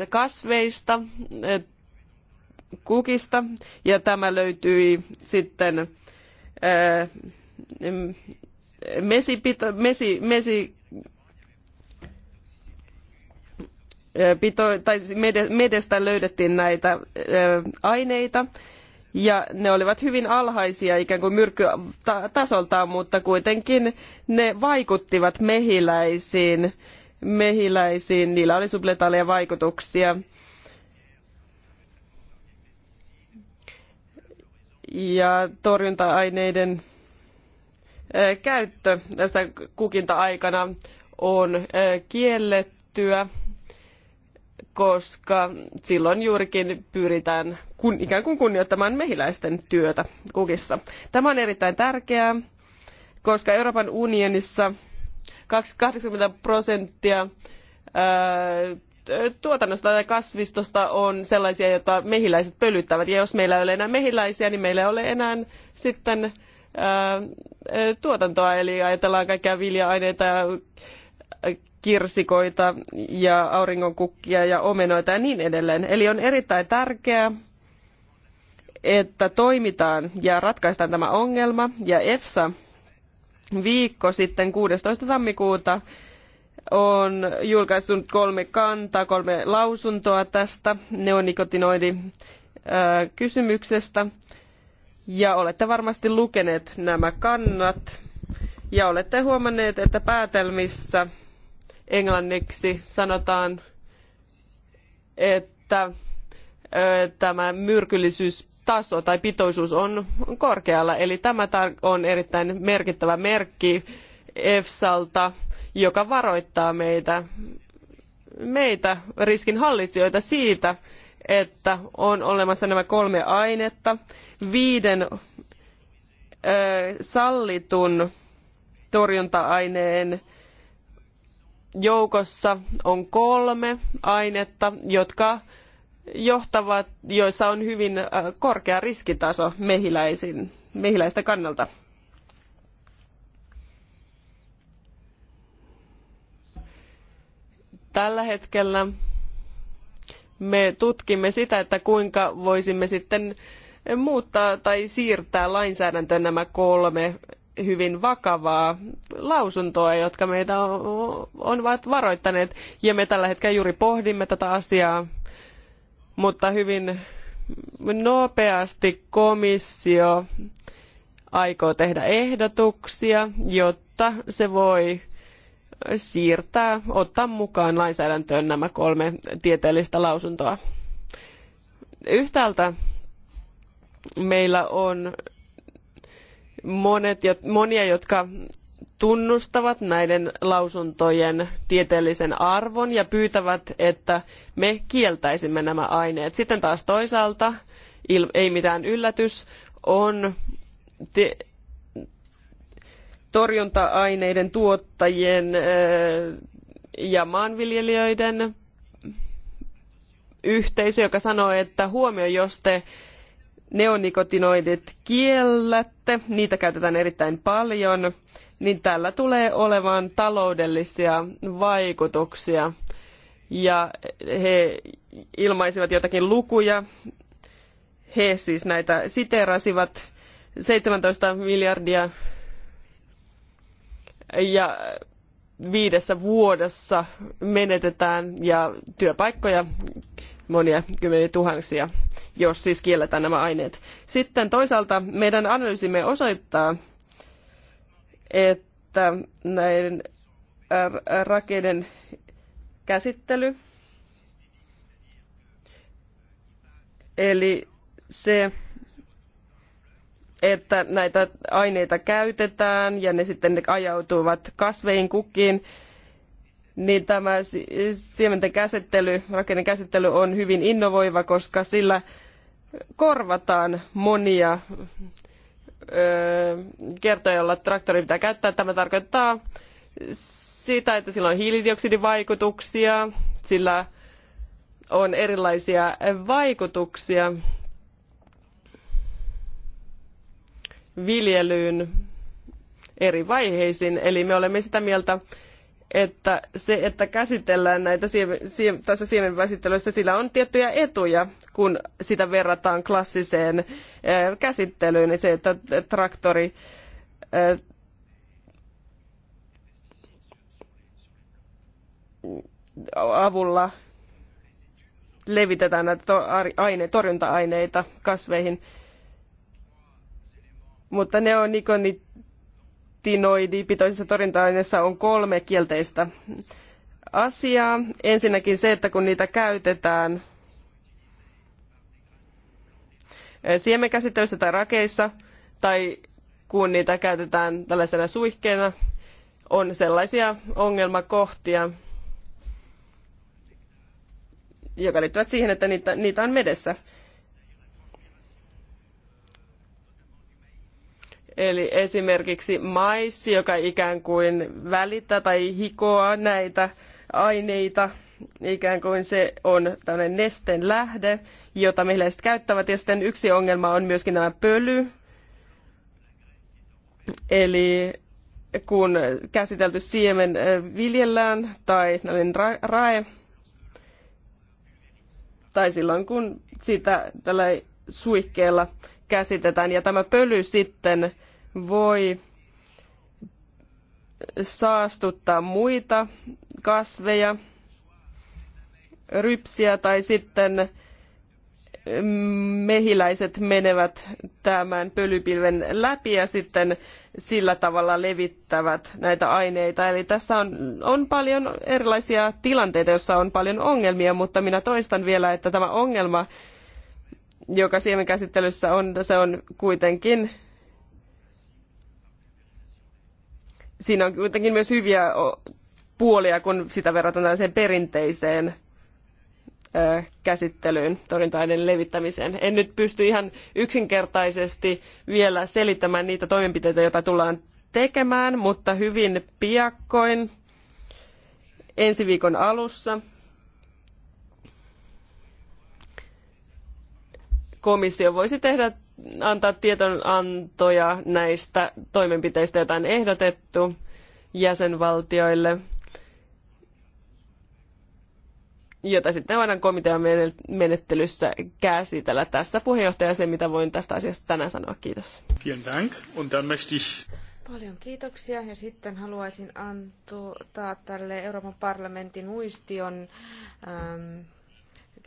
kasveista, kukista, ja tämä löytyi sitten mesipito, mesi, mesi, pito, tai siis medestä löydettiin näitä aineita ja ne olivat hyvin alhaisia ikään kuin myrkkytasoltaan, mutta kuitenkin ne vaikuttivat mehiläisiin. mehiläisiin. Niillä oli subletaaleja vaikutuksia. Ja torjunta-aineiden käyttö tässä kukinta-aikana on kiellettyä, koska silloin juurikin pyritään kun, ikään kuin kunnioittamaan mehiläisten työtä kukissa. Tämä on erittäin tärkeää, koska Euroopan unionissa 80 prosenttia tuotannosta tai kasvistosta on sellaisia, joita mehiläiset pölyttävät. Ja jos meillä ei ole enää mehiläisiä, niin meillä ei ole enää sitten tuotantoa. Eli ajatellaan kaikkia vilja-aineita ja kirsikoita ja auringonkukkia ja omenoita ja niin edelleen. Eli on erittäin tärkeää, että toimitaan ja ratkaistaan tämä ongelma. Ja EFSA viikko sitten 16. tammikuuta on julkaissut kolme kantaa, kolme lausuntoa tästä neonikotinoidi kysymyksestä. Ja olette varmasti lukeneet nämä kannat. Ja olette huomanneet, että päätelmissä englanniksi sanotaan, että tämä myrkyllisyys taso tai pitoisuus on korkealla. Eli tämä on erittäin merkittävä merkki EFSAlta, joka varoittaa meitä, meitä riskinhallitsijoita siitä, että on olemassa nämä kolme ainetta viiden ö, sallitun torjunta-aineen joukossa on kolme ainetta, jotka johtavat, joissa on hyvin äh, korkea riskitaso mehiläisin, mehiläisten kannalta. Tällä hetkellä me tutkimme sitä, että kuinka voisimme sitten muuttaa tai siirtää lainsäädäntöön nämä kolme hyvin vakavaa lausuntoa, jotka meitä ovat varoittaneet. Ja me tällä hetkellä juuri pohdimme tätä asiaa mutta hyvin nopeasti komissio aikoo tehdä ehdotuksia, jotta se voi siirtää, ottaa mukaan lainsäädäntöön nämä kolme tieteellistä lausuntoa. Yhtäältä meillä on monet, monia, jotka tunnustavat näiden lausuntojen tieteellisen arvon ja pyytävät, että me kieltäisimme nämä aineet. Sitten taas toisaalta, ei mitään yllätys, on te- torjunta-aineiden tuottajien ja maanviljelijöiden yhteisö, joka sanoo, että huomio, jos te neonikotinoidit kiellätte, niitä käytetään erittäin paljon, niin tällä tulee olemaan taloudellisia vaikutuksia. Ja he ilmaisivat jotakin lukuja, he siis näitä siteerasivat 17 miljardia ja viidessä vuodessa menetetään ja työpaikkoja monia kymmeniä tuhansia, jos siis kielletään nämä aineet. Sitten toisaalta meidän analyysimme osoittaa, että näiden äh, rakeiden käsittely, eli se, että näitä aineita käytetään ja ne sitten ajautuvat kasveihin kukkiin, niin tämä siementen käsittely, rakeiden käsittely on hyvin innovoiva, koska sillä korvataan monia kertoja, jolla traktori pitää käyttää. Tämä tarkoittaa sitä, että sillä on hiilidioksidivaikutuksia, sillä on erilaisia vaikutuksia viljelyyn eri vaiheisiin. Eli me olemme sitä mieltä, että se, että käsitellään näitä siemen, tässä siemenväsittelyssä, sillä on tiettyjä etuja, kun sitä verrataan klassiseen eh, käsittelyyn, niin se, että traktori eh, avulla levitetään näitä aine- torjunta-aineita kasveihin. Mutta ne on neonikoni niin retinoidipitoisissa torjunta-aineissa on kolme kielteistä asiaa. Ensinnäkin se, että kun niitä käytetään eh, siemenkäsittelyssä tai rakeissa, tai kun niitä käytetään tällaisena suihkeena, on sellaisia ongelmakohtia, joka liittyvät siihen, että niitä, niitä on medessä. Eli esimerkiksi maissi, joka ikään kuin välittää tai hikoaa näitä aineita, ikään kuin se on tällainen nesten lähde, jota mehiläiset käyttävät. Ja sitten yksi ongelma on myöskin tämä pöly. Eli kun käsitelty siemen viljellään tai tällainen rae, tai silloin kun sitä tällä suikkeella käsitetään. Ja tämä pöly sitten voi saastuttaa muita kasveja, rypsiä tai sitten mehiläiset menevät tämän pölypilven läpi ja sitten sillä tavalla levittävät näitä aineita. Eli tässä on, on paljon erilaisia tilanteita, joissa on paljon ongelmia, mutta minä toistan vielä, että tämä ongelma joka siemenkäsittelyssä on, se on kuitenkin siinä on kuitenkin myös hyviä puolia, kun sitä verrataan sen perinteiseen käsittelyyn, torjunta-aineen levittämiseen. En nyt pysty ihan yksinkertaisesti vielä selittämään niitä toimenpiteitä, joita tullaan tekemään, mutta hyvin piakkoin ensi viikon alussa – komissio voisi tehdä, antaa tietonantoja näistä toimenpiteistä, joita on ehdotettu jäsenvaltioille, jota sitten voidaan komitean menettelyssä käsitellä. Tässä puheenjohtaja se, mitä voin tästä asiasta tänään sanoa. Kiitos. Paljon kiitoksia ja sitten haluaisin antaa tälle Euroopan parlamentin muistion ähm,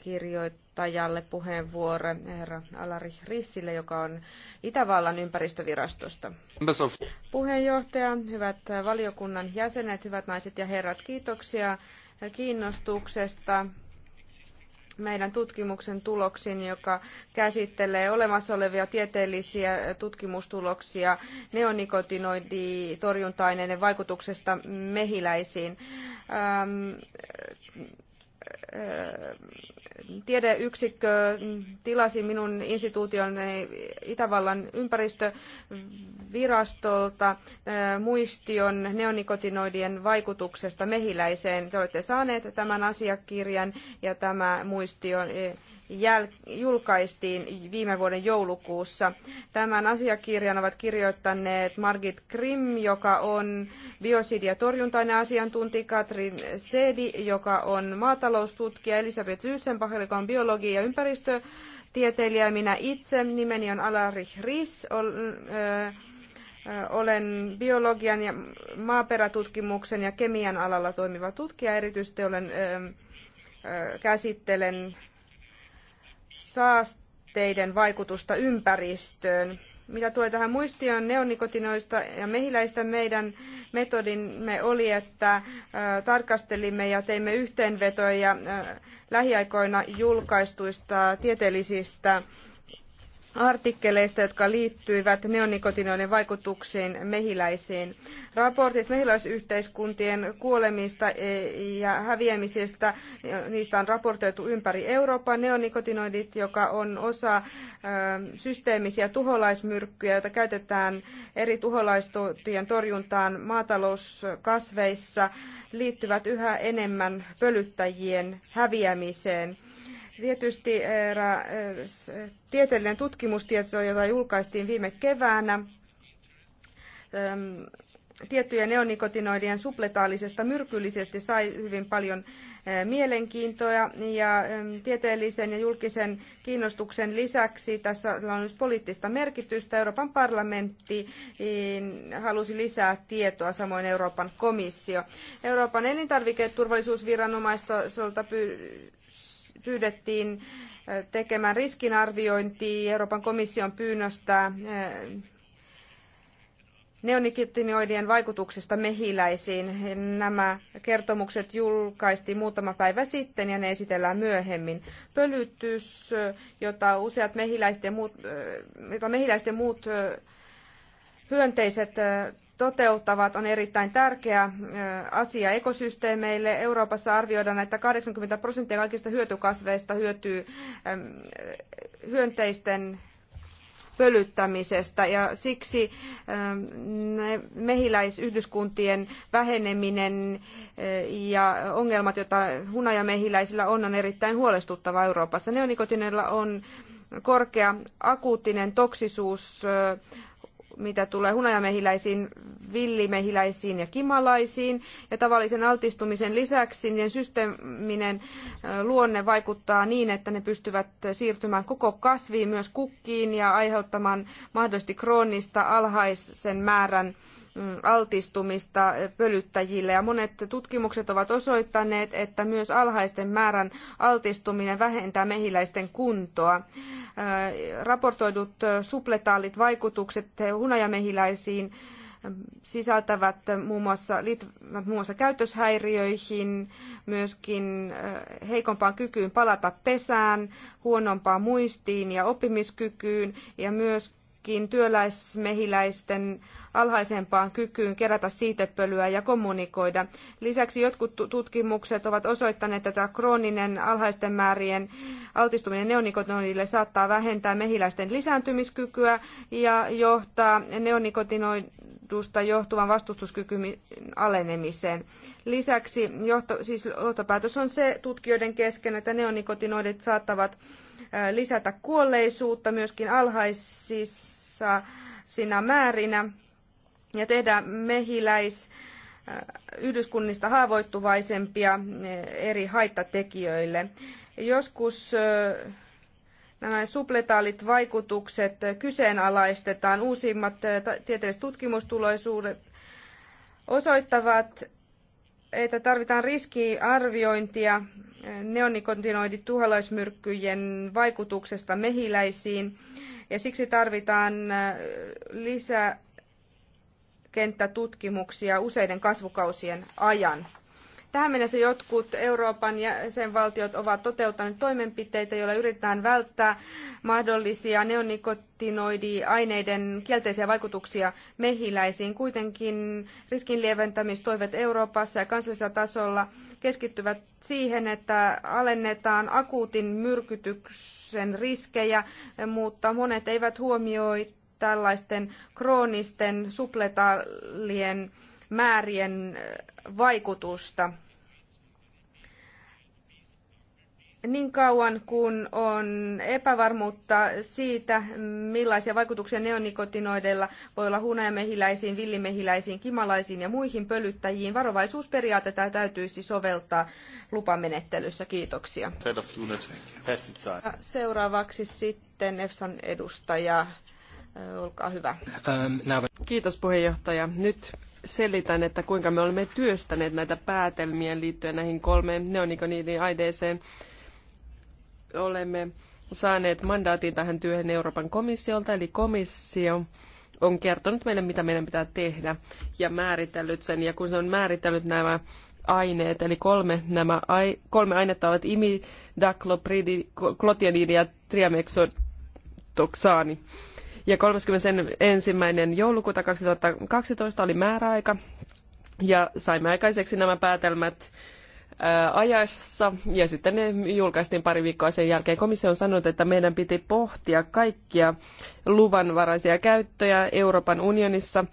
kirjoittajalle puheenvuoro herra Alari Rissille, joka on Itävallan ympäristövirastosta. Puheenjohtaja, hyvät valiokunnan jäsenet, hyvät naiset ja herrat, kiitoksia kiinnostuksesta meidän tutkimuksen tuloksiin, joka käsittelee olemassa olevia tieteellisiä tutkimustuloksia neonikotinoiditorjunta-aineiden vaikutuksesta mehiläisiin. Ähm, tiedeyksikkö tilasi minun instituutioni Itävallan ympäristövirastolta muistion neonikotinoidien vaikutuksesta mehiläiseen. Te olette saaneet tämän asiakirjan ja tämä muistio julkaistiin viime vuoden joulukuussa. Tämän asiakirjan ovat kirjoittaneet Margit Krim, joka on biosidia torjuntainen asiantuntija, Katrin Sedi, joka on maataloustutkija, Elisabeth Syysenbach, joka on biologi- ja ympäristötieteilijä, minä itse, nimeni on Alarich Ris, olen biologian ja maaperätutkimuksen ja kemian alalla toimiva tutkija. Erityisesti olen, käsittelen saasteiden vaikutusta ympäristöön. Mitä tulee tähän muistioon neonikotinoista ja mehiläistä, meidän metodimme oli, että tarkastelimme ja teimme yhteenvetoja lähiaikoina julkaistuista tieteellisistä artikkeleista, jotka liittyivät neonikotinoiden vaikutuksiin mehiläisiin. Raportit mehiläisyhteiskuntien kuolemista e, ja häviämisestä, niistä on raportoitu ympäri Eurooppaa. Neonikotinoidit, joka on osa systeemisiä tuholaismyrkkyjä, joita käytetään eri tuholaistotien torjuntaan maatalouskasveissa, liittyvät yhä enemmän pölyttäjien häviämiseen. Tietysti eräs eh, eh, tieteellinen tutkimustieto, jota julkaistiin viime keväänä, ehm, tiettyjen neonikotinoidien supletaalisesta myrkyllisesti sai hyvin paljon eh, mielenkiintoa ja ehm, tieteellisen ja julkisen kiinnostuksen lisäksi tässä on myös poliittista merkitystä. Euroopan parlamentti halusi lisää tietoa, samoin Euroopan komissio. Euroopan elintarviketurvallisuusviranomaistosolta pyydettiin äh, tekemään riskinarviointi Euroopan komission pyynnöstä äh, neonikotinoidien vaikutuksesta mehiläisiin. Nämä kertomukset julkaistiin muutama päivä sitten ja ne esitellään myöhemmin. Pölytys, äh, jota useat mehiläisten muut, jota mehiläisten muut hyönteiset toteuttavat, on erittäin tärkeä asia ekosysteemeille. Euroopassa arvioidaan, että 80 prosenttia kaikista hyötykasveista hyötyy hyönteisten pölyttämisestä ja siksi mehiläisyhdyskuntien väheneminen ja ongelmat, joita hunajamehiläisillä on, on erittäin huolestuttava Euroopassa. Neonikotinella on korkea akuuttinen toksisuus mitä tulee hunajamehiläisiin, villimehiläisiin ja kimalaisiin. Ja tavallisen altistumisen lisäksi niiden systeeminen luonne vaikuttaa niin, että ne pystyvät siirtymään koko kasviin, myös kukkiin ja aiheuttamaan mahdollisesti kroonista alhaisen määrän Mm, altistumista pölyttäjille ja monet tutkimukset ovat osoittaneet, että myös alhaisten määrän altistuminen vähentää mehiläisten kuntoa. Raportoidut supletaalit vaikutukset hunajamehiläisiin mm, sisältävät muun muassa, liittyvät muun muassa käytöshäiriöihin, myöskin heikompaan kykyyn palata pesään, huonompaan muistiin ja oppimiskykyyn ja myös varsinkin työläismehiläisten alhaisempaan kykyyn kerätä siitepölyä ja kommunikoida. Lisäksi jotkut tutkimukset ovat osoittaneet, että krooninen alhaisten määrien altistuminen neonikotinoidille saattaa vähentää mehiläisten lisääntymiskykyä ja johtaa neonikotinoidusta johtuvan vastustuskykyyn alenemiseen. Lisäksi johto, siis johtopäätös on se tutkijoiden kesken, että neonikotinoidit saattavat lisätä kuolleisuutta myöskin alhaisissa sinä määrinä ja tehdä mehiläis äh, yhdyskunnista haavoittuvaisempia äh, eri haittatekijöille. Joskus äh, nämä supletaalit vaikutukset kyseenalaistetaan. Uusimmat tieteelliset tutkimustuloisuudet osoittavat, että tarvitaan riskiarviointia neonikotinoidituhalaismyrkkyjen vaikutuksesta mehiläisiin ja siksi tarvitaan lisäkenttätutkimuksia useiden kasvukausien ajan. Tähän mennessä jotkut Euroopan jäsenvaltiot ovat toteuttaneet toimenpiteitä, joilla yritetään välttää mahdollisia neonikotinoidiaineiden kielteisiä vaikutuksia mehiläisiin. Kuitenkin riskin Euroopassa ja kansallisella tasolla keskittyvät siihen, että alennetaan akuutin myrkytyksen riskejä, mutta monet eivät huomioi tällaisten kroonisten supletaalien määrien vaikutusta. niin kauan kun on epävarmuutta siitä, millaisia vaikutuksia neonikotinoideilla voi olla hunajamehiläisiin, villimehiläisiin, kimalaisiin ja muihin pölyttäjiin, varovaisuusperiaatetta täytyisi soveltaa lupamenettelyssä. Kiitoksia. Seuraavaksi sitten EFSAn edustaja. Olkaa hyvä. Ähm, Kiitos puheenjohtaja. Nyt selitän, että kuinka me olemme työstäneet näitä päätelmiä liittyen näihin kolmeen neonikoniidin aideeseen olemme saaneet mandaatin tähän työhön Euroopan komissiolta, eli komissio on kertonut meille, mitä meidän pitää tehdä ja määritellyt sen. Ja kun se on määritellyt nämä aineet, eli kolme, nämä ai, kolme ainetta ovat imidakloprid, klotianidi ja triamexotoksaani. Ja 31. joulukuuta 2012 oli määräaika ja saimme aikaiseksi nämä päätelmät ajassa ja sitten ne julkaistiin pari viikkoa sen jälkeen. Komissio on sanonut, että meidän piti pohtia kaikkia luvanvaraisia käyttöjä Euroopan unionissa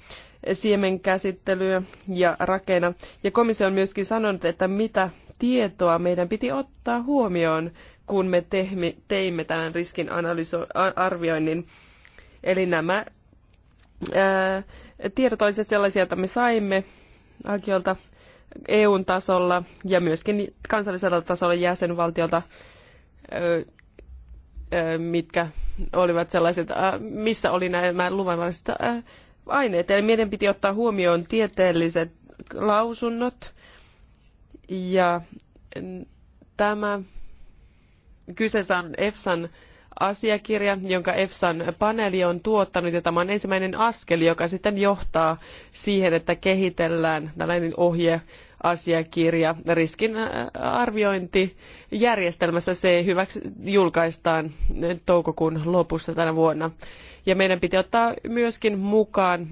siemenkäsittelyä ja rakena. Ja komissio on myöskin sanonut, että mitä tietoa meidän piti ottaa huomioon, kun me teimme, teimme tämän riskin arvioinnin. Eli nämä ää, tiedot olisivat sellaisia, joita me saimme Agiolta eu tasolla ja myöskin kansallisella tasolla jäsenvaltiolta, mitkä olivat sellaiset, missä oli nämä luvanvaraiset aineet. Eli meidän piti ottaa huomioon tieteelliset lausunnot ja tämä kyseessä on EFSAn asiakirja, jonka EFSAn paneeli on tuottanut, ja tämä on ensimmäinen askel, joka sitten johtaa siihen, että kehitellään tällainen ohje asiakirja. Riskin äh, järjestelmässä se hyväks, julkaistaan toukokuun lopussa tänä vuonna. Ja meidän piti ottaa myöskin mukaan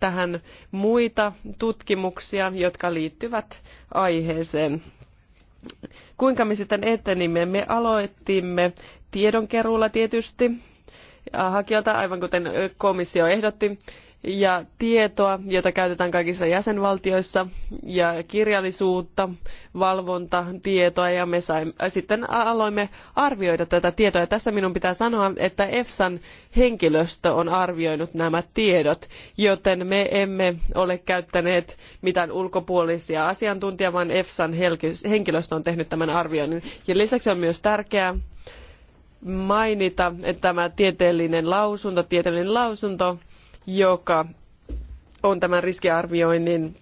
tähän muita tutkimuksia, jotka liittyvät aiheeseen. Kuinka me sitten etenimme? Me aloitimme tiedonkeruulla tietysti äh, hakijoilta, aivan kuten komissio ehdotti ja tietoa, jota käytetään kaikissa jäsenvaltioissa, ja kirjallisuutta, valvontatietoa, ja me äh, sitten aloimme arvioida tätä tietoa. Ja tässä minun pitää sanoa, että EFSAn henkilöstö on arvioinut nämä tiedot, joten me emme ole käyttäneet mitään ulkopuolisia asiantuntijaa, vaan EFSAn henkilöstö on tehnyt tämän arvioinnin. Ja lisäksi on myös tärkeää, mainita, että tämä tieteellinen lausunto, tieteellinen lausunto joka on tämän riskiarvioinnin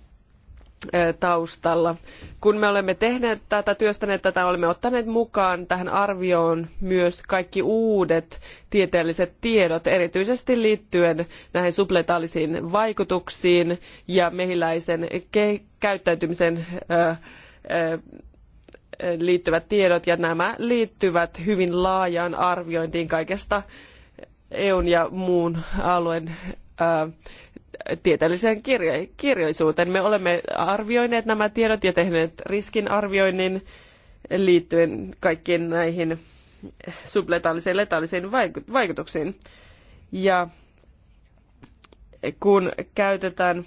taustalla. Kun me olemme tehneet tätä, työstäneet tätä, olemme ottaneet mukaan tähän arvioon myös kaikki uudet tieteelliset tiedot, erityisesti liittyen näihin subletaalisiin vaikutuksiin ja mehiläisen käyttäytymisen liittyvät tiedot, ja nämä liittyvät hyvin laajaan arviointiin kaikesta EUn ja muun alueen tieteelliseen kirja- kirjallisuuteen. Me olemme arvioineet nämä tiedot ja tehneet riskinarvioinnin liittyen kaikkiin näihin subletaalisiin letaalisiin vaikutuksiin. Ja kun käytetään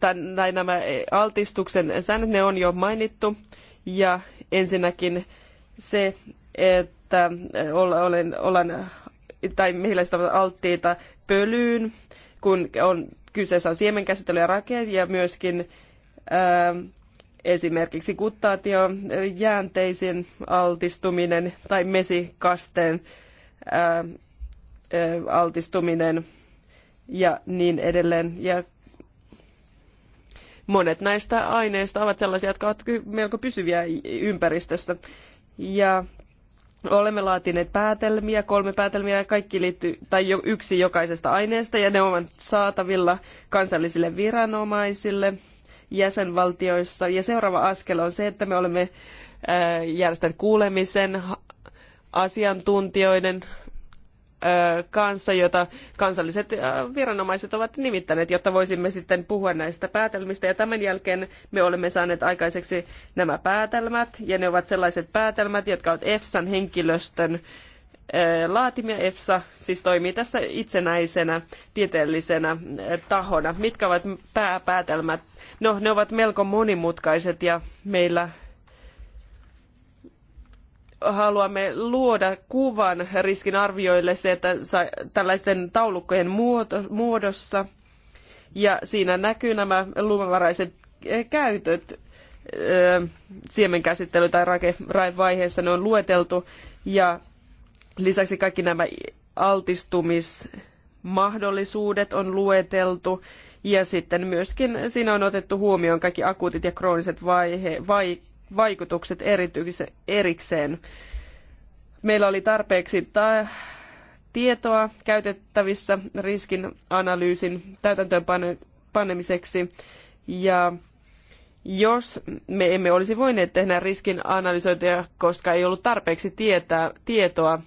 tämän, tai nämä altistuksen säännöt, ne on jo mainittu. Ja ensinnäkin se, että olen, olen tai mehiläiset ovat alttiita pölyyn, kun on, kyseessä on siemenkäsittely ja rake ja myöskin ää, ähm, esimerkiksi kuttaatio, jäänteisiin altistuminen tai mesikasteen ää, ähm, äh, altistuminen ja niin edelleen. Ja monet näistä aineista ovat sellaisia, jotka ovat melko pysyviä ympäristössä. Ja olemme laatineet päätelmiä, kolme päätelmiä, kaikki liittyy, tai jo, yksi jokaisesta aineesta, ja ne ovat saatavilla kansallisille viranomaisille jäsenvaltioissa. Ja seuraava askel on se, että me olemme järjestäneet kuulemisen asiantuntijoiden kanssa, jota kansalliset viranomaiset ovat nimittäneet, jotta voisimme sitten puhua näistä päätelmistä. Ja tämän jälkeen me olemme saaneet aikaiseksi nämä päätelmät, ja ne ovat sellaiset päätelmät, jotka ovat EFSAn henkilöstön laatimia EFSA siis toimii tässä itsenäisenä tieteellisenä tahona. Mitkä ovat pääpäätelmät? No, ne ovat melko monimutkaiset ja meillä haluamme luoda kuvan riskinarvioille se, että tällaisten taulukkojen muodossa. Ja siinä näkyy nämä luvanvaraiset eh, käytöt eh, siemenkäsittely- tai raivaiheessa ne on lueteltu. Ja lisäksi kaikki nämä altistumismahdollisuudet on lueteltu. Ja sitten myöskin siinä on otettu huomioon kaikki akuutit ja krooniset vaihe, vai, vaikutukset erikseen. Meillä oli tarpeeksi tietoa käytettävissä riskin analyysin täytäntöönpanemiseksi ja jos me emme olisi voineet tehdä riskin analysointia, koska ei ollut tarpeeksi tietää, tietoa,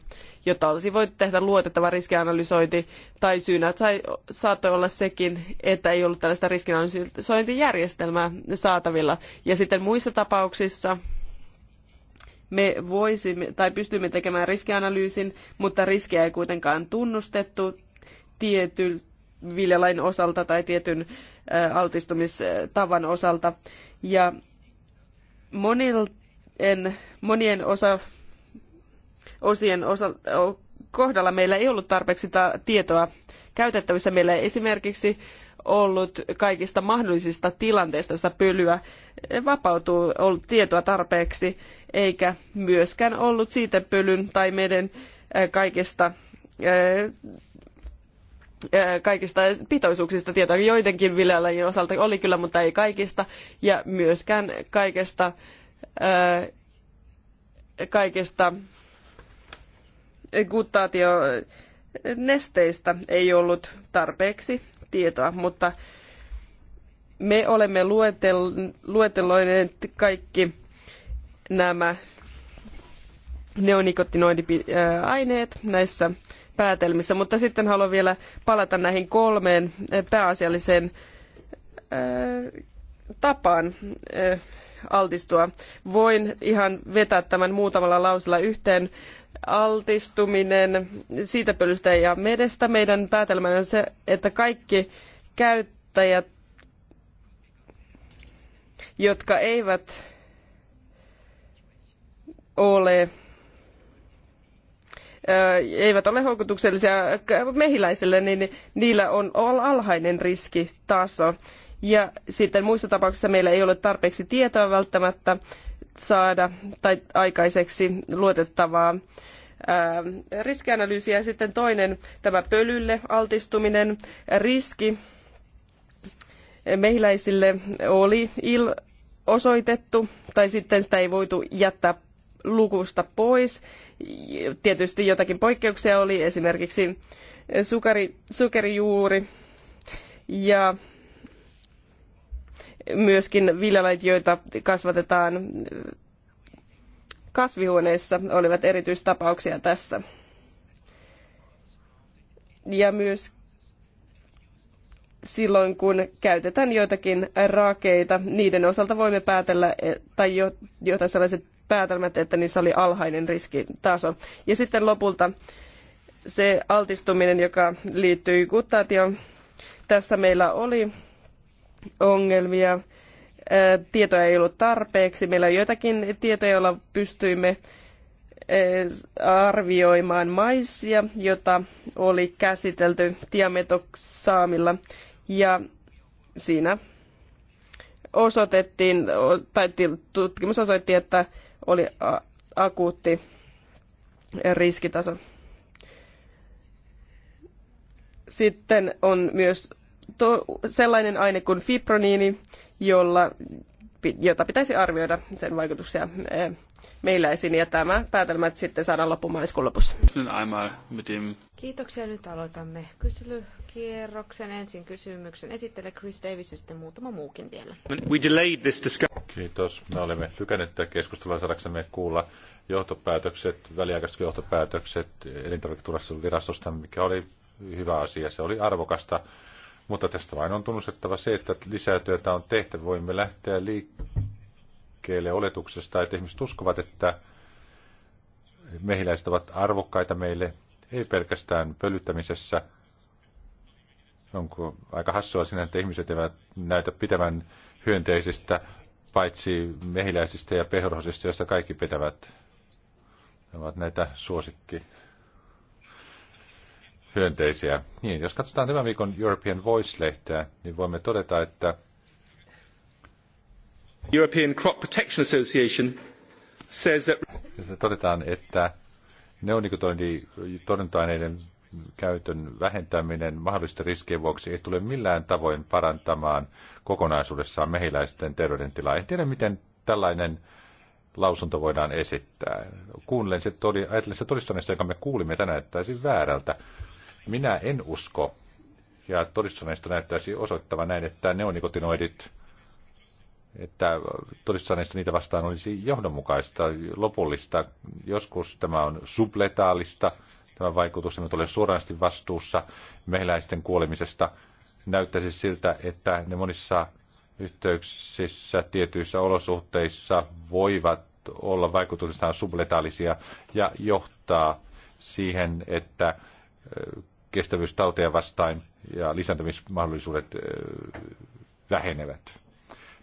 jotta olisi voitu tehdä luotettava riskianalysointi tai syynä sai, saattoi olla sekin, että ei ollut tällaista riskianalysointijärjestelmää saatavilla. Ja sitten muissa tapauksissa me voisimme tai pystymme tekemään riskianalyysin, mutta riskiä ei kuitenkaan tunnustettu tietyn viljelain osalta tai tietyn äh, altistumistavan osalta. Ja monil, monien osa osien osa, kohdalla meillä ei ollut tarpeeksi tietoa käytettävissä. Meillä ei esimerkiksi ollut kaikista mahdollisista tilanteista, joissa pölyä vapautuu, ollut tietoa tarpeeksi, eikä myöskään ollut siitä pölyn tai meidän kaikista kaikista pitoisuuksista tietoa. Joidenkin viljelajien osalta oli kyllä, mutta ei kaikista. Ja myöskään kaikesta, kaikesta gutaatio nesteistä ei ollut tarpeeksi tietoa, mutta me olemme luetelloineet kaikki nämä neonikotinoidiaineet näissä päätelmissä, mutta sitten haluan vielä palata näihin kolmeen pääasialliseen tapaan altistua. Voin ihan vetää tämän muutamalla lausella yhteen altistuminen siitapölystä ja medestä. Meidän päätelmämme on se, että kaikki käyttäjät, jotka eivät ole eivät ole houkutuksellisia mehiläisille, niin niillä on alhainen riskitaso. Ja sitten muissa tapauksissa meillä ei ole tarpeeksi tietoa välttämättä saada tai aikaiseksi luotettavaa riskianalyysiä. Ja sitten toinen, tämä pölylle altistuminen, riski mehiläisille oli il- osoitettu, tai sitten sitä ei voitu jättää lukusta pois. Tietysti jotakin poikkeuksia oli, esimerkiksi sukari, sukerijuuri ja myöskin viljalajit, joita kasvatetaan kasvihuoneissa, olivat erityistapauksia tässä. Ja myös silloin, kun käytetään joitakin rakeita, niiden osalta voimme päätellä tai jo, jotain sellaiset päätelmät, että niissä oli alhainen riskitaso. Ja sitten lopulta se altistuminen, joka liittyy kutaatioon. Tässä meillä oli ongelmia. Tietoja ei ollut tarpeeksi. Meillä on joitakin tietoja, joilla pystyimme arvioimaan maisia, jota oli käsitelty diametoksaamilla. Ja siinä osoitettiin, tai tutkimus osoitti, että oli akuutti riskitaso. Sitten on myös sellainen aine kuin fibroniini, jolla, jota pitäisi arvioida sen vaikutuksia eh, meiläisiin. Ja tämä päätelmät sitten saadaan loppumaiskuun lopussa. Kiitoksia. Nyt aloitamme kyselykierroksen. Ensin kysymyksen esittelee Chris Davis ja sitten muutama muukin vielä. We delayed this discussion. Kiitos. Me olemme lykänneet tätä keskustelua saadaksemme kuulla johtopäätökset, väliaikaiset johtopäätökset elintarviketurvallisuusvirastosta, mikä oli hyvä asia. Se oli arvokasta mutta tästä vain on tunnustettava se, että lisätyötä on tehty Voimme lähteä liikkeelle oletuksesta, että ihmiset uskovat, että mehiläiset ovat arvokkaita meille, ei pelkästään pölyttämisessä. Onko aika hassua sinä, että ihmiset eivät näytä pitävän hyönteisistä, paitsi mehiläisistä ja pehrohosista, joista kaikki pitävät. Ne ovat näitä suosikki hyönteisiä. Niin, jos katsotaan tämän viikon European Voice-lehteä, niin voimme todeta, että European Crop Protection Association says that... Todetaan, että neonikotonitorjunta-aineiden käytön vähentäminen mahdollisten riskien vuoksi ei tule millään tavoin parantamaan kokonaisuudessaan mehiläisten terveydentilaa. En tiedä, miten tällainen lausunto voidaan esittää. Kuuntelen se, todi, se todistuneesta, joka me kuulimme tänään, että väärältä. Minä en usko, ja todistuneista näyttäisi osoittava näin, että neonikotinoidit, että todistuneista niitä vastaan olisi johdonmukaista, lopullista. Joskus tämä on subletaalista, tämä vaikutus, emme ole suorasti vastuussa mehiläisten kuolemisesta. Näyttäisi siltä, että ne monissa yhteyksissä tietyissä olosuhteissa voivat olla vaikutuksiltaan subletaalisia ja johtaa siihen, että kestävyystauteja vastaan ja lisääntymismahdollisuudet vähenevät.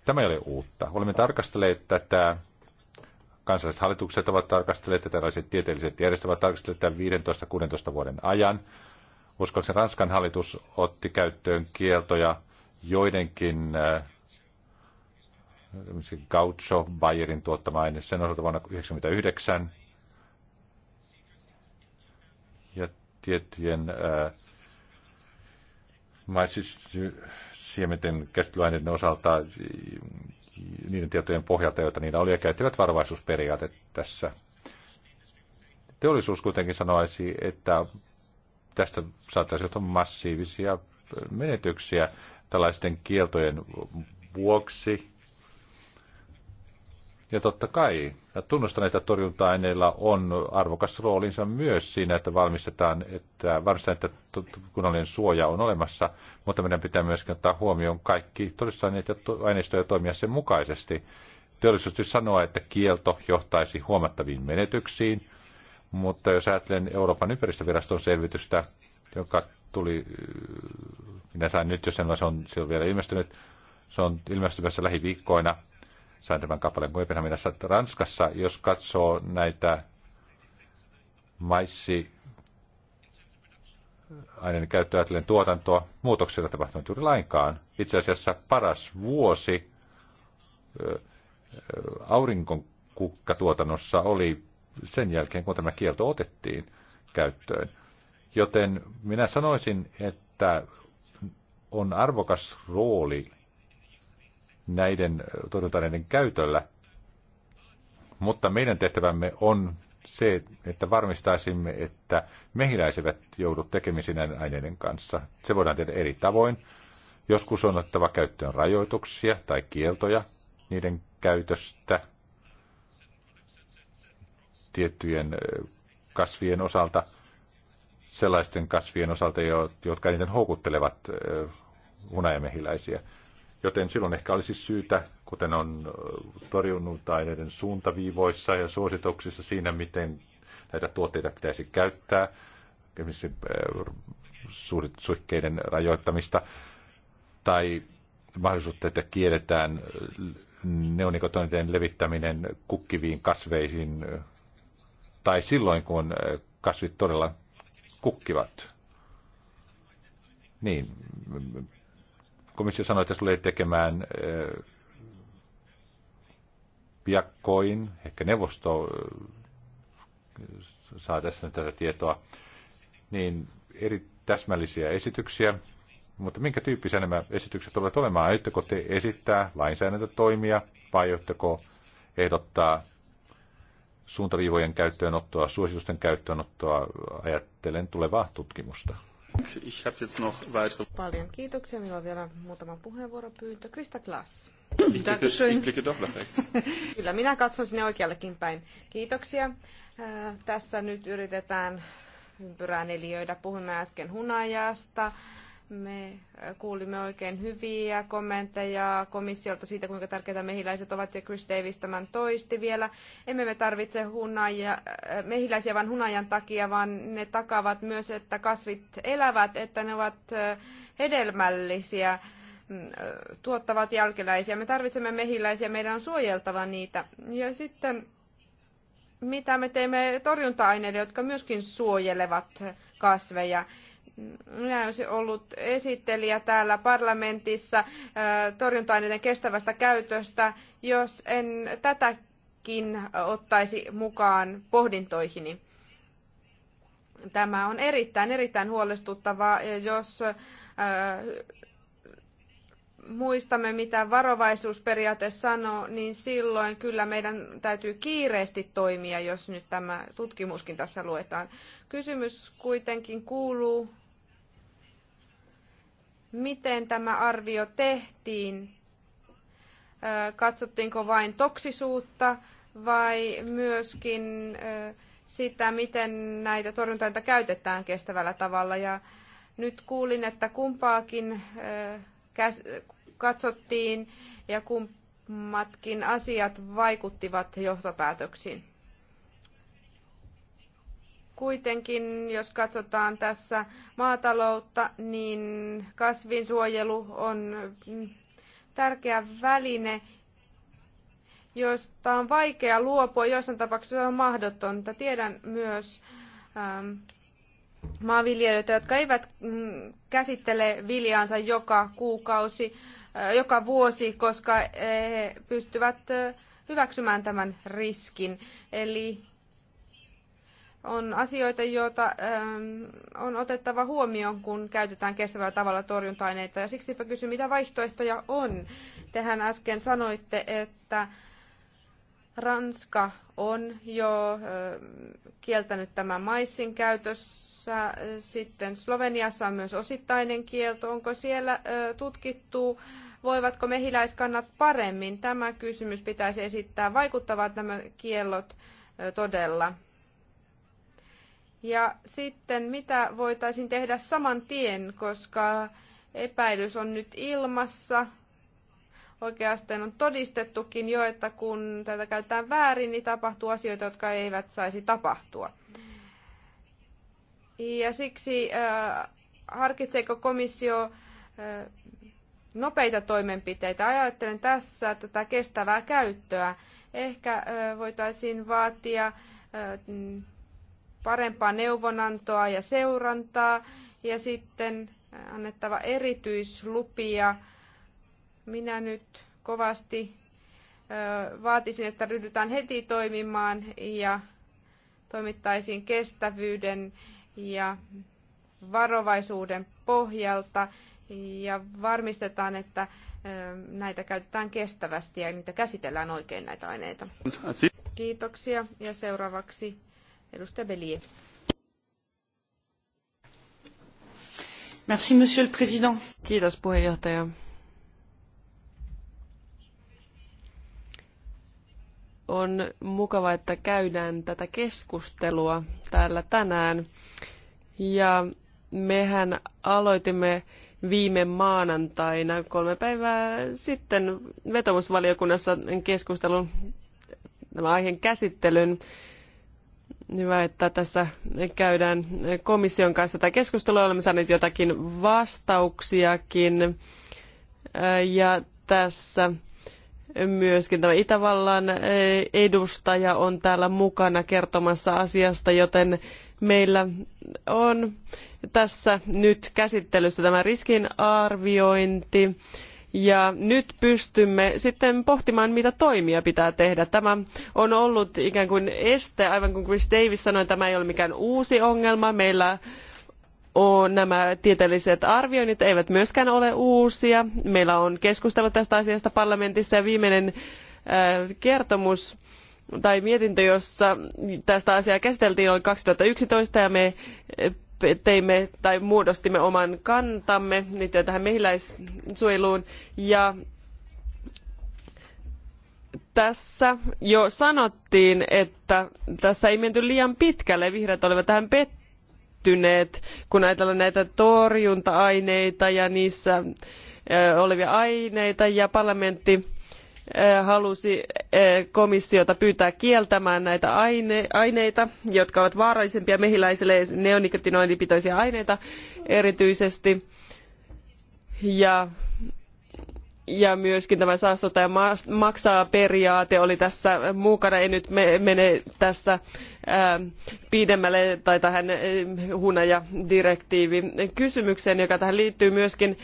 Tämä ei ole uutta. Olemme tarkastelleet tätä, kansalliset hallitukset ovat tarkastelleet tätä tällaiset tieteelliset järjestöt ovat tarkastelleet tämän 15-16 vuoden ajan. Uskoakseni Ranskan hallitus otti käyttöön kieltoja joidenkin gaucho Bayerin tuottama aine sen osalta vuonna 1999 tiettyjen maissiementen käsittelyaineiden osalta niiden tietojen pohjalta, joita niillä oli, ja käyttivät varovaisuusperiaate tässä. Teollisuus kuitenkin sanoisi, että tästä saattaisi olla massiivisia menetyksiä tällaisten kieltojen vuoksi, ja totta kai tunnustaneita torjunta-aineilla on arvokas roolinsa myös siinä, että valmistetaan, että varmistetaan, että kunnallinen suoja on olemassa, mutta meidän pitää myöskin ottaa huomioon kaikki todistusaineet ja aineistoja toimia sen mukaisesti. Teollisuus siis sanoa, että kielto johtaisi huomattaviin menetyksiin, mutta jos ajattelen Euroopan ympäristöviraston selvitystä, joka tuli, minä sain nyt jo sen, se on, se on vielä ilmestynyt, se on ilmestymässä lähiviikkoina, sain tämän kappaleen Kööpenhaminassa. Ranskassa, jos katsoo näitä maissi aineiden käyttöä ajatellen tuotantoa, muutoksia tapahtunut juuri lainkaan. Itse asiassa paras vuosi aurinkokukkatuotannossa oli sen jälkeen, kun tämä kielto otettiin käyttöön. Joten minä sanoisin, että on arvokas rooli näiden todentaneiden käytöllä. Mutta meidän tehtävämme on se, että varmistaisimme, että mehiläisivät joudut tekemisiin näiden aineiden kanssa. Se voidaan tehdä eri tavoin. Joskus on ottava käyttöön rajoituksia tai kieltoja niiden käytöstä tiettyjen kasvien osalta, sellaisten kasvien osalta, jotka eniten houkuttelevat hunajamehiläisiä. mehiläisiä joten silloin ehkä olisi syytä, kuten on torjunut aineiden suuntaviivoissa ja suosituksissa siinä, miten näitä tuotteita pitäisi käyttää, esimerkiksi suikkeiden rajoittamista, tai mahdollisuutta, että kielletään neonikotoniteen levittäminen kukkiviin kasveihin, tai silloin, kun kasvit todella kukkivat. Niin, komissio sanoi, että se tulee tekemään piakkoin, ehkä neuvosto saa tässä nyt tätä tietoa, niin eri täsmällisiä esityksiä, mutta minkä tyyppisiä nämä esitykset tulevat olemaan? Aiotteko te esittää lainsäädäntötoimia vai aiotteko ehdottaa suuntaviivojen käyttöönottoa, suositusten käyttöönottoa, ajattelen tulevaa tutkimusta? Ich habe jetzt noch weitere... Paljon kiitoksia. Minulla on vielä muutama puheenvuoropyyntö. Krista Klass. Ich blicke, doch nach rechts. <laughs> Kyllä, minä katson sinne oikeallekin päin. Kiitoksia. Äh, tässä nyt yritetään ympyrää neliöidä. Puhumme äsken hunajasta. Me äh, kuulimme oikein hyviä kommentteja komissiolta siitä, kuinka tärkeitä mehiläiset ovat, ja Chris Davis tämän toisti vielä. Emme me tarvitse hunaja, äh, mehiläisiä vain hunajan takia, vaan ne takavat myös, että kasvit elävät, että ne ovat äh, hedelmällisiä, mm, tuottavat jälkeläisiä. Me tarvitsemme mehiläisiä, meidän on suojeltava niitä. Ja sitten mitä me teemme torjunta-aineille, jotka myöskin suojelevat kasveja minä olisin ollut esittelijä täällä parlamentissa torjunta-aineiden kestävästä käytöstä, jos en tätäkin ottaisi mukaan pohdintoihini. Tämä on erittäin, erittäin huolestuttavaa, jos muistamme, mitä varovaisuusperiaate sanoo, niin silloin kyllä meidän täytyy kiireesti toimia, jos nyt tämä tutkimuskin tässä luetaan. Kysymys kuitenkin kuuluu, miten tämä arvio tehtiin? Katsottiinko vain toksisuutta vai myöskin sitä, miten näitä torjuntaita käytetään kestävällä tavalla? Ja nyt kuulin, että kumpaakin katsottiin ja kummatkin asiat vaikuttivat johtopäätöksiin. Kuitenkin, jos katsotaan tässä maataloutta, niin kasvinsuojelu on mm, tärkeä väline, josta on vaikea luopua, joissain tapauksissa se on mahdotonta. Tiedän myös ähm, maanviljelijöitä, jotka eivät mm, käsittele viljaansa joka kuukausi, äh, joka vuosi, koska he pystyvät äh, hyväksymään tämän riskin. Eli on asioita, joita ähm, on otettava huomioon, kun käytetään kestävällä tavalla torjunta-aineita. Ja siksipä kysyn, mitä vaihtoehtoja on. Tehän äsken sanoitte, että Ranska on jo ähm, kieltänyt tämän maissin käytössä. Sitten Sloveniassa on myös osittainen kielto. Onko siellä äh, tutkittu, voivatko mehiläiskannat paremmin? Tämä kysymys pitäisi esittää. Vaikuttavat nämä kiellot äh, todella ja sitten mitä voitaisiin tehdä saman tien, koska epäilys on nyt ilmassa. Oikeastaan on todistettukin jo, että kun tätä käytetään väärin, niin tapahtuu asioita, jotka eivät saisi tapahtua. Ja siksi äh, harkitseeko komissio äh, nopeita toimenpiteitä? Ajattelen tässä tätä kestävää käyttöä. Ehkä äh, voitaisiin vaatia äh, parempaa neuvonantoa ja seurantaa ja sitten äh, annettava erityislupia. Minä nyt kovasti äh, vaatisin, että ryhdytään heti toimimaan ja toimittaisiin kestävyyden ja varovaisuuden pohjalta ja varmistetaan, että äh, näitä käytetään kestävästi ja niitä käsitellään oikein näitä aineita. Kiitoksia ja seuraavaksi Edustaja Merci, monsieur le président. Kiitos puheenjohtaja. On mukava, että käydään tätä keskustelua täällä tänään. Ja mehän aloitimme viime maanantaina kolme päivää sitten vetomusvaliokunnassa keskustelun tämän aiheen käsittelyn. Hyvä, että tässä käydään komission kanssa tätä keskustelua. Olemme saaneet jotakin vastauksiakin. Ja tässä myöskin tämä Itävallan edustaja on täällä mukana kertomassa asiasta, joten meillä on tässä nyt käsittelyssä tämä riskinarviointi ja nyt pystymme sitten pohtimaan, mitä toimia pitää tehdä. Tämä on ollut ikään kuin este, aivan kuin Chris Davis sanoi, tämä ei ole mikään uusi ongelma. Meillä on nämä tieteelliset arvioinnit eivät myöskään ole uusia. Meillä on keskustelu tästä asiasta parlamentissa ja viimeinen äh, kertomus tai mietintö, jossa tästä asiaa käsiteltiin, oli 2011 ja me teimme tai muodostimme oman kantamme liittyen niin tähän mehiläissuojeluun ja tässä jo sanottiin, että tässä ei menty liian pitkälle. Vihreät olivat tähän pettyneet, kun ajatellaan näitä torjunta-aineita ja niissä olevia aineita ja parlamentti halusi komissiota pyytää kieltämään näitä aineita, jotka ovat vaarallisempia mehiläisille, neonikotinoidipitoisia aineita erityisesti. Ja, ja myöskin tämä saastuttaja maksaa periaate oli tässä mukana. En nyt mene tässä pidemmälle tai tähän hunaja kysymykseen, joka tähän liittyy myöskin.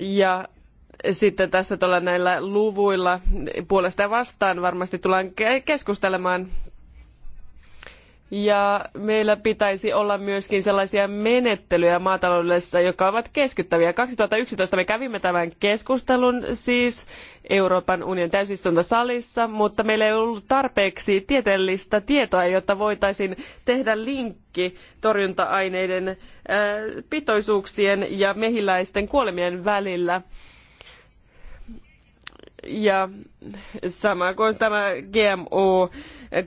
Ja sitten tässä tuolla näillä luvuilla puolesta ja vastaan varmasti tullaan keskustelemaan. Ja meillä pitäisi olla myöskin sellaisia menettelyjä maataloudessa, jotka ovat keskittäviä. 2011 me kävimme tämän keskustelun siis Euroopan unionin täysistuntosalissa, mutta meillä ei ollut tarpeeksi tieteellistä tietoa, jotta voitaisiin tehdä linkki torjunta-aineiden äh, pitoisuuksien ja mehiläisten kuolemien välillä ja sama kuin tämä GMO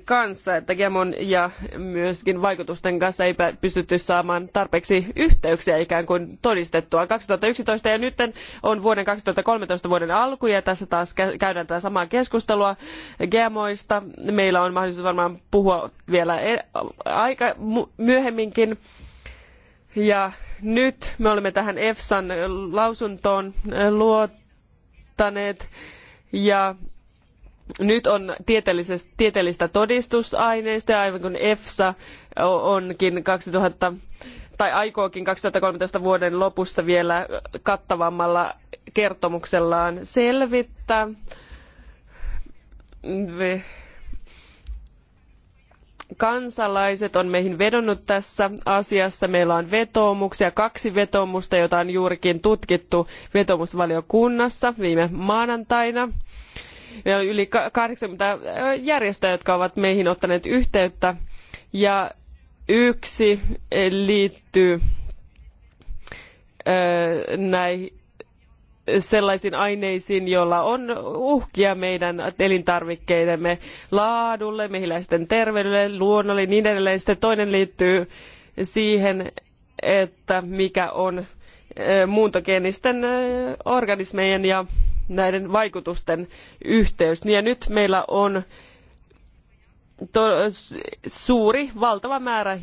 kanssa, että GMOn ja myöskin vaikutusten kanssa ei pystytty saamaan tarpeeksi yhteyksiä ikään kuin todistettua. 2011 ja nyt on vuoden 2013 vuoden alku ja tässä taas käydään tätä samaa keskustelua GMOista. Meillä on mahdollisuus varmaan puhua vielä e- aika myöhemminkin. Ja nyt me olemme tähän EFSAn lausuntoon luottaneet ja nyt on tieteellistä todistusaineistoa, ja aivan kuin EFSA onkin 2000 tai aikookin 2013 vuoden lopussa vielä kattavammalla kertomuksellaan selvittää kansalaiset on meihin vedonnut tässä asiassa. Meillä on vetoomuksia, kaksi vetoomusta, jota on juurikin tutkittu vetoomusvaliokunnassa viime maanantaina. Meillä on yli 80 järjestöä, jotka ovat meihin ottaneet yhteyttä ja yksi liittyy näihin sellaisiin aineisiin, joilla on uhkia meidän elintarvikkeidemme laadulle, mehiläisten terveydelle, luonnolle ja niin edelleen. Sitten toinen liittyy siihen, että mikä on eh, muuntogeenisten eh, organismeiden ja näiden vaikutusten yhteys. Ja nyt meillä on suuri, valtava määrä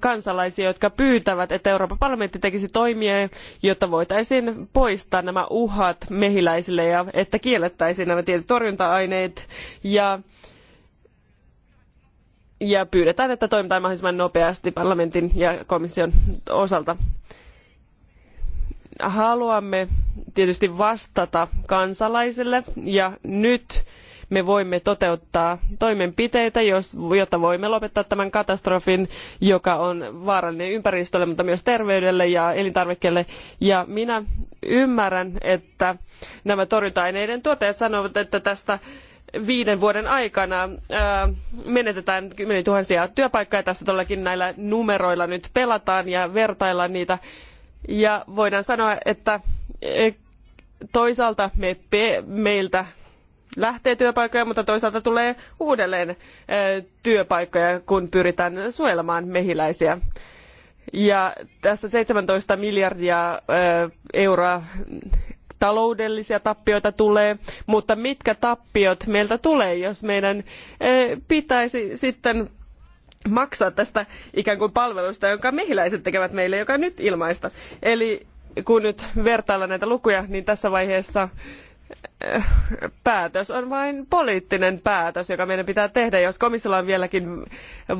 kansalaisia, jotka pyytävät, että Euroopan parlamentti tekisi toimia, jotta voitaisiin poistaa nämä uhat mehiläisille ja että kiellettäisiin nämä tietyt torjunta-aineet ja, ja pyydetään, että toimitaan mahdollisimman nopeasti parlamentin ja komission osalta. Haluamme tietysti vastata kansalaisille ja nyt me voimme toteuttaa toimenpiteitä, jotta voimme lopettaa tämän katastrofin, joka on vaarallinen ympäristölle, mutta myös terveydelle ja elintarvikkeille. Ja minä ymmärrän, että nämä torjunta-aineiden tuottajat sanovat, että tästä viiden vuoden aikana menetetään kymmeniä tuhansia työpaikkoja. Tässä todellakin näillä numeroilla nyt pelataan ja vertaillaan niitä. Ja voidaan sanoa, että e, toisaalta me meiltä lähtee työpaikkoja, mutta toisaalta tulee uudelleen työpaikkoja, kun pyritään suojelemaan mehiläisiä. Ja tässä 17 miljardia euroa taloudellisia tappioita tulee, mutta mitkä tappiot meiltä tulee, jos meidän pitäisi sitten maksaa tästä ikään kuin palvelusta, jonka mehiläiset tekevät meille, joka on nyt ilmaista. Eli kun nyt vertaillaan näitä lukuja, niin tässä vaiheessa Äh, päätös on vain poliittinen päätös, joka meidän pitää tehdä, jos komissiolla on vieläkin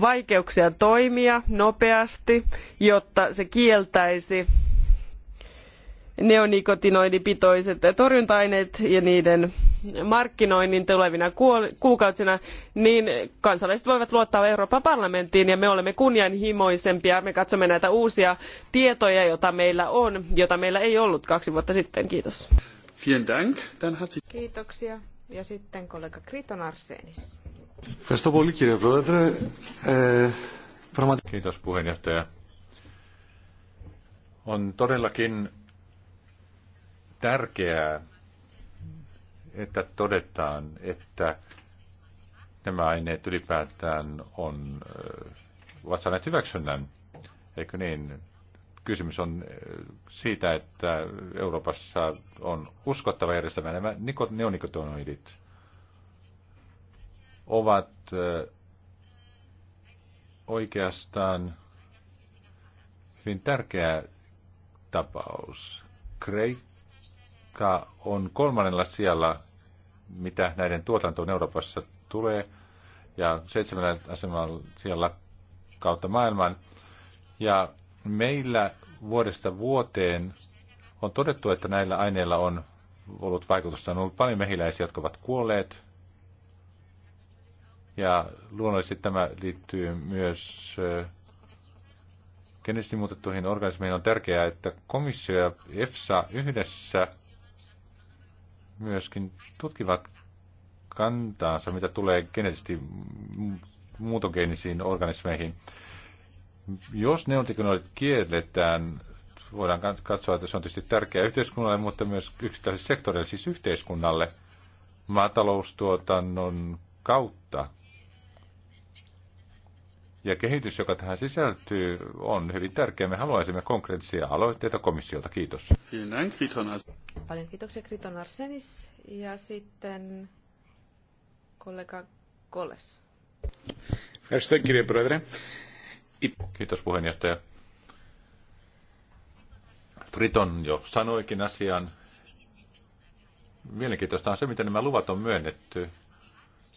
vaikeuksia toimia nopeasti, jotta se kieltäisi neonikotinoidipitoiset torjunta-aineet ja niiden markkinoinnin tulevina kuukausina, niin kansalaiset voivat luottaa Euroopan parlamenttiin ja me olemme kunnianhimoisempia. Me katsomme näitä uusia tietoja, joita meillä on, joita meillä ei ollut kaksi vuotta sitten. Kiitos. Vielen Dank. Dann hat sie... Kiitoksia. Ja sitten kollega Kriton Arsenis. Kiitos puheenjohtaja. On todellakin tärkeää, että todetaan, että nämä aineet ylipäätään on, ovat saaneet hyväksynnän, eikö niin? kysymys on eh, siitä, että Euroopassa on uskottava järjestelmä. Nämä neonikotonoidit ovat eh, oikeastaan hyvin tärkeä tapaus. Kreikka on kolmannella siellä, mitä näiden tuotantoon Euroopassa tulee, ja seitsemällä asemalla siellä kautta maailman. Ja Meillä vuodesta vuoteen on todettu, että näillä aineilla on ollut vaikutusta. On ollut paljon mehiläisiä, jotka ovat kuolleet. Ja luonnollisesti tämä liittyy myös geneesti muutettuihin organismeihin. On tärkeää, että komissio ja EFSA yhdessä myöskin tutkivat kantaansa, mitä tulee geneesti muutogeenisiin organismeihin. Jos neontikonoidit kielletään, voidaan katsoa, että se on tietysti tärkeä yhteiskunnalle, mutta myös yksittäiselle sektorille, siis yhteiskunnalle, maataloustuotannon kautta. Ja kehitys, joka tähän sisältyy, on hyvin tärkeä. Me haluaisimme konkreettisia aloitteita komissiolta. Kiitos. Paljon kiitoksia Kriton Arsenis ja sitten kollega Koles. Kiitos, Kiitos puheenjohtaja. Triton jo sanoikin asian. Mielenkiintoista on se, miten nämä luvat on myönnetty.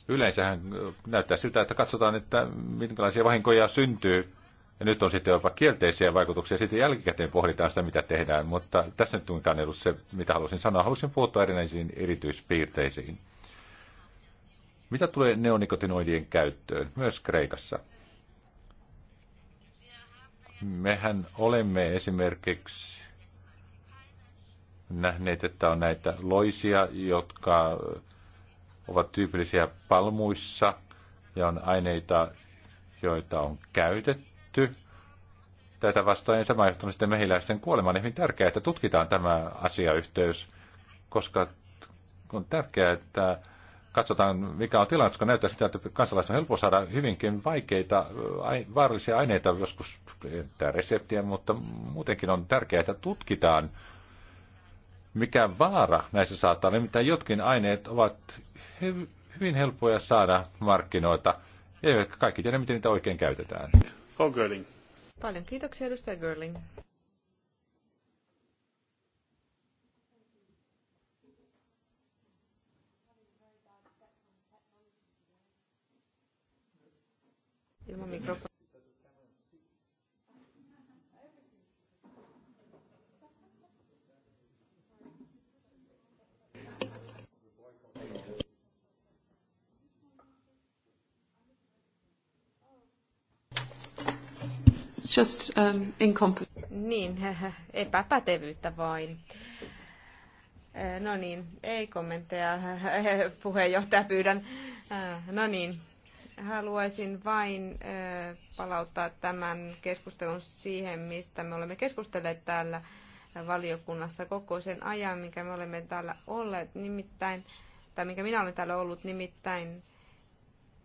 Yleensähän näyttää siltä, että katsotaan, että minkälaisia vahinkoja syntyy. Ja nyt on sitten jopa kielteisiä vaikutuksia. Sitten jälkikäteen pohditaan sitä, mitä tehdään. Mutta tässä nyt tunkaan ei ollut se, mitä halusin sanoa. Halusin puuttua erinäisiin erityispiirteisiin. Mitä tulee neonikotinoidien käyttöön, myös Kreikassa? Mehän olemme esimerkiksi nähneet, että on näitä loisia, jotka ovat tyypillisiä palmuissa ja on aineita, joita on käytetty. Tätä vastaan ei sama johtanut sitten mehiläisten kuolemaan. On niin hyvin tärkeää, että tutkitaan tämä asiayhteys, koska on tärkeää, että katsotaan, mikä on tilanne, koska näyttää sitä, että kansalaisten on helppo saada hyvinkin vaikeita, äh, vaarallisia aineita, joskus tämä reseptiä, mutta muutenkin on tärkeää, että tutkitaan, mikä vaara näissä saattaa olla. Nimittäin jotkin aineet ovat hyvin helppoja saada markkinoita, eivätkä kaikki tiedä, miten niitä oikein käytetään. Frau Paljon kiitoksia, edustaja Görling. ilman mikrofonia. Just um, incompetent. Niin, <laughs> epäpätevyyttä vain. Äh, no niin, ei kommentteja. <laughs> Puheenjohtaja pyydän. Äh, no niin, Haluaisin vain palauttaa tämän keskustelun siihen, mistä me olemme keskustelleet täällä valiokunnassa koko sen ajan, mikä me olemme täällä olleet, nimittäin, tai mikä minä olen täällä ollut, nimittäin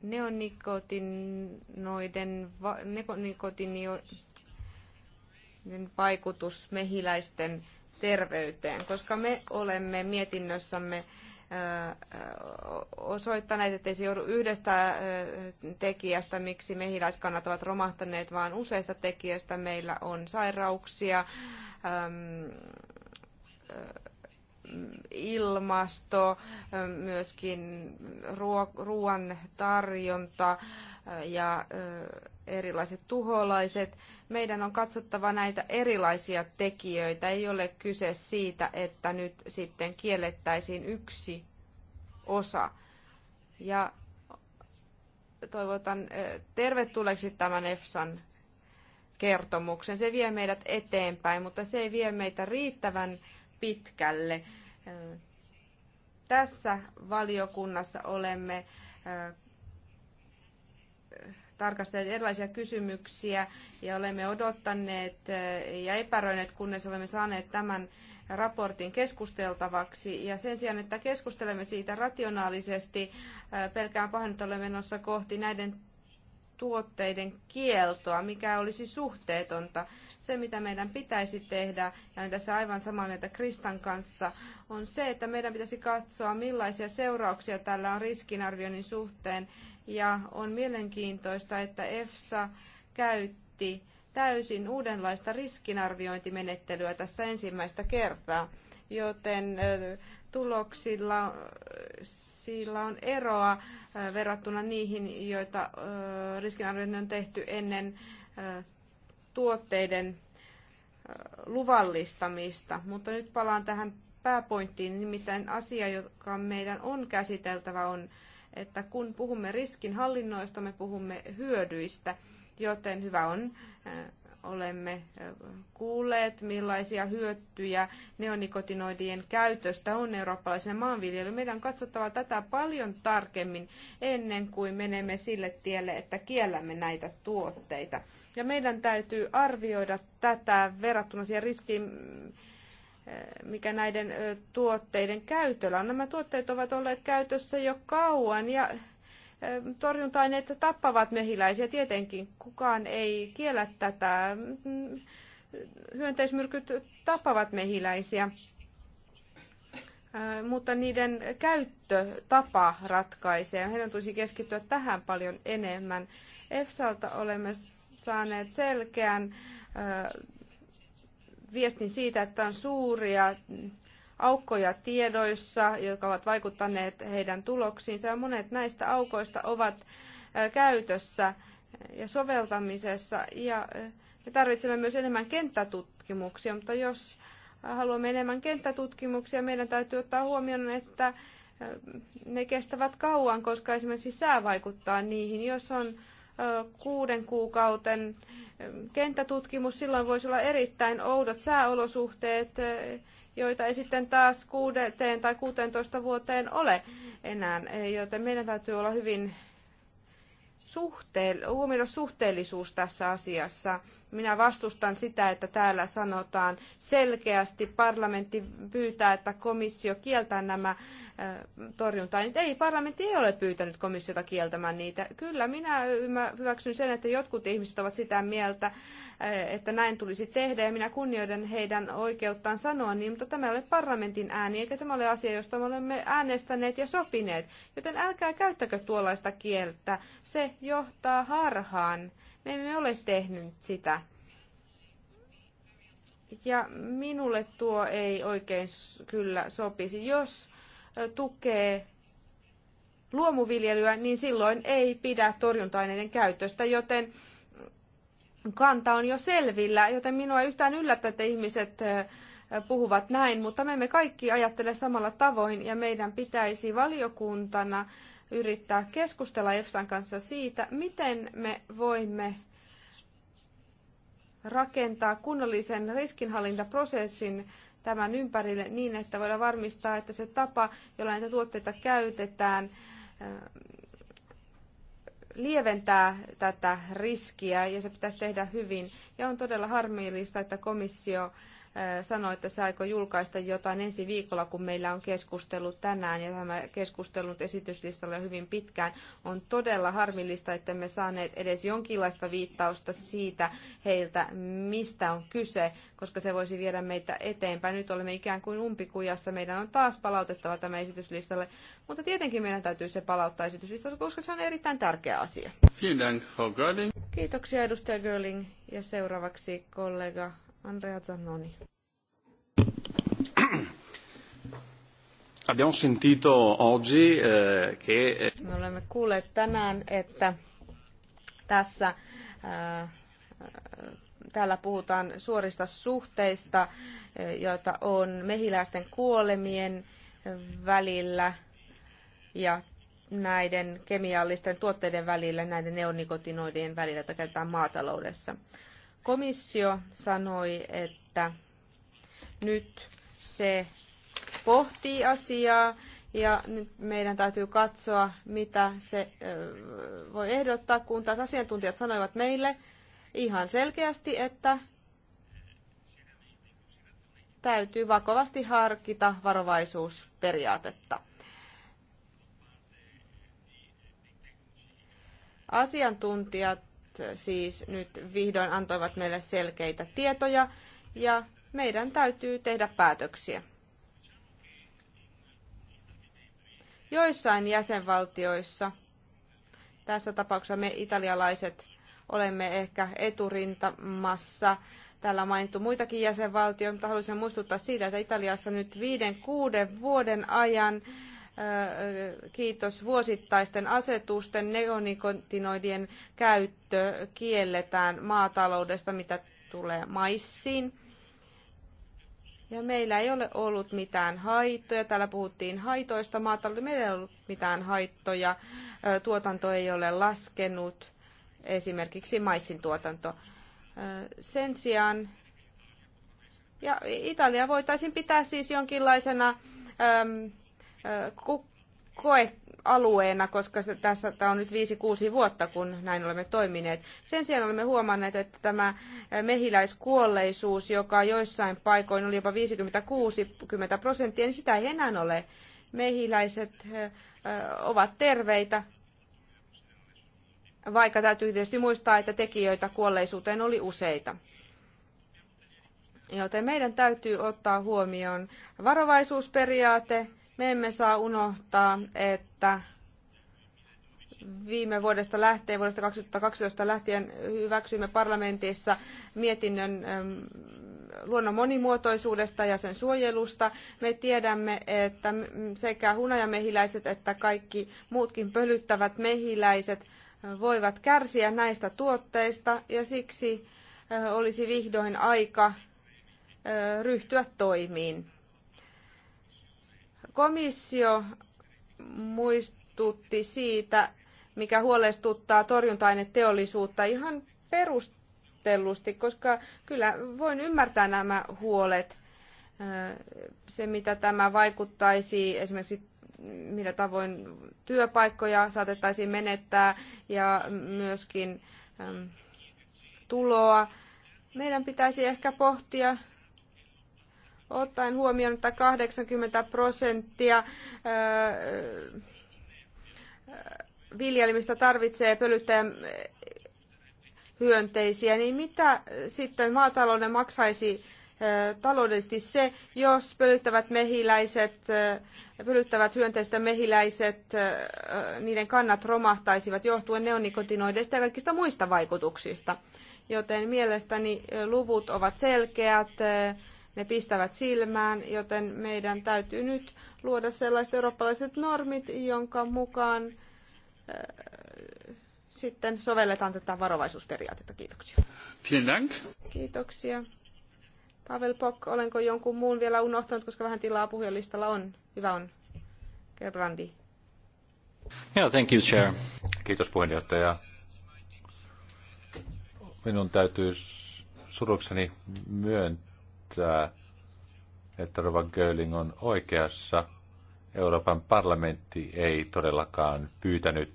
neonikotinoiden, neonikotinoiden vaikutus mehiläisten terveyteen, koska me olemme mietinnössämme osoittaneet, ettei se joudu yhdestä tekijästä, miksi mehiläiskannat ovat romahtaneet, vaan useista tekijöistä meillä on sairauksia, ilmasto, myöskin ruoan tarjonta, ja erilaiset tuholaiset. Meidän on katsottava näitä erilaisia tekijöitä. Ei ole kyse siitä, että nyt sitten kiellettäisiin yksi osa. Ja toivotan tervetulleeksi tämän EFSAn kertomuksen. Se vie meidät eteenpäin, mutta se ei vie meitä riittävän pitkälle. Tässä valiokunnassa olemme tarkastelleet erilaisia kysymyksiä ja olemme odottaneet eh, ja epäröineet, kunnes olemme saaneet tämän raportin keskusteltavaksi. Ja sen sijaan, että keskustelemme siitä rationaalisesti, eh, pelkään pahoin, että olemme menossa kohti näiden tuotteiden kieltoa, mikä olisi suhteetonta. Se, mitä meidän pitäisi tehdä, ja olen tässä aivan samaa mieltä Kristan kanssa, on se, että meidän pitäisi katsoa, millaisia seurauksia tällä on riskinarvioinnin suhteen ja on mielenkiintoista, että EFSA käytti täysin uudenlaista riskinarviointimenettelyä tässä ensimmäistä kertaa, joten tuloksilla sillä on eroa verrattuna niihin, joita riskinarviointi on tehty ennen tuotteiden luvallistamista. Mutta nyt palaan tähän pääpointtiin, nimittäin asia, joka meidän on käsiteltävä, on että kun puhumme riskinhallinnoista, me puhumme hyödyistä, joten hyvä on olemme kuulleet, millaisia hyötyjä neonikotinoidien käytöstä on eurooppalaisen maanviljely. Meidän on katsottava tätä paljon tarkemmin ennen kuin menemme sille tielle, että kiellämme näitä tuotteita. Ja meidän täytyy arvioida tätä verrattuna siihen riskiin, Eh, mikä näiden tuotteiden käytöllä on. Nämä tuotteet ovat olleet käytössä jo kauan ja eh, torjunta-aineet tappavat mehiläisiä tietenkin. Kukaan ei kiellä tätä. Mm, hyönteismyrkyt tappavat mehiläisiä, eh, mutta niiden käyttötapa ratkaisee. Heidän tulisi keskittyä tähän paljon enemmän. EFSAlta olemme saaneet selkeän viestin siitä, että on suuria aukkoja tiedoissa, jotka ovat vaikuttaneet heidän tuloksiinsa. Ja monet näistä aukoista ovat käytössä ja soveltamisessa. Ja me tarvitsemme myös enemmän kenttätutkimuksia, mutta jos haluamme enemmän kenttätutkimuksia, meidän täytyy ottaa huomioon, että ne kestävät kauan, koska esimerkiksi sää vaikuttaa niihin. Jos on kuuden kuukauden kenttätutkimus, silloin voisi olla erittäin oudot sääolosuhteet, joita ei sitten taas kuudeteen tai 16 vuoteen ole enää, joten meidän täytyy olla hyvin suhteell- huomioida suhteellisuus tässä asiassa. Minä vastustan sitä, että täällä sanotaan selkeästi, parlamentti pyytää, että komissio kieltää nämä äh, torjuntaa. Ei, parlamentti ei ole pyytänyt komissiota kieltämään niitä. Kyllä, minä hyväksyn sen, että jotkut ihmiset ovat sitä mieltä, äh, että näin tulisi tehdä, ja minä kunnioitan heidän oikeuttaan sanoa niin, mutta tämä ei ole parlamentin ääni, eikä tämä ole asia, josta me olemme äänestäneet ja sopineet. Joten älkää käyttäkö tuollaista kieltä. Se johtaa harhaan me emme ole tehnyt sitä. Ja minulle tuo ei oikein kyllä sopisi. Jos tukee luomuviljelyä, niin silloin ei pidä torjunta-aineiden käytöstä, joten kanta on jo selvillä, joten minua ei yhtään yllättä, että ihmiset puhuvat näin, mutta me emme kaikki ajattele samalla tavoin ja meidän pitäisi valiokuntana yrittää keskustella EFSAn kanssa siitä, miten me voimme rakentaa kunnollisen riskinhallintaprosessin tämän ympärille niin, että voidaan varmistaa, että se tapa, jolla näitä tuotteita käytetään, ähm, lieventää tätä riskiä ja se pitäisi tehdä hyvin. Ja on todella harmillista, että komissio sanoi, että se aikoo julkaista jotain ensi viikolla, kun meillä on keskustelu tänään ja tämä keskustelu esityslistalla hyvin pitkään. On todella harmillista, että me saaneet edes jonkinlaista viittausta siitä heiltä, mistä on kyse, koska se voisi viedä meitä eteenpäin. Nyt olemme ikään kuin umpikujassa. Meidän on taas palautettava tämä esityslistalle, mutta tietenkin meidän täytyy se palauttaa esityslistalle, koska se on erittäin tärkeä asia. Kiitoksia edustaja Görling ja seuraavaksi kollega Andrea Zannoni. Abbiamo sentito oggi eh, che... Eh, Me olemme kuulleet tänään, että tässä äh, täällä puhutaan suorista suhteista, eh, joita on mehiläisten kuolemien välillä ja näiden kemiallisten tuotteiden välillä, näiden neonikotinoidien välillä, joita käytetään maataloudessa. Komissio sanoi, että nyt se pohtii asiaa ja nyt meidän täytyy katsoa, mitä se voi ehdottaa, kun taas asiantuntijat sanoivat meille ihan selkeästi, että täytyy vakavasti harkita varovaisuusperiaatetta. Asiantuntijat siis nyt vihdoin antoivat meille selkeitä tietoja ja meidän täytyy tehdä päätöksiä. Joissain jäsenvaltioissa, tässä tapauksessa me italialaiset olemme ehkä eturintamassa, Täällä on mainittu muitakin jäsenvaltioita, mutta haluaisin muistuttaa siitä, että Italiassa nyt viiden, kuuden vuoden ajan kiitos vuosittaisten asetusten neonikotinoidien käyttö kielletään maataloudesta, mitä tulee maissiin. Ja meillä ei ole ollut mitään haittoja. Täällä puhuttiin haitoista maataloudesta. Meillä ei ollut mitään haittoja. Tuotanto ei ole laskenut, esimerkiksi maissin tuotanto. Sen sijaan ja Italia voitaisiin pitää siis jonkinlaisena koealueena, koska tässä tämä on nyt 5-6 vuotta, kun näin olemme toimineet. Sen sijaan olemme huomanneet, että tämä mehiläiskuolleisuus, joka joissain paikoin oli jopa 50-60 prosenttia, niin sitä ei enää ole. Mehiläiset ovat terveitä, vaikka täytyy tietysti muistaa, että tekijöitä kuolleisuuteen oli useita. Joten meidän täytyy ottaa huomioon varovaisuusperiaate, me emme saa unohtaa, että viime vuodesta lähtien, vuodesta 2012 lähtien hyväksyimme parlamentissa mietinnön ähm, luonnon monimuotoisuudesta ja sen suojelusta. Me tiedämme, että sekä hunajamehiläiset että kaikki muutkin pölyttävät mehiläiset äh, voivat kärsiä näistä tuotteista ja siksi äh, olisi vihdoin aika äh, ryhtyä toimiin. Komissio muistutti siitä, mikä huolestuttaa torjunta-aineteollisuutta ihan perustellusti, koska kyllä voin ymmärtää nämä huolet. Se, mitä tämä vaikuttaisi esimerkiksi millä tavoin työpaikkoja saatettaisiin menettää ja myöskin tuloa. Meidän pitäisi ehkä pohtia ottaen huomioon, että 80 prosenttia viljelmistä tarvitsee pölyttäjän hyönteisiä, niin mitä sitten maatalouden maksaisi taloudellisesti se, jos pölyttävät mehiläiset, pölyttävät hyönteistä mehiläiset, niiden kannat romahtaisivat johtuen neonikotinoideista ja kaikista muista vaikutuksista. Joten mielestäni luvut ovat selkeät ne pistävät silmään, joten meidän täytyy nyt luoda sellaiset eurooppalaiset normit, jonka mukaan sitten sovelletaan tätä varovaisuusperiaatetta. Kiitoksia. Dank. Kiitoksia. Pavel Pok, olenko jonkun muun vielä unohtanut, koska vähän tilaa puhujalistalla on. Hyvä on. Gerbrandi. Yeah, thank you, Chair. Kiitos puheenjohtaja. Minun täytyy surukseni myöntää, näyttää, että Rova Göling on oikeassa. Euroopan parlamentti ei todellakaan pyytänyt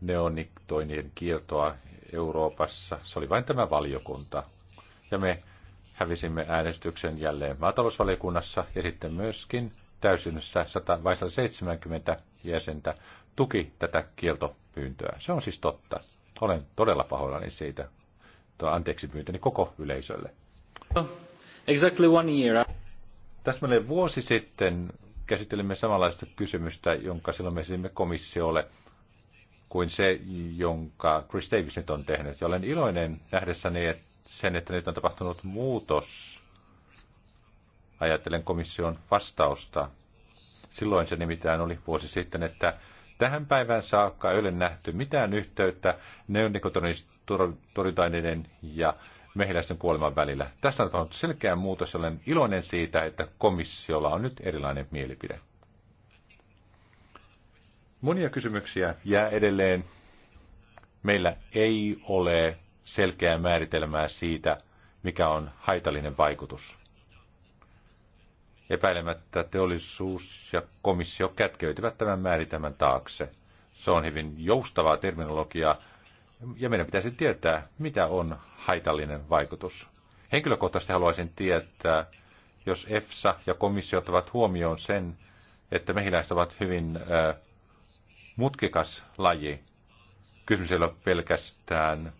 neoniktoinien kieltoa Euroopassa. Se oli vain tämä valiokunta. Ja me hävisimme äänestyksen jälleen maatalousvaliokunnassa ja sitten myöskin täysinnössä 170 jäsentä tuki tätä kieltopyyntöä. Se on siis totta. Olen todella pahoillani siitä. Tuo anteeksi pyyntöni koko yleisölle. No. Exactly one year. Täsmälleen vuosi sitten käsittelimme samanlaista kysymystä, jonka silloin me esitimme komissiolle kuin se, jonka Chris Davis nyt on tehnyt. Ja olen iloinen nähdessäni että sen, että nyt on tapahtunut muutos. Ajattelen komission vastausta. Silloin se nimittäin oli vuosi sitten, että tähän päivään saakka ei ole nähty mitään yhteyttä neonikotonisturidainiden ja mehiläisten kuoleman välillä. Tästä on selkeä muutos. Olen iloinen siitä, että komissiolla on nyt erilainen mielipide. Monia kysymyksiä jää edelleen. Meillä ei ole selkeää määritelmää siitä, mikä on haitallinen vaikutus. Epäilemättä teollisuus ja komissio kätkeytyvät tämän määritelmän taakse. Se on hyvin joustavaa terminologiaa, ja meidän pitäisi tietää, mitä on haitallinen vaikutus. Henkilökohtaisesti haluaisin tietää, jos EFSA ja komissio ottavat huomioon sen, että mehiläiset ovat hyvin äh, mutkikas laji. Kysymys ei ole pelkästään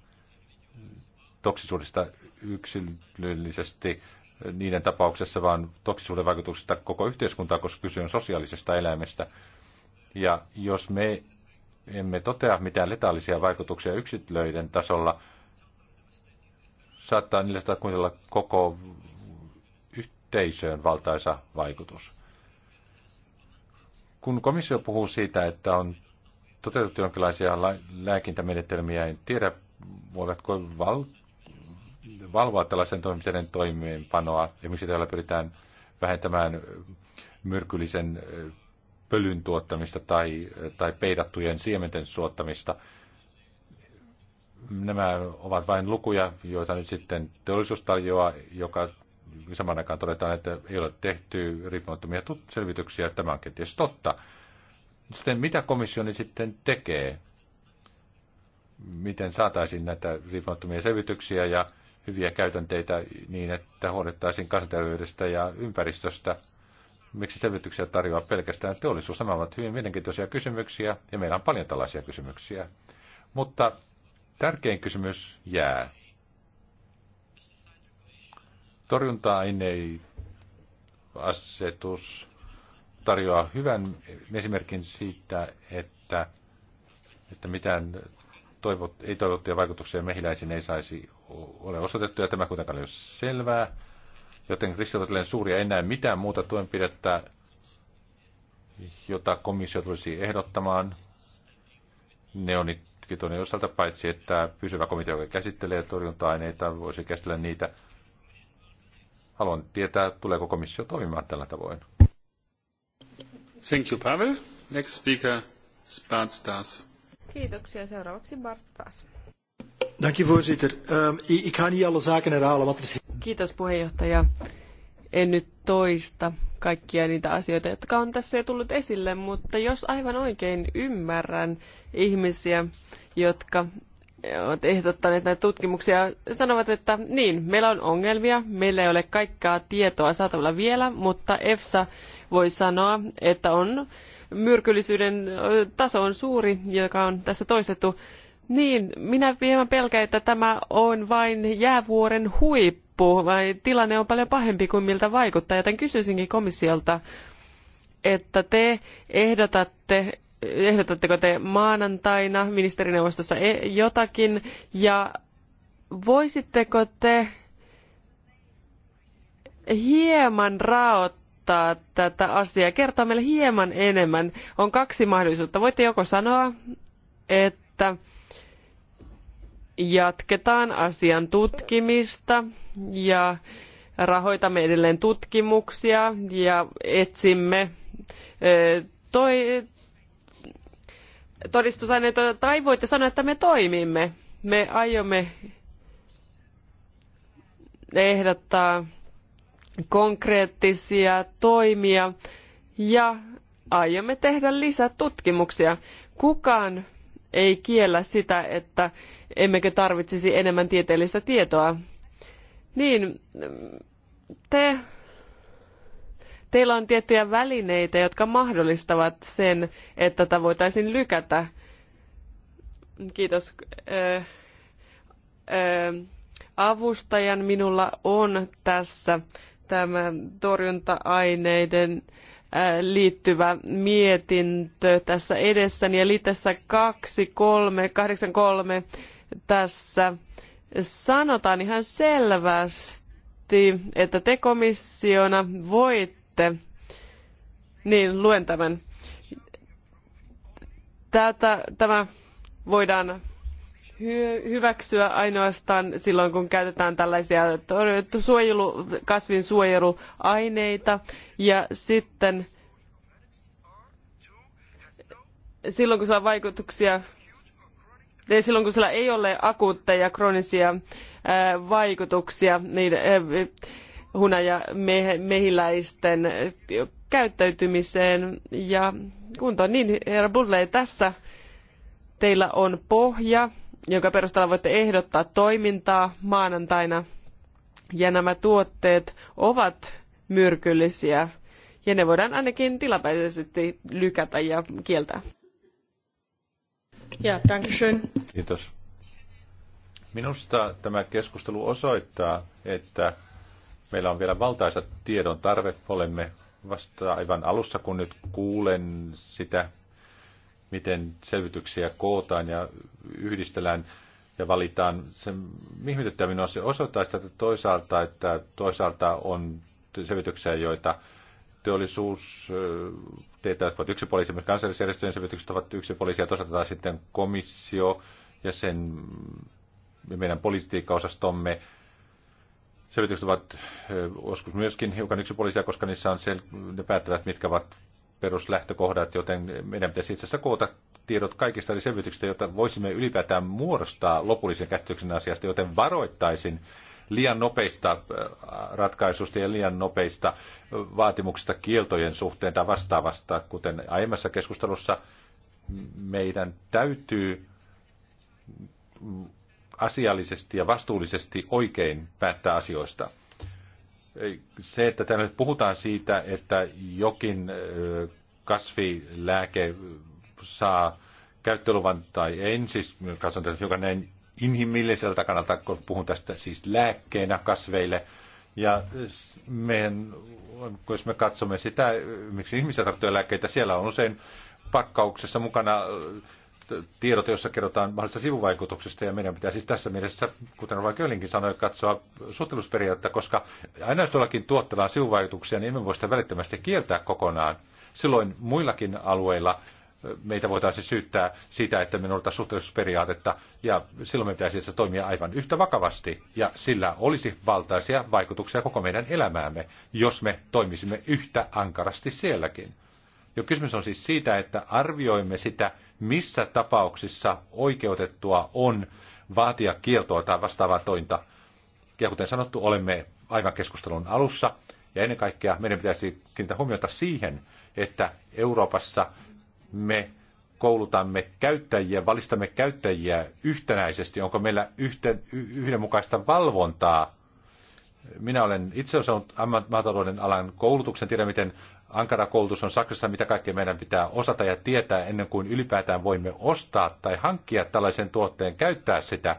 toksisuudesta yksilöllisesti niiden tapauksessa, vaan toksisuuden vaikutuksesta koko yhteiskuntaa, koska kyse on sosiaalisesta eläimestä. Ja jos me emme totea mitään letaalisia vaikutuksia yksilöiden tasolla, saattaa niillä saattaa kuitenkin koko yhteisöön valtaisa vaikutus. Kun komissio puhuu siitä, että on toteutettu jonkinlaisia lääkintämenetelmiä, en tiedä, voivatko val- valvoa tällaisen toimenpiteiden toimeenpanoa, miksi täällä pyritään vähentämään myrkyllisen pölyn tuottamista tai, tai peidattujen siementen suottamista. Nämä ovat vain lukuja, joita nyt sitten teollisuus tarjoaa, joka saman aikaan todetaan, että ei ole tehty riippumattomia selvityksiä. Tämä on kenties totta. Sitten mitä komissio niin sitten tekee? Miten saataisiin näitä riippumattomia selvityksiä ja hyviä käytänteitä niin, että huolettaisiin kansanterveydestä ja ympäristöstä – miksi selvityksiä tarjoaa pelkästään teollisuus? Nämä ovat hyvin mielenkiintoisia kysymyksiä ja meillä on paljon tällaisia kysymyksiä. Mutta tärkein kysymys jää. Torjunta-aineasetus tarjoaa hyvän esimerkin siitä, että, että mitään toivot, ei-toivottuja vaikutuksia mehiläisiin ei saisi ole osoitettu, ja tämä kuitenkaan ei ole selvää. Joten kristillisyyden suuri ei näe mitään muuta toimenpidettä, jota komissio tulisi ehdottamaan. Ne on tuonne osalta paitsi, että pysyvä komitea, joka käsittelee torjunta-aineita, voisi käsitellä niitä. Haluan tietää, tuleeko komissio toimimaan tällä tavoin. Thank you, Pavel. Next speaker, Bart Stas. Kiitoksia. Seuraavaksi Bart Stas. Dank je voorzitter. Ehm, ik ga niet alle zaken herhalen, want er is... Kiitos puheenjohtaja. En nyt toista kaikkia niitä asioita, jotka on tässä jo tullut esille, mutta jos aivan oikein ymmärrän ihmisiä, jotka ovat ehdottaneet näitä tutkimuksia, sanovat, että niin, meillä on ongelmia, meillä ei ole kaikkaa tietoa saatavilla vielä, mutta EFSA voi sanoa, että on myrkyllisyyden taso on suuri, joka on tässä toistettu. Niin, minä hieman pelkään, että tämä on vain jäävuoren huippu, vai tilanne on paljon pahempi kuin miltä vaikuttaa, joten kysyisinkin komissiolta, että te ehdotatte, ehdotatteko te maanantaina ministerineuvostossa e- jotakin, ja voisitteko te hieman raottaa tätä asiaa, kertoa meille hieman enemmän. On kaksi mahdollisuutta. Voitte joko sanoa, että että jatketaan asian tutkimista ja rahoitamme edelleen tutkimuksia ja etsimme toi, todistusaineita, tai voitte sanoa, että me toimimme. Me aiomme ehdottaa konkreettisia toimia ja aiomme tehdä lisää tutkimuksia. Kukaan ei kiellä sitä, että emmekö tarvitsisi enemmän tieteellistä tietoa. Niin, te, teillä on tiettyjä välineitä, jotka mahdollistavat sen, että tätä voitaisiin lykätä. Kiitos. Äh, äh, avustajan minulla on tässä tämä torjunta-aineiden liittyvä mietintö tässä edessäni. Eli tässä 2383 tässä sanotaan ihan selvästi, että te komissiona voitte, niin luen tämän, Tätä, tämä voidaan hyväksyä ainoastaan silloin, kun käytetään tällaisia suojelu, kasvinsuojeluaineita ja sitten silloin, kun sillä on vaikutuksia, ja silloin, kun sillä ei ole akuutteja kroonisia vaikutuksia niin huna- ja mehiläisten käyttäytymiseen ja kuntoon. Niin, herra Budley, tässä teillä on pohja jonka perusteella voitte ehdottaa toimintaa maanantaina. Ja nämä tuotteet ovat myrkyllisiä ja ne voidaan ainakin tilapäisesti lykätä ja kieltää. Ja, dankeschön. Kiitos. Minusta tämä keskustelu osoittaa, että meillä on vielä valtaisa tiedon tarve. Olemme vasta aivan alussa, kun nyt kuulen sitä, miten selvityksiä kootaan ja yhdistellään ja valitaan. Se ihmetyttää minua. Se osoittaa sitä että toisaalta, että toisaalta on selvityksiä, joita teollisuus jotka ovat yksipuolisia, myös kansallisjärjestöjen selvitykset ovat yksipuolisia, toisaalta taas sitten komissio ja sen meidän politiikkaosastomme selvitykset ovat joskus myöskin hiukan yksipuolisia, koska niissä on sel- ne päättävät, mitkä ovat peruslähtökohdat, joten meidän pitäisi itse asiassa koota tiedot kaikista eri selvityksistä, jotta voisimme ylipäätään muodostaa lopullisen käsityksen asiasta, joten varoittaisin liian nopeista äh, ratkaisuista ja liian nopeista äh, vaatimuksista kieltojen suhteen tai vastaavasta, kuten aiemmassa keskustelussa meidän täytyy asiallisesti ja vastuullisesti oikein päättää asioista se, että täällä nyt puhutaan siitä, että jokin kasvilääke saa käyttöluvan tai ei, siis katson tässä hiukan näin inhimilliseltä kannalta, kun puhun tästä siis lääkkeenä kasveille, ja meidän, jos me katsomme sitä, miksi ihmisiä tarvitsee lääkkeitä, siellä on usein pakkauksessa mukana tiedot, joissa kerrotaan mahdollisista sivuvaikutuksista, ja meidän pitää siis tässä mielessä, kuten Rova Köllinkin sanoi, katsoa suhteellisuusperiaatetta, koska aina jos tuollakin tuotteella sivuvaikutuksia, niin emme voi sitä välittömästi kieltää kokonaan. Silloin muillakin alueilla meitä voitaisiin syyttää siitä, että me noudata suhteellisuusperiaatetta, ja silloin me pitäisi siis toimia aivan yhtä vakavasti, ja sillä olisi valtaisia vaikutuksia koko meidän elämäämme, jos me toimisimme yhtä ankarasti sielläkin. Jo kysymys on siis siitä, että arvioimme sitä, missä tapauksissa oikeutettua on vaatia kieltoa tai vastaavaa tointa. Ja kuten sanottu, olemme aivan keskustelun alussa. Ja ennen kaikkea meidän pitäisi kiinnittää huomiota siihen, että Euroopassa me koulutamme käyttäjiä, valistamme käyttäjiä yhtenäisesti. Onko meillä yhten, yhdenmukaista valvontaa? Minä olen itse osannut ammattitalouden alan koulutuksen, tiedän miten ankara koulutus on Saksassa, mitä kaikkea meidän pitää osata ja tietää ennen kuin ylipäätään voimme ostaa tai hankkia tällaisen tuotteen, käyttää sitä.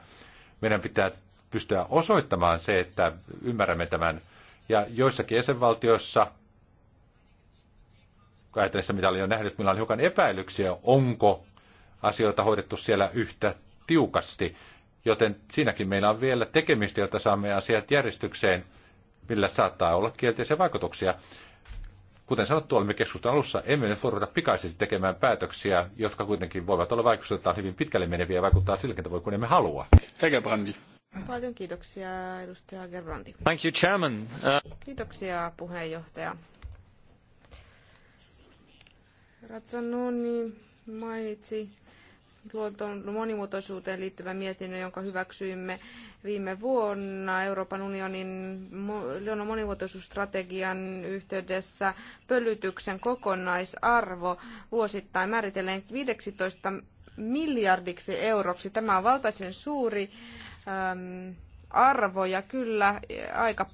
Meidän pitää pystyä osoittamaan se, että ymmärrämme tämän. Ja joissakin jäsenvaltioissa, ajatellessa mitä olen jo nähnyt, meillä on hiukan epäilyksiä, onko asioita hoidettu siellä yhtä tiukasti. Joten siinäkin meillä on vielä tekemistä, jotta saamme asiat järjestykseen, millä saattaa olla kielteisiä vaikutuksia. Kuten sanottu, olemme keskustelun alussa, emme nyt voi ruveta pikaisesti tekemään päätöksiä, jotka kuitenkin voivat olla vaikutukseltaan hyvin pitkälle meneviä ja vaikuttaa silläkin tavoin kuin emme halua. Hegebrandi. Paljon kiitoksia, edustaja Gerbrandi. Thank you, chairman. Uh... Kiitoksia, puheenjohtaja. Ratsanoni mainitsi luonnon monimuotoisuuteen liittyvän mietinnön, jonka hyväksyimme viime vuonna Euroopan unionin luonnon monivuotoisuusstrategian yhteydessä pölytyksen kokonaisarvo vuosittain määritellään 15 miljardiksi euroksi. Tämä on valtaisen suuri äm, arvo ja kyllä aika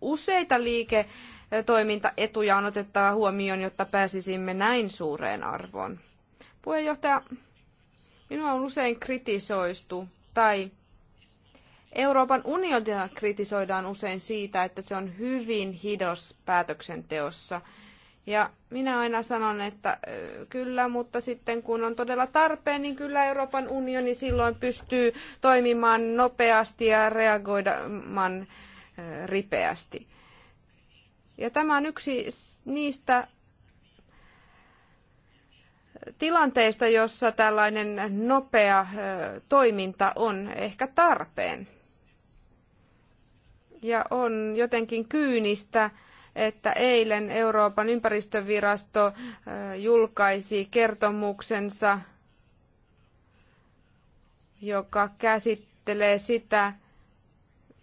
useita liiketoimintaetuja on otettava huomioon, jotta pääsisimme näin suureen arvoon. Puheenjohtaja, minua on usein kritisoistu tai Euroopan unionia kritisoidaan usein siitä, että se on hyvin hidos päätöksenteossa. Ja minä aina sanon, että kyllä, mutta sitten kun on todella tarpeen, niin kyllä Euroopan unioni silloin pystyy toimimaan nopeasti ja reagoimaan ripeästi. Ja tämä on yksi niistä tilanteista, jossa tällainen nopea toiminta on ehkä tarpeen. Ja on jotenkin kyynistä, että eilen Euroopan ympäristövirasto julkaisi kertomuksensa, joka käsittelee sitä,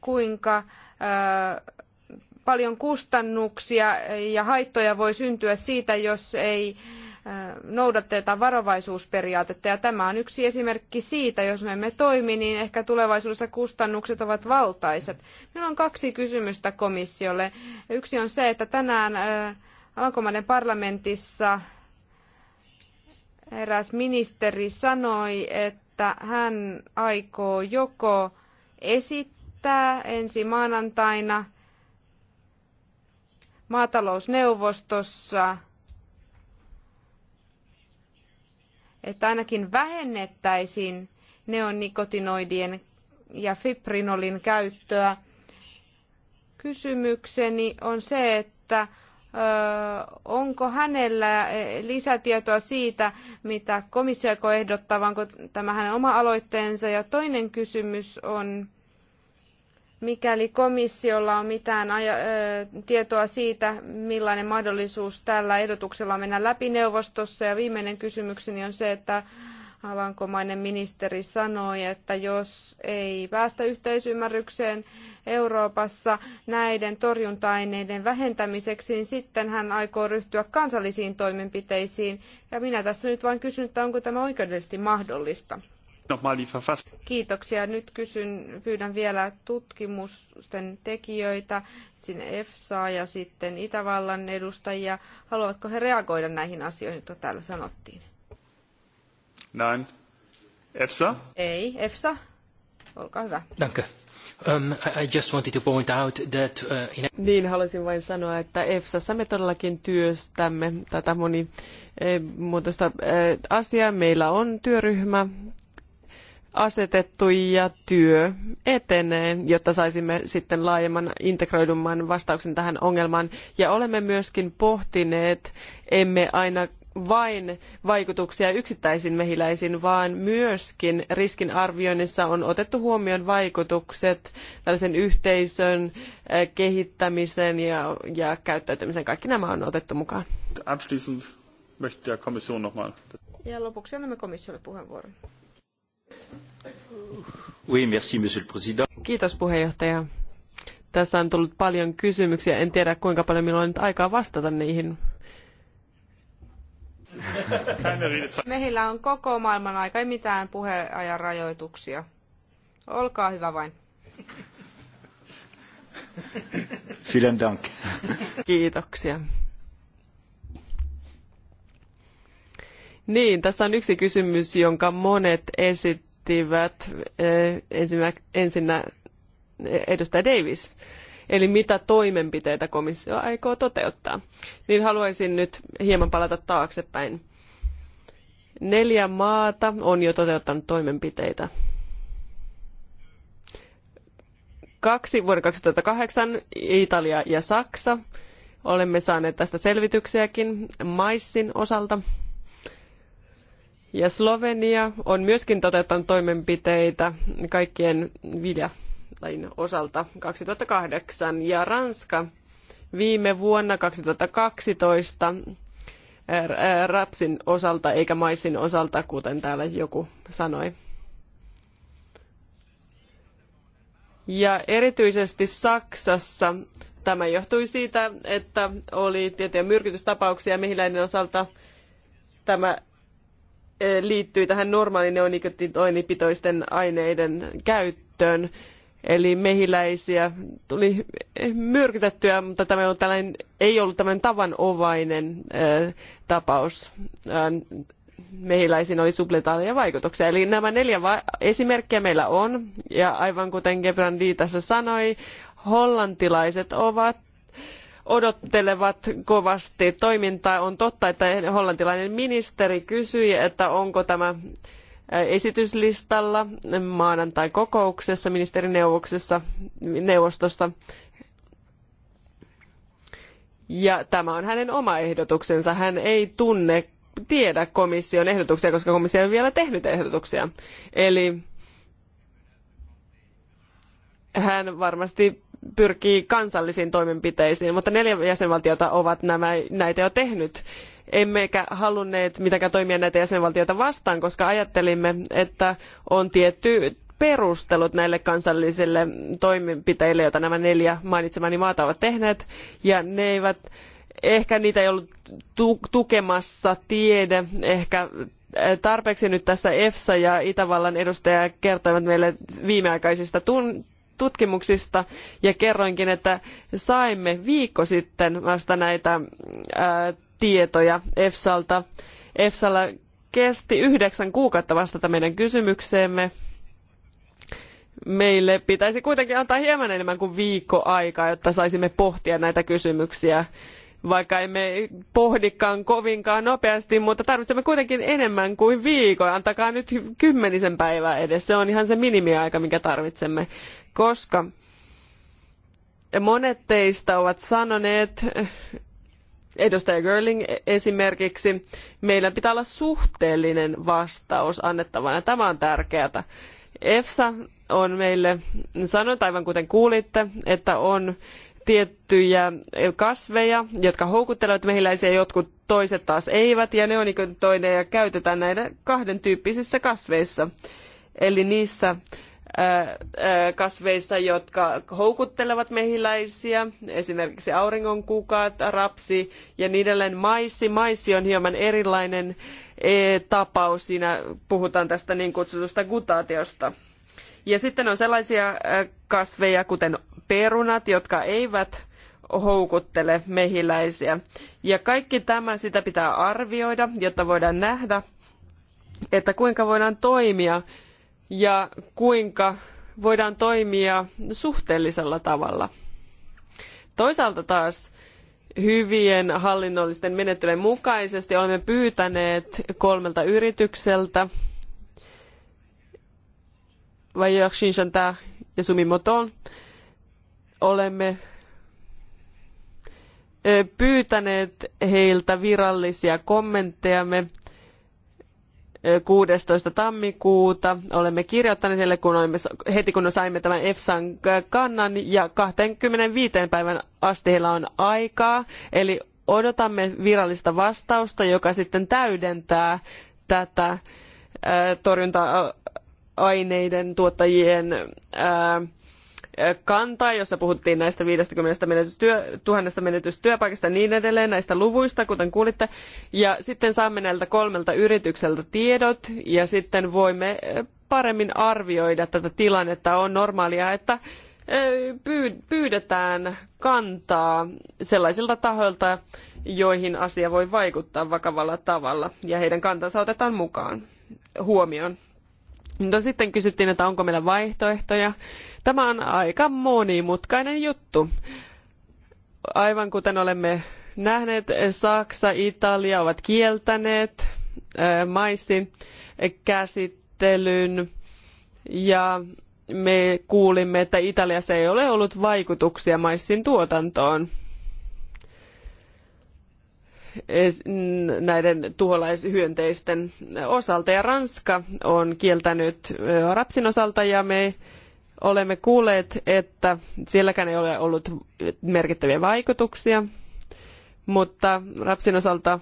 kuinka paljon kustannuksia ja haittoja voi syntyä siitä, jos ei noudatetaan varovaisuusperiaatetta. Ja tämä on yksi esimerkki siitä, jos me emme toimi, niin ehkä tulevaisuudessa kustannukset ovat valtaiset. Minulla on kaksi kysymystä komissiolle. Yksi on se, että tänään Alankomaiden parlamentissa eräs ministeri sanoi, että hän aikoo joko esittää ensi maanantaina maatalousneuvostossa – että ainakin vähennettäisiin neonikotinoidien ja fiprinolin käyttöä. Kysymykseni on se, että onko hänellä e, lisätietoa siitä, mitä komissio ehdottaa, onko tämä hänen oma aloitteensa? Ja toinen kysymys on, mikäli komissiolla on mitään tietoa siitä, millainen mahdollisuus tällä ehdotuksella on mennä läpi neuvostossa. Ja viimeinen kysymykseni on se, että alankomainen ministeri sanoi, että jos ei päästä yhteisymmärrykseen Euroopassa näiden torjunta-aineiden vähentämiseksi, niin sitten hän aikoo ryhtyä kansallisiin toimenpiteisiin. Ja minä tässä nyt vain kysyn, että onko tämä oikeudellisesti mahdollista. Kiitoksia. Nyt kysyn, pyydän vielä tutkimusten tekijöitä, sinne EFSA ja sitten Itävallan edustajia. Haluavatko he reagoida näihin asioihin, joita täällä sanottiin? Näin. EFSA? Ei, EFSA. Olkaa hyvä. Danke. Um, I just wanted to point out that, uh, in... Niin, haluaisin vain sanoa, että EFSAssa me todellakin työstämme tätä moni eh, muotoista eh, asiaa. Meillä on työryhmä asetettu ja työ etenee, jotta saisimme sitten laajemman integroidumman vastauksen tähän ongelmaan. Ja olemme myöskin pohtineet, emme aina vain vaikutuksia yksittäisiin mehiläisiin, vaan myöskin riskinarvioinnissa on otettu huomioon vaikutukset tällaisen yhteisön eh, kehittämisen ja, ja käyttäytymisen. Kaikki nämä on otettu mukaan. Ja lopuksi annamme komissiolle puheenvuoron. Oui, merci, monsieur le président. Kiitos puheenjohtaja. Tässä on tullut paljon kysymyksiä. En tiedä, kuinka paljon minulla on nyt aikaa vastata niihin. <laughs> Meillä on koko maailman aika, ei mitään puheajan rajoituksia. Olkaa hyvä vain. Vielen Kiitoksia. Niin, tässä on yksi kysymys, jonka monet esittivät eh, ensinnä eh, edustaja Davis. Eli mitä toimenpiteitä komissio aikoo toteuttaa? Niin haluaisin nyt hieman palata taaksepäin. Neljä maata on jo toteuttanut toimenpiteitä. Kaksi vuoden 2008, Italia ja Saksa. Olemme saaneet tästä selvityksiäkin maissin osalta. Ja Slovenia on myöskin toteuttanut toimenpiteitä kaikkien viljalajin osalta 2008 ja Ranska viime vuonna 2012 eh, eh, rapsin osalta eikä maissin osalta, kuten täällä joku sanoi. Ja erityisesti Saksassa tämä johtui siitä, että oli tiettyjä myrkytystapauksia mehiläinen osalta. Tämä liittyy tähän normaaliin neonikotinoinipitoisten aineiden käyttöön. Eli mehiläisiä tuli myrkytettyä, mutta tämä ei ollut, tällainen, ei ollut tämän tavanovainen ää, tapaus. Ää, mehiläisiin oli subletaalia vaikutuksia. Eli nämä neljä va- esimerkkiä meillä on, ja aivan kuten Gebrandi tässä sanoi, hollantilaiset ovat odottelevat kovasti toimintaa. On totta, että hollantilainen ministeri kysyi, että onko tämä esityslistalla maanantai kokouksessa ministerineuvostossa Ja tämä on hänen oma ehdotuksensa. Hän ei tunne tiedä komission ehdotuksia, koska komissio ei ole vielä tehnyt ehdotuksia. Eli hän varmasti pyrkii kansallisiin toimenpiteisiin, mutta neljä jäsenvaltiota ovat nämä, näitä jo tehnyt. Emmekä halunneet mitenkään toimia näitä jäsenvaltioita vastaan, koska ajattelimme, että on tietty perustelut näille kansallisille toimenpiteille, joita nämä neljä mainitsemani maata ovat tehneet, ja ne eivät, ehkä niitä ei ollut tu tukemassa tiede, ehkä äh, tarpeeksi nyt tässä EFSA ja Itävallan edustaja kertoivat meille viimeaikaisista tun- tutkimuksista ja kerroinkin, että saimme viikko sitten vasta näitä ää, tietoja EFSAlta. EFSAlla kesti yhdeksän kuukautta vastata meidän kysymykseemme. Meille pitäisi kuitenkin antaa hieman enemmän kuin viikko aikaa, jotta saisimme pohtia näitä kysymyksiä vaikka emme pohdikaan kovinkaan nopeasti, mutta tarvitsemme kuitenkin enemmän kuin viikon. Antakaa nyt kymmenisen päivää edes, se on ihan se minimiaika, minkä tarvitsemme koska monet teistä ovat sanoneet, edustaja Görling esimerkiksi, meillä pitää olla suhteellinen vastaus annettavana. Tämä on tärkeää. EFSA on meille sanonut, aivan kuten kuulitte, että on tiettyjä kasveja, jotka houkuttelevat mehiläisiä, jotkut toiset taas eivät, ja ne on ikonidoineja ja käytetään näiden kahden tyyppisissä kasveissa. Eli niissä kasveista, jotka houkuttelevat mehiläisiä, esimerkiksi auringonkukat, rapsi ja niin edelleen. Maissi. Maissi on hieman erilainen e, tapaus. Siinä puhutaan tästä niin kutsutusta gutaatiosta. Ja sitten on sellaisia e, kasveja, kuten perunat, jotka eivät houkuttele mehiläisiä. Ja kaikki tämä sitä pitää arvioida, jotta voidaan nähdä, että kuinka voidaan toimia ja kuinka voidaan toimia suhteellisella tavalla. Toisaalta taas hyvien hallinnollisten menettelyjen mukaisesti olemme pyytäneet kolmelta yritykseltä Vajor Shinshanta ja Sumimoton olemme pyytäneet heiltä virallisia kommenttejamme 16. tammikuuta. Olemme kirjoittaneet heille, kun heti kun saimme tämän EFSAn äh, kannan ja 25 päivän asti heillä on aikaa. Eli odotamme virallista vastausta, joka sitten täydentää tätä äh, torjunta-aineiden tuottajien ää, äh, kantaa, jossa puhuttiin näistä 50 menetystyö, tuhannesta menetystyöpaikasta ja niin edelleen, näistä luvuista, kuten kuulitte. Ja sitten saamme näiltä kolmelta yritykseltä tiedot ja sitten voimme eh, paremmin arvioida tätä tilannetta. On normaalia, että eh, pyydetään kantaa sellaisilta tahoilta, joihin asia voi vaikuttaa vakavalla tavalla ja heidän kantansa otetaan mukaan huomioon. No sitten kysyttiin, että onko meillä vaihtoehtoja. Tämä on aika monimutkainen juttu. Aivan kuten olemme nähneet, Saksa, Italia ovat kieltäneet maissin käsittelyn ja me kuulimme, että Italiassa ei ole ollut vaikutuksia maissin tuotantoon näiden tuholaishyönteisten osalta. Ja Ranska on kieltänyt rapsin osalta ja me olemme kuulleet, että sielläkään ei ole ollut merkittäviä vaikutuksia, mutta rapsin osalta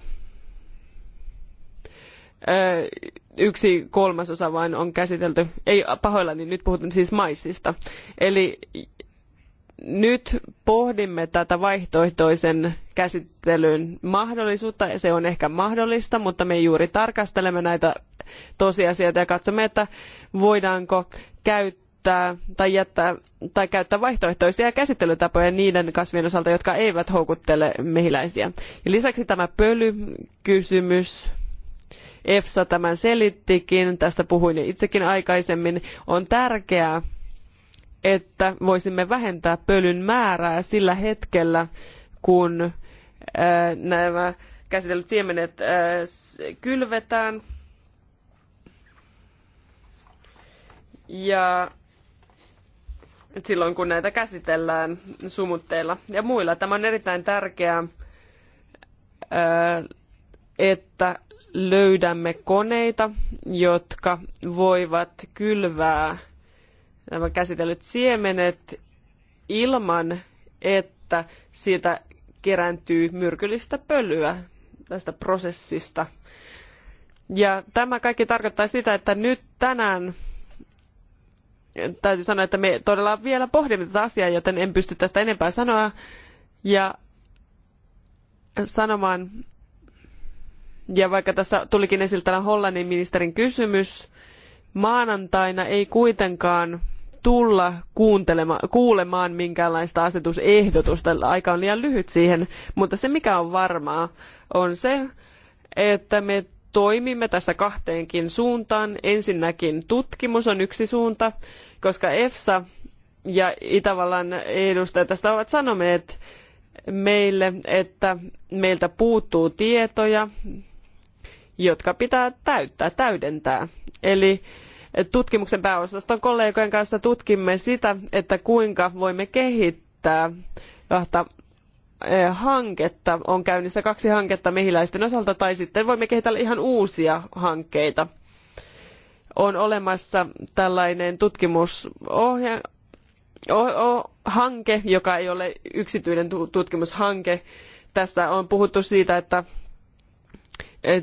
yksi kolmasosa vain on käsitelty, ei pahoillani, nyt puhutun siis maissista. Eli nyt pohdimme tätä vaihtoehtoisen käsittelyn mahdollisuutta. Se on ehkä mahdollista, mutta me juuri tarkastelemme näitä tosiasioita ja katsomme, että voidaanko käyttää tai, jättää, tai käyttää vaihtoehtoisia käsittelytapoja niiden kasvien osalta, jotka eivät houkuttele mehiläisiä. Ja lisäksi tämä pölykysymys. EFSA tämän selittikin, tästä puhuin itsekin aikaisemmin. On tärkeää, että voisimme vähentää pölyn määrää sillä hetkellä, kun äh, nämä käsitellyt siemenet äh, kylvetään. Ja silloin kun näitä käsitellään sumutteilla ja muilla. Tämä on erittäin tärkeää, äh, että löydämme koneita, jotka voivat kylvää nämä käsitellyt siemenet ilman, että siitä kerääntyy myrkyllistä pölyä tästä prosessista. Ja tämä kaikki tarkoittaa sitä, että nyt tänään täytyy sanoa, että me todella vielä pohdimme tätä asiaa, joten en pysty tästä enempää sanoa ja sanomaan. Ja vaikka tässä tulikin esille Hollannin ministerin kysymys, maanantaina ei kuitenkaan tulla kuulemaan minkäänlaista asetusehdotusta. Aika on liian lyhyt siihen, mutta se mikä on varmaa on se, että me toimimme tässä kahteenkin suuntaan. Ensinnäkin tutkimus on yksi suunta, koska EFSA ja Itävallan edustajat tästä ovat sanoneet meille, että meiltä puuttuu tietoja, jotka pitää täyttää, täydentää. Eli tutkimuksen pääosaston kollegojen kanssa tutkimme sitä, että kuinka voimme kehittää kahta eh, hanketta. On käynnissä kaksi hanketta mehiläisten osalta tai sitten voimme kehitellä ihan uusia hankkeita. On olemassa tällainen tutkimusohje, hanke, joka ei ole yksityinen tutkimushanke. Tässä on puhuttu siitä, että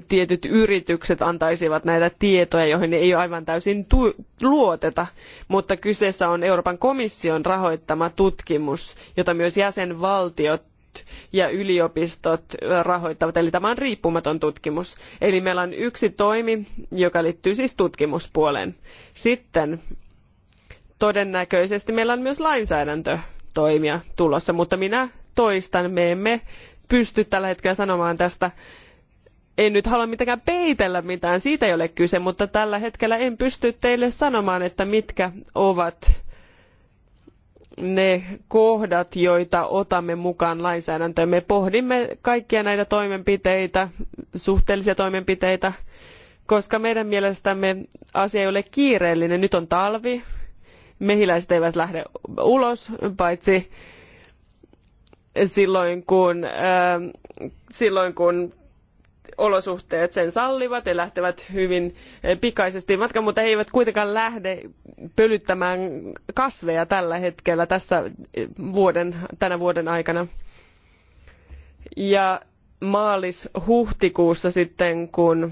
tietyt yritykset antaisivat näitä tietoja, joihin ei aivan täysin luoteta, mutta kyseessä on Euroopan komission rahoittama tutkimus, jota myös jäsenvaltiot ja yliopistot rahoittavat, eli tämä on riippumaton tutkimus. Eli meillä on yksi toimi, joka liittyy siis tutkimuspuoleen. Sitten todennäköisesti meillä on myös lainsäädäntötoimia tulossa, mutta minä toistan, me emme pysty tällä hetkellä sanomaan tästä en nyt halua mitenkään peitellä mitään, siitä ei ole kyse, mutta tällä hetkellä en pysty teille sanomaan, että mitkä ovat ne kohdat, joita otamme mukaan lainsäädäntöön. Me pohdimme kaikkia näitä toimenpiteitä, suhteellisia toimenpiteitä, koska meidän mielestämme asia ei ole kiireellinen. Nyt on talvi, mehiläiset eivät lähde ulos, paitsi silloin kun, äh, silloin kun olosuhteet sen sallivat ja lähtevät hyvin eh, pikaisesti matkaan, mutta he eivät kuitenkaan lähde pölyttämään kasveja tällä hetkellä tässä eh, vuoden, tänä vuoden aikana. Ja maalis-huhtikuussa sitten, kun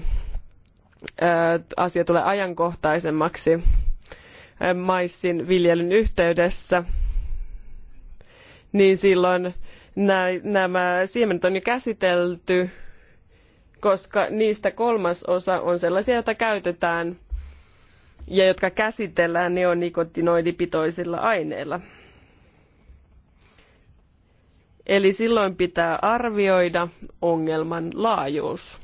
eh, asia tulee ajankohtaisemmaksi maissin viljelyn yhteydessä, niin silloin nämä siemenet on jo käsitelty koska niistä kolmas osa on sellaisia, joita käytetään ja jotka käsitellään neonikotinoidipitoisilla aineilla. Eli silloin pitää arvioida ongelman laajuus.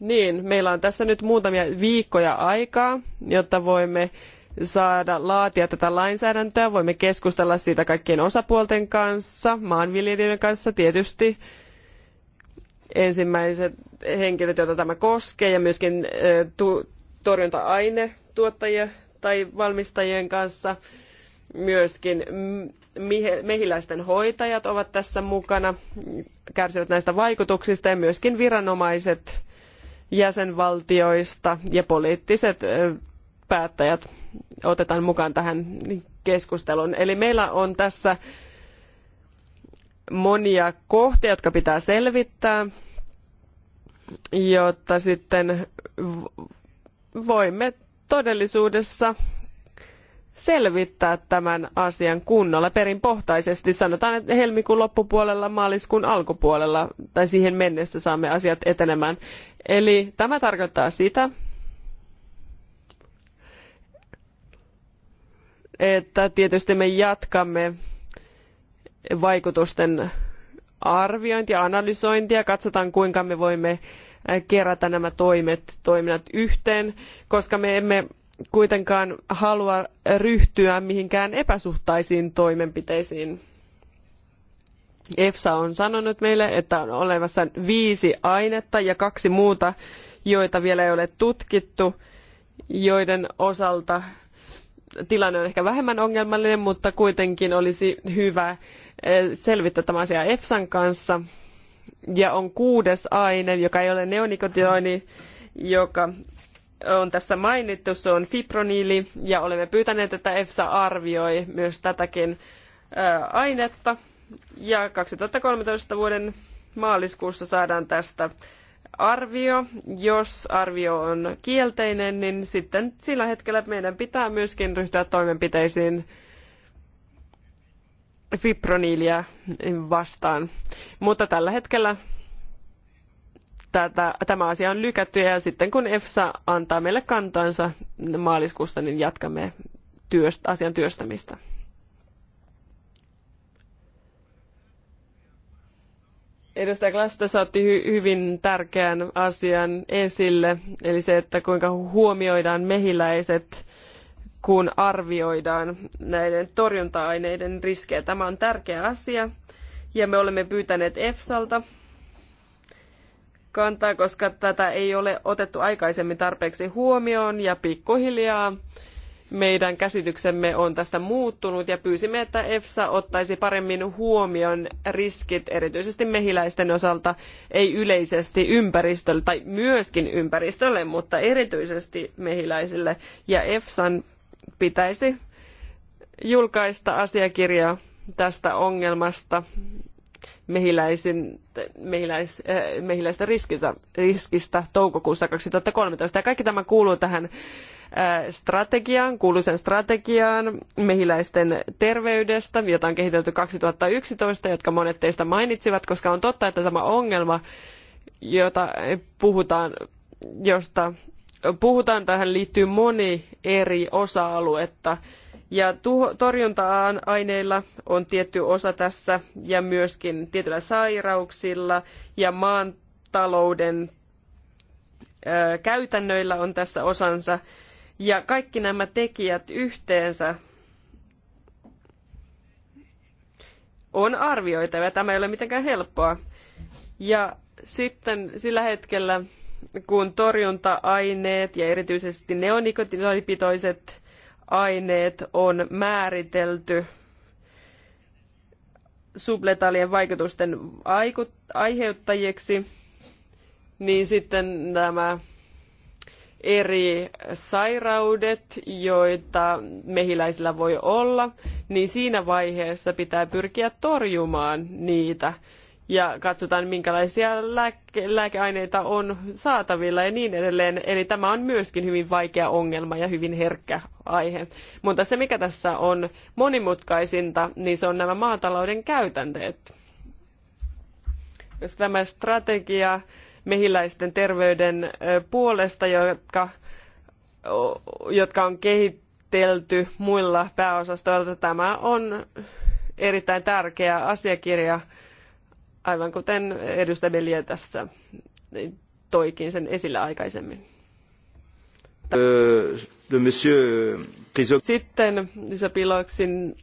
Niin, meillä on tässä nyt muutamia viikkoja aikaa, jotta voimme saada laatia tätä lainsäädäntöä. Voimme keskustella siitä kaikkien osapuolten kanssa, maanviljelijöiden kanssa tietysti, ensimmäiset henkilöt, joita tämä koskee, ja myöskin tu- torjunta-aine tai valmistajien kanssa. Myöskin mehiläisten hoitajat ovat tässä mukana, kärsivät näistä vaikutuksista ja myöskin viranomaiset jäsenvaltioista ja poliittiset päättäjät otetaan mukaan tähän keskusteluun. Eli meillä on tässä monia kohtia, jotka pitää selvittää, jotta sitten voimme todellisuudessa selvittää tämän asian kunnolla perinpohtaisesti. Sanotaan, että helmikuun loppupuolella, maaliskuun alkupuolella tai siihen mennessä saamme asiat etenemään. Eli tämä tarkoittaa sitä, että tietysti me jatkamme vaikutusten arviointia, analysointia, katsotaan kuinka me voimme kerätä nämä toimet, toiminnat yhteen, koska me emme kuitenkaan halua ryhtyä mihinkään epäsuhtaisiin toimenpiteisiin. EFSA on sanonut meille, että on olemassa viisi ainetta ja kaksi muuta, joita vielä ei ole tutkittu, joiden osalta tilanne on ehkä vähemmän ongelmallinen, mutta kuitenkin olisi hyvä Eh, selvittää tämä asia EFSAn kanssa. Ja on kuudes aine, joka ei ole neonikotinoini, joka on tässä mainittu, se on fibroniili, ja olemme pyytäneet, että EFSA arvioi myös tätäkin eh, ainetta. Ja 2013 vuoden maaliskuussa saadaan tästä arvio. Jos arvio on kielteinen, niin sitten sillä hetkellä meidän pitää myöskin ryhtyä toimenpiteisiin fipronilia vastaan. Mutta tällä hetkellä tätä, tämä asia on lykätty ja sitten kun EFSA antaa meille kantansa maaliskuussa, niin jatkamme työst, asian työstämistä. Edustaja Klasta saatti hy- hyvin tärkeän asian esille, eli se, että kuinka huomioidaan mehiläiset kun arvioidaan näiden torjunta-aineiden riskejä. Tämä on tärkeä asia ja me olemme pyytäneet EFSalta kantaa, koska tätä ei ole otettu aikaisemmin tarpeeksi huomioon ja pikkuhiljaa meidän käsityksemme on tästä muuttunut ja pyysimme, että EFSA ottaisi paremmin huomioon riskit erityisesti mehiläisten osalta, ei yleisesti ympäristölle tai myöskin ympäristölle, mutta erityisesti mehiläisille. Ja EFSAn pitäisi julkaista asiakirja tästä ongelmasta mehiläisin, mehiläis, äh, mehiläistä riskistä, riskistä toukokuussa 2013. Ja kaikki tämä kuuluu tähän eh, strategiaan, kuuluisen strategiaan mehiläisten terveydestä, jota on kehitelty 2011, jotka monet teistä mainitsivat, koska on totta, että tämä ongelma, jota puhutaan, josta puhutaan, tähän liittyy moni eri osa-aluetta. Ja tuho, torjunta-aineilla on tietty osa tässä ja myöskin tietyillä sairauksilla ja maantalouden ö, käytännöillä on tässä osansa. Ja kaikki nämä tekijät yhteensä on arvioitava. Tämä ei ole mitenkään helppoa. Ja sitten sillä hetkellä kun torjunta-aineet ja erityisesti neonikotinoidipitoiset aineet on määritelty subletaalien vaikutusten aiheuttajiksi, niin sitten nämä eri sairaudet, joita mehiläisillä voi olla, niin siinä vaiheessa pitää pyrkiä torjumaan niitä ja katsotaan minkälaisia lääke- lääkeaineita on saatavilla ja niin edelleen. Eli tämä on myöskin hyvin vaikea ongelma ja hyvin herkkä aihe. Mutta se mikä tässä on monimutkaisinta, niin se on nämä maatalouden käytänteet. Jos tämä strategia mehiläisten terveyden puolesta, jotka, jotka on kehitelty muilla pääosastoilla, tämä on erittäin tärkeä asiakirja aivan kuten edustaja Belia tässä toikin sen esille aikaisemmin. Euh, Sitten Isopiloksin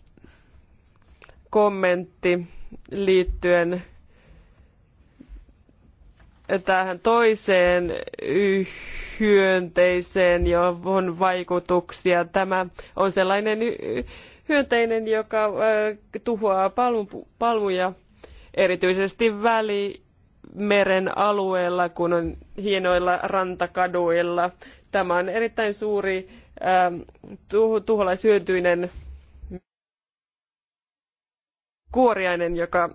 kommentti liittyen tähän toiseen hyönteiseen, johon vaikutuksia. Tämä on sellainen hyönteinen, joka tuhoaa palmu, palmuja erityisesti Välimeren alueella, kun on hienoilla rantakaduilla. Tämä on erittäin suuri ähm, tuh- tuholaishyötyinen kuoriainen, joka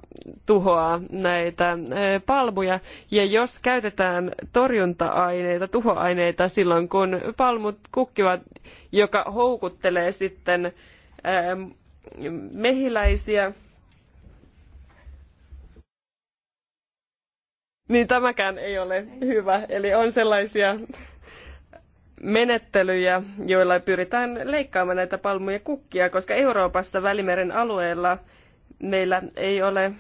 tuhoaa näitä äh, palmuja. Ja jos käytetään torjunta-aineita, tuhoaineita silloin, kun palmut kukkivat, joka houkuttelee sitten ähm, mehiläisiä, niin tämäkään ei ole hyvä. Eli on sellaisia menettelyjä, joilla pyritään leikkaamaan näitä palmuja kukkia, koska Euroopassa Välimeren alueella meillä ei ole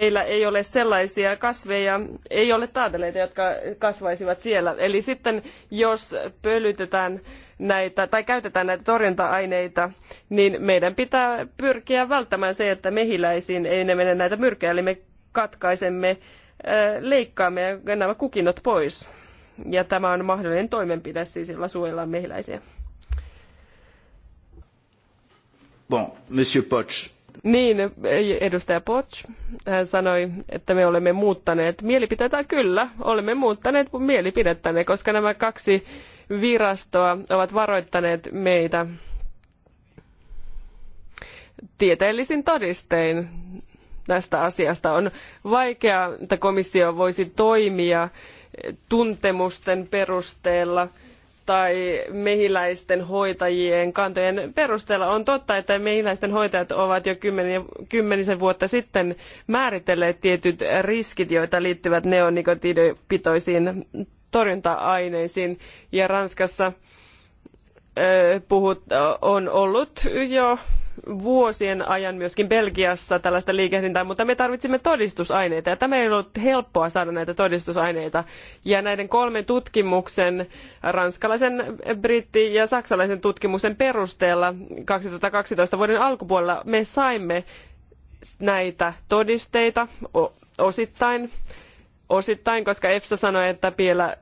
meillä ei ole sellaisia kasveja, ei ole taateleita, jotka kasvaisivat siellä. Eli sitten jos pölytetään näitä tai käytetään näitä torjunta-aineita, niin meidän pitää pyrkiä välttämään se, että mehiläisiin ei ne mene näitä myrkkejä, eli me katkaisemme, leikkaamme nämä kukinnot pois. Ja tämä on mahdollinen toimenpide siis, jolla suojellaan mehiläisiä. Bon, Monsieur Poch, niin, edustaja Potsch, hän sanoi, että me olemme muuttaneet mielipiteitä. Kyllä, olemme muuttaneet mielipidettäne, koska nämä kaksi virastoa ovat varoittaneet meitä tieteellisin todistein tästä asiasta. On vaikeaa, että komissio voisi toimia tuntemusten perusteella – tai mehiläisten hoitajien kantojen perusteella. On totta, että mehiläisten hoitajat ovat jo kymmenisen vuotta sitten määritelleet tietyt riskit, joita liittyvät neonikotidipitoisiin torjunta-aineisiin. Ja Ranskassa puhut, on ollut jo vuosien ajan myöskin Belgiassa tällaista liikehdintää, mutta me tarvitsimme todistusaineita ja tämä ei ollut helppoa saada näitä todistusaineita. Ja näiden kolmen tutkimuksen, ranskalaisen, britti- ja saksalaisen tutkimuksen perusteella 2012 vuoden alkupuolella me saimme näitä todisteita osittain, osittain koska EFSA sanoi, että vielä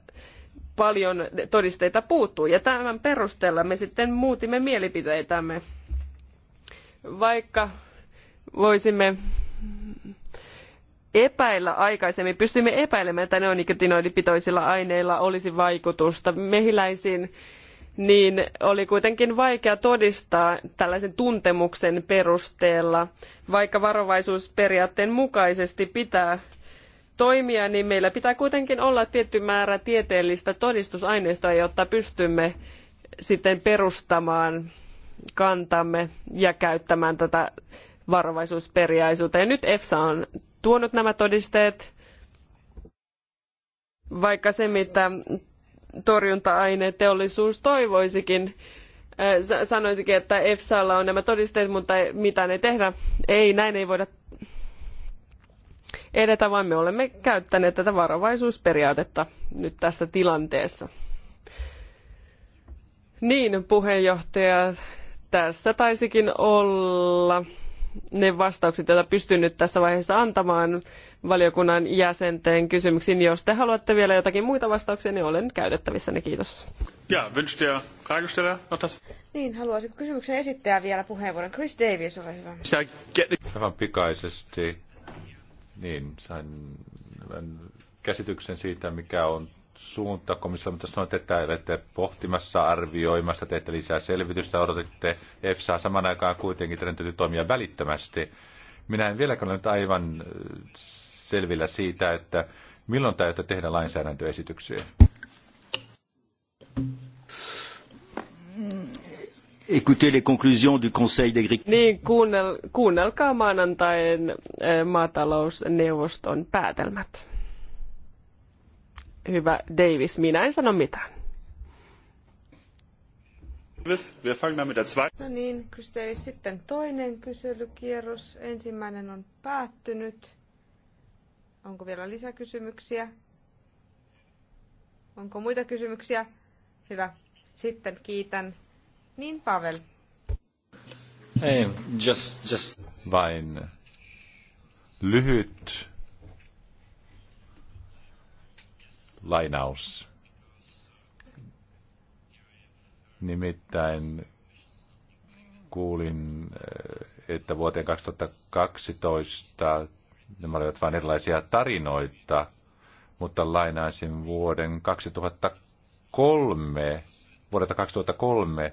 paljon todisteita puuttuu. Ja tämän perusteella me sitten muutimme mielipiteitämme vaikka voisimme epäillä aikaisemmin, pystymme epäilemään, että neonikotinoidipitoisilla aineilla olisi vaikutusta mehiläisiin, niin oli kuitenkin vaikea todistaa tällaisen tuntemuksen perusteella. Vaikka varovaisuusperiaatteen mukaisesti pitää toimia, niin meillä pitää kuitenkin olla tietty määrä tieteellistä todistusaineistoa, jotta pystymme sitten perustamaan kantamme ja käyttämään tätä varovaisuusperiaisuutta. Ja nyt EFSA on tuonut nämä todisteet, vaikka se mitä torjunta-aineteollisuus toivoisikin, äh, sanoisikin, että EFSAlla on nämä todisteet, mutta mitään ei tehdä. Ei, näin ei voida edetä, vaan me olemme käyttäneet tätä varovaisuusperiaatetta nyt tässä tilanteessa. Niin, puheenjohtaja, tässä taisikin olla ne vastaukset, joita pystyn nyt tässä vaiheessa antamaan valiokunnan jäsenten kysymyksiin. Jos te haluatte vielä jotakin muita vastauksia, niin olen käytettävissä ne. Kiitos. Ja, wünscht der Fragesteller noch das? Niin, haluaisin kysymyksen esittää vielä puheenvuoron. Chris Davies, ole hyvä. Aivan pikaisesti. Niin, sain käsityksen siitä, mikä on suunta. Komissiolla sanoitte, että olette pohtimassa, arvioimassa, teette lisää selvitystä, odotitte EFSAa saman aikaan kuitenkin, teidän täytyy toimia välittömästi. Minä en vieläkään ole nyt aivan äh, selvillä siitä, että milloin täytyy tehdä lainsäädäntöesityksiä. Écoutez les conclusions du Conseil d'agriculture. Niin, kuunnel, kuunnelkaa maanantain äh, maatalousneuvoston päätelmät hyvä Davis, minä en sano mitään. No niin, Kristei, sitten toinen kyselykierros. Ensimmäinen on päättynyt. Onko vielä lisäkysymyksiä? Onko muita kysymyksiä? Hyvä. Sitten kiitän. Niin, Pavel. Hei, just, just. Vain lyhyt Lainaus. Nimittäin kuulin, että vuoteen 2012 nämä olivat vain erilaisia tarinoita, mutta lainaisin vuoden 2003, vuodelta 2003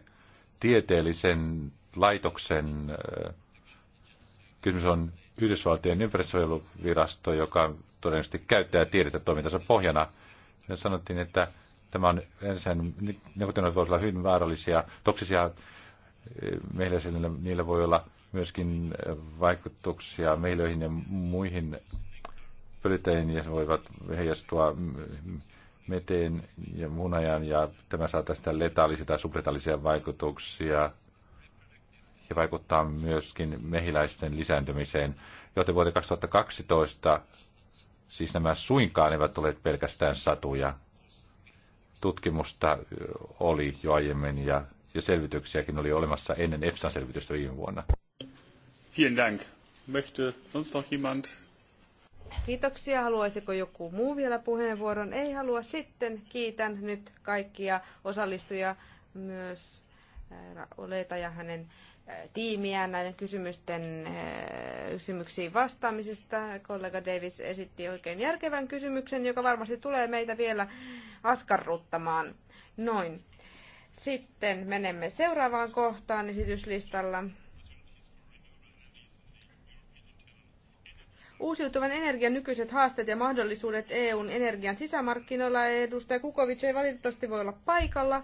tieteellisen laitoksen, äh, kysymys on Yhdysvaltojen ympäristösuojeluvirasto, joka todennäköisesti käyttää tiedettä toimintansa pohjana – Siinä sanottiin, että tämä on ensin, neuvottelut voivat olla hyvin vaarallisia, toksisia eh, meillä, sillä niillä voi olla myöskin eh, vaikutuksia meilöihin ja muihin pölyttäjiin, ja voivat heijastua meteen ja munajan, ja tämä saa tästä letaalisia tai subletaalisia vaikutuksia, ja vaikuttaa myöskin mehiläisten lisääntymiseen. Joten vuoden 2012 Siis nämä suinkaan eivät ole pelkästään satuja. Tutkimusta oli jo aiemmin ja, ja selvityksiäkin oli olemassa ennen EFSAn selvitystä viime vuonna. Vielen Dank. Möchte sonst noch jemand? Kiitoksia. Haluaisiko joku muu vielä puheenvuoron? Ei halua. Sitten kiitän nyt kaikkia osallistujia myös Oleta ja hänen tiimiä näiden kysymysten eh, kysymyksiin vastaamisesta. Kollega Davis esitti oikein järkevän kysymyksen, joka varmasti tulee meitä vielä askarruttamaan. Noin. Sitten menemme seuraavaan kohtaan esityslistalla. Uusiutuvan energian nykyiset haasteet ja mahdollisuudet EUn energian sisämarkkinoilla. Edustaja Kukovic ei valitettavasti voi olla paikalla,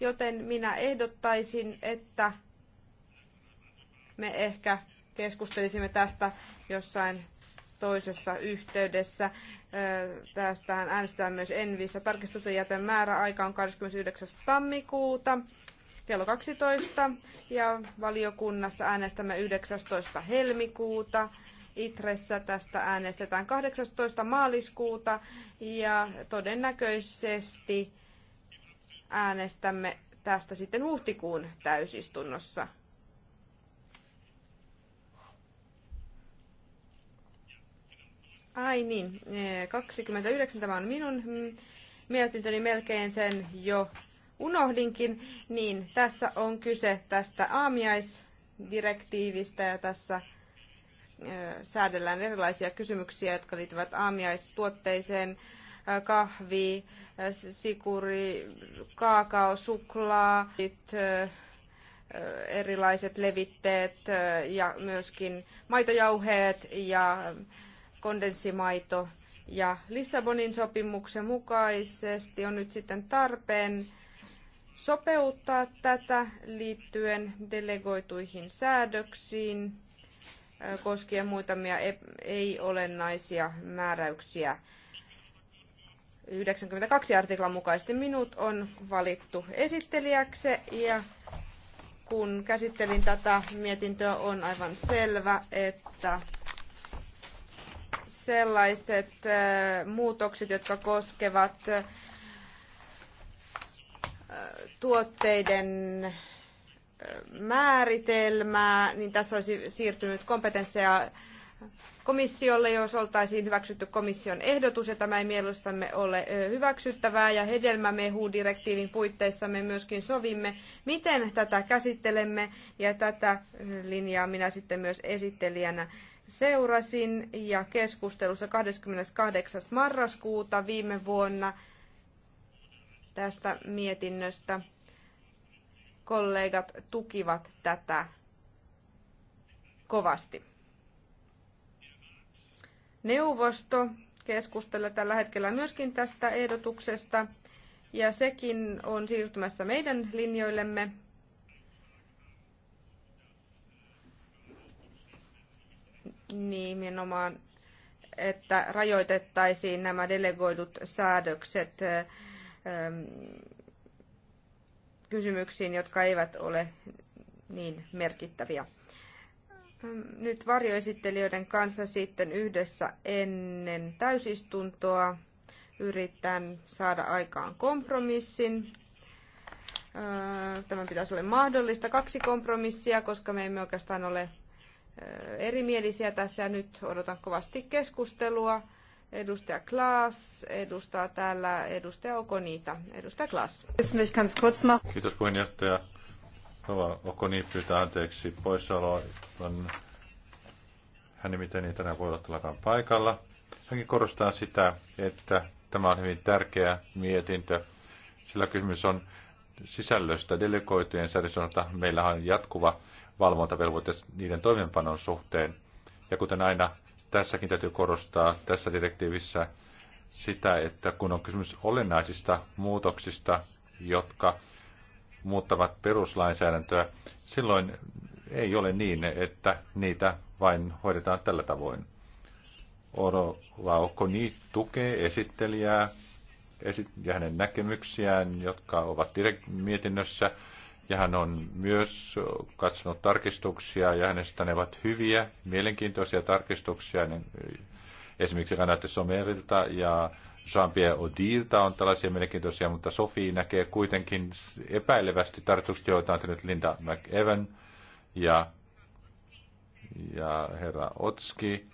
joten minä ehdottaisin, että me ehkä keskustelisimme tästä jossain toisessa yhteydessä. Tästähän äänestetään myös Envissä. Tarkistusten jäten määräaika on 29. tammikuuta kello 12 ja valiokunnassa äänestämme 19. helmikuuta. Itressä tästä äänestetään 18. maaliskuuta ja todennäköisesti äänestämme tästä sitten huhtikuun täysistunnossa. Ai niin, 29 eh, tämä on minun mietintöni, melkein sen jo unohdinkin, niin tässä on kyse tästä aamiaisdirektiivistä ja tässä eh, säädellään erilaisia kysymyksiä, jotka liittyvät aamiaistuotteeseen, eh, kahvi, sikuri, kaakao, suklaa, erilaiset levitteet ja myöskin maitojauheet ja kondenssimaito. Ja Lissabonin sopimuksen mukaisesti on nyt sitten tarpeen sopeuttaa tätä liittyen delegoituihin säädöksiin koskien muutamia e-, ei-olennaisia määräyksiä. 92 artiklan mukaisesti minut on valittu esittelijäksi ja kun käsittelin tätä mietintöä on aivan selvä, että sellaiset äh, muutokset, jotka koskevat äh, tuotteiden äh, määritelmää, niin tässä olisi siirtynyt kompetensseja komissiolle, jos oltaisiin hyväksytty komission ehdotus, ja tämä ei mielestämme ole hyväksyttävää, ja hedelmämehudirektiivin puitteissa me myöskin sovimme, miten tätä käsittelemme, ja tätä linjaa minä sitten myös esittelijänä seurasin, ja keskustelussa 28. marraskuuta viime vuonna tästä mietinnöstä kollegat tukivat tätä kovasti. Neuvosto keskustelee tällä hetkellä myöskin tästä ehdotuksesta ja sekin on siirtymässä meidän linjoillemme. Nimenomaan, että rajoitettaisiin nämä delegoidut säädökset ähm, kysymyksiin, jotka eivät ole niin merkittäviä nyt varjoesittelijöiden kanssa sitten yhdessä ennen täysistuntoa yritän saada aikaan kompromissin. Tämän pitäisi olla mahdollista. Kaksi kompromissia, koska me emme oikeastaan ole erimielisiä tässä. Nyt odotan kovasti keskustelua. Edustaja Klaas edustaa täällä edustaja Okonita. Edustaja Klaas. Kiitos puheenjohtaja Rova Okoni pyytää anteeksi poissaoloa. Hän nimittäin ei tänään voi olla tälläkään paikalla. Hänkin korostaa sitä, että tämä on hyvin tärkeä mietintö, sillä kysymys on sisällöstä delegoitujen säädösonalta. Meillä on jatkuva valvontavelvoite niiden toimeenpanon suhteen. Ja kuten aina tässäkin täytyy korostaa tässä direktiivissä sitä, että kun on kysymys olennaisista muutoksista, jotka muuttavat peruslainsäädäntöä, silloin ei ole niin, että niitä vain hoidetaan tällä tavoin. Oro niin tukee esittelijää ja hänen näkemyksiään, jotka ovat mietinnössä. Ja hän on myös katsonut tarkistuksia ja hänestä ne ovat hyviä, mielenkiintoisia tarkistuksia. Niin, esimerkiksi Renate Somerilta ja Jean-Pierre Odilta on tällaisia mielenkiintoisia, mutta Sofi näkee kuitenkin epäilevästi tarjoukset, joita on tehnyt Linda McEvan ja, ja herra Otski.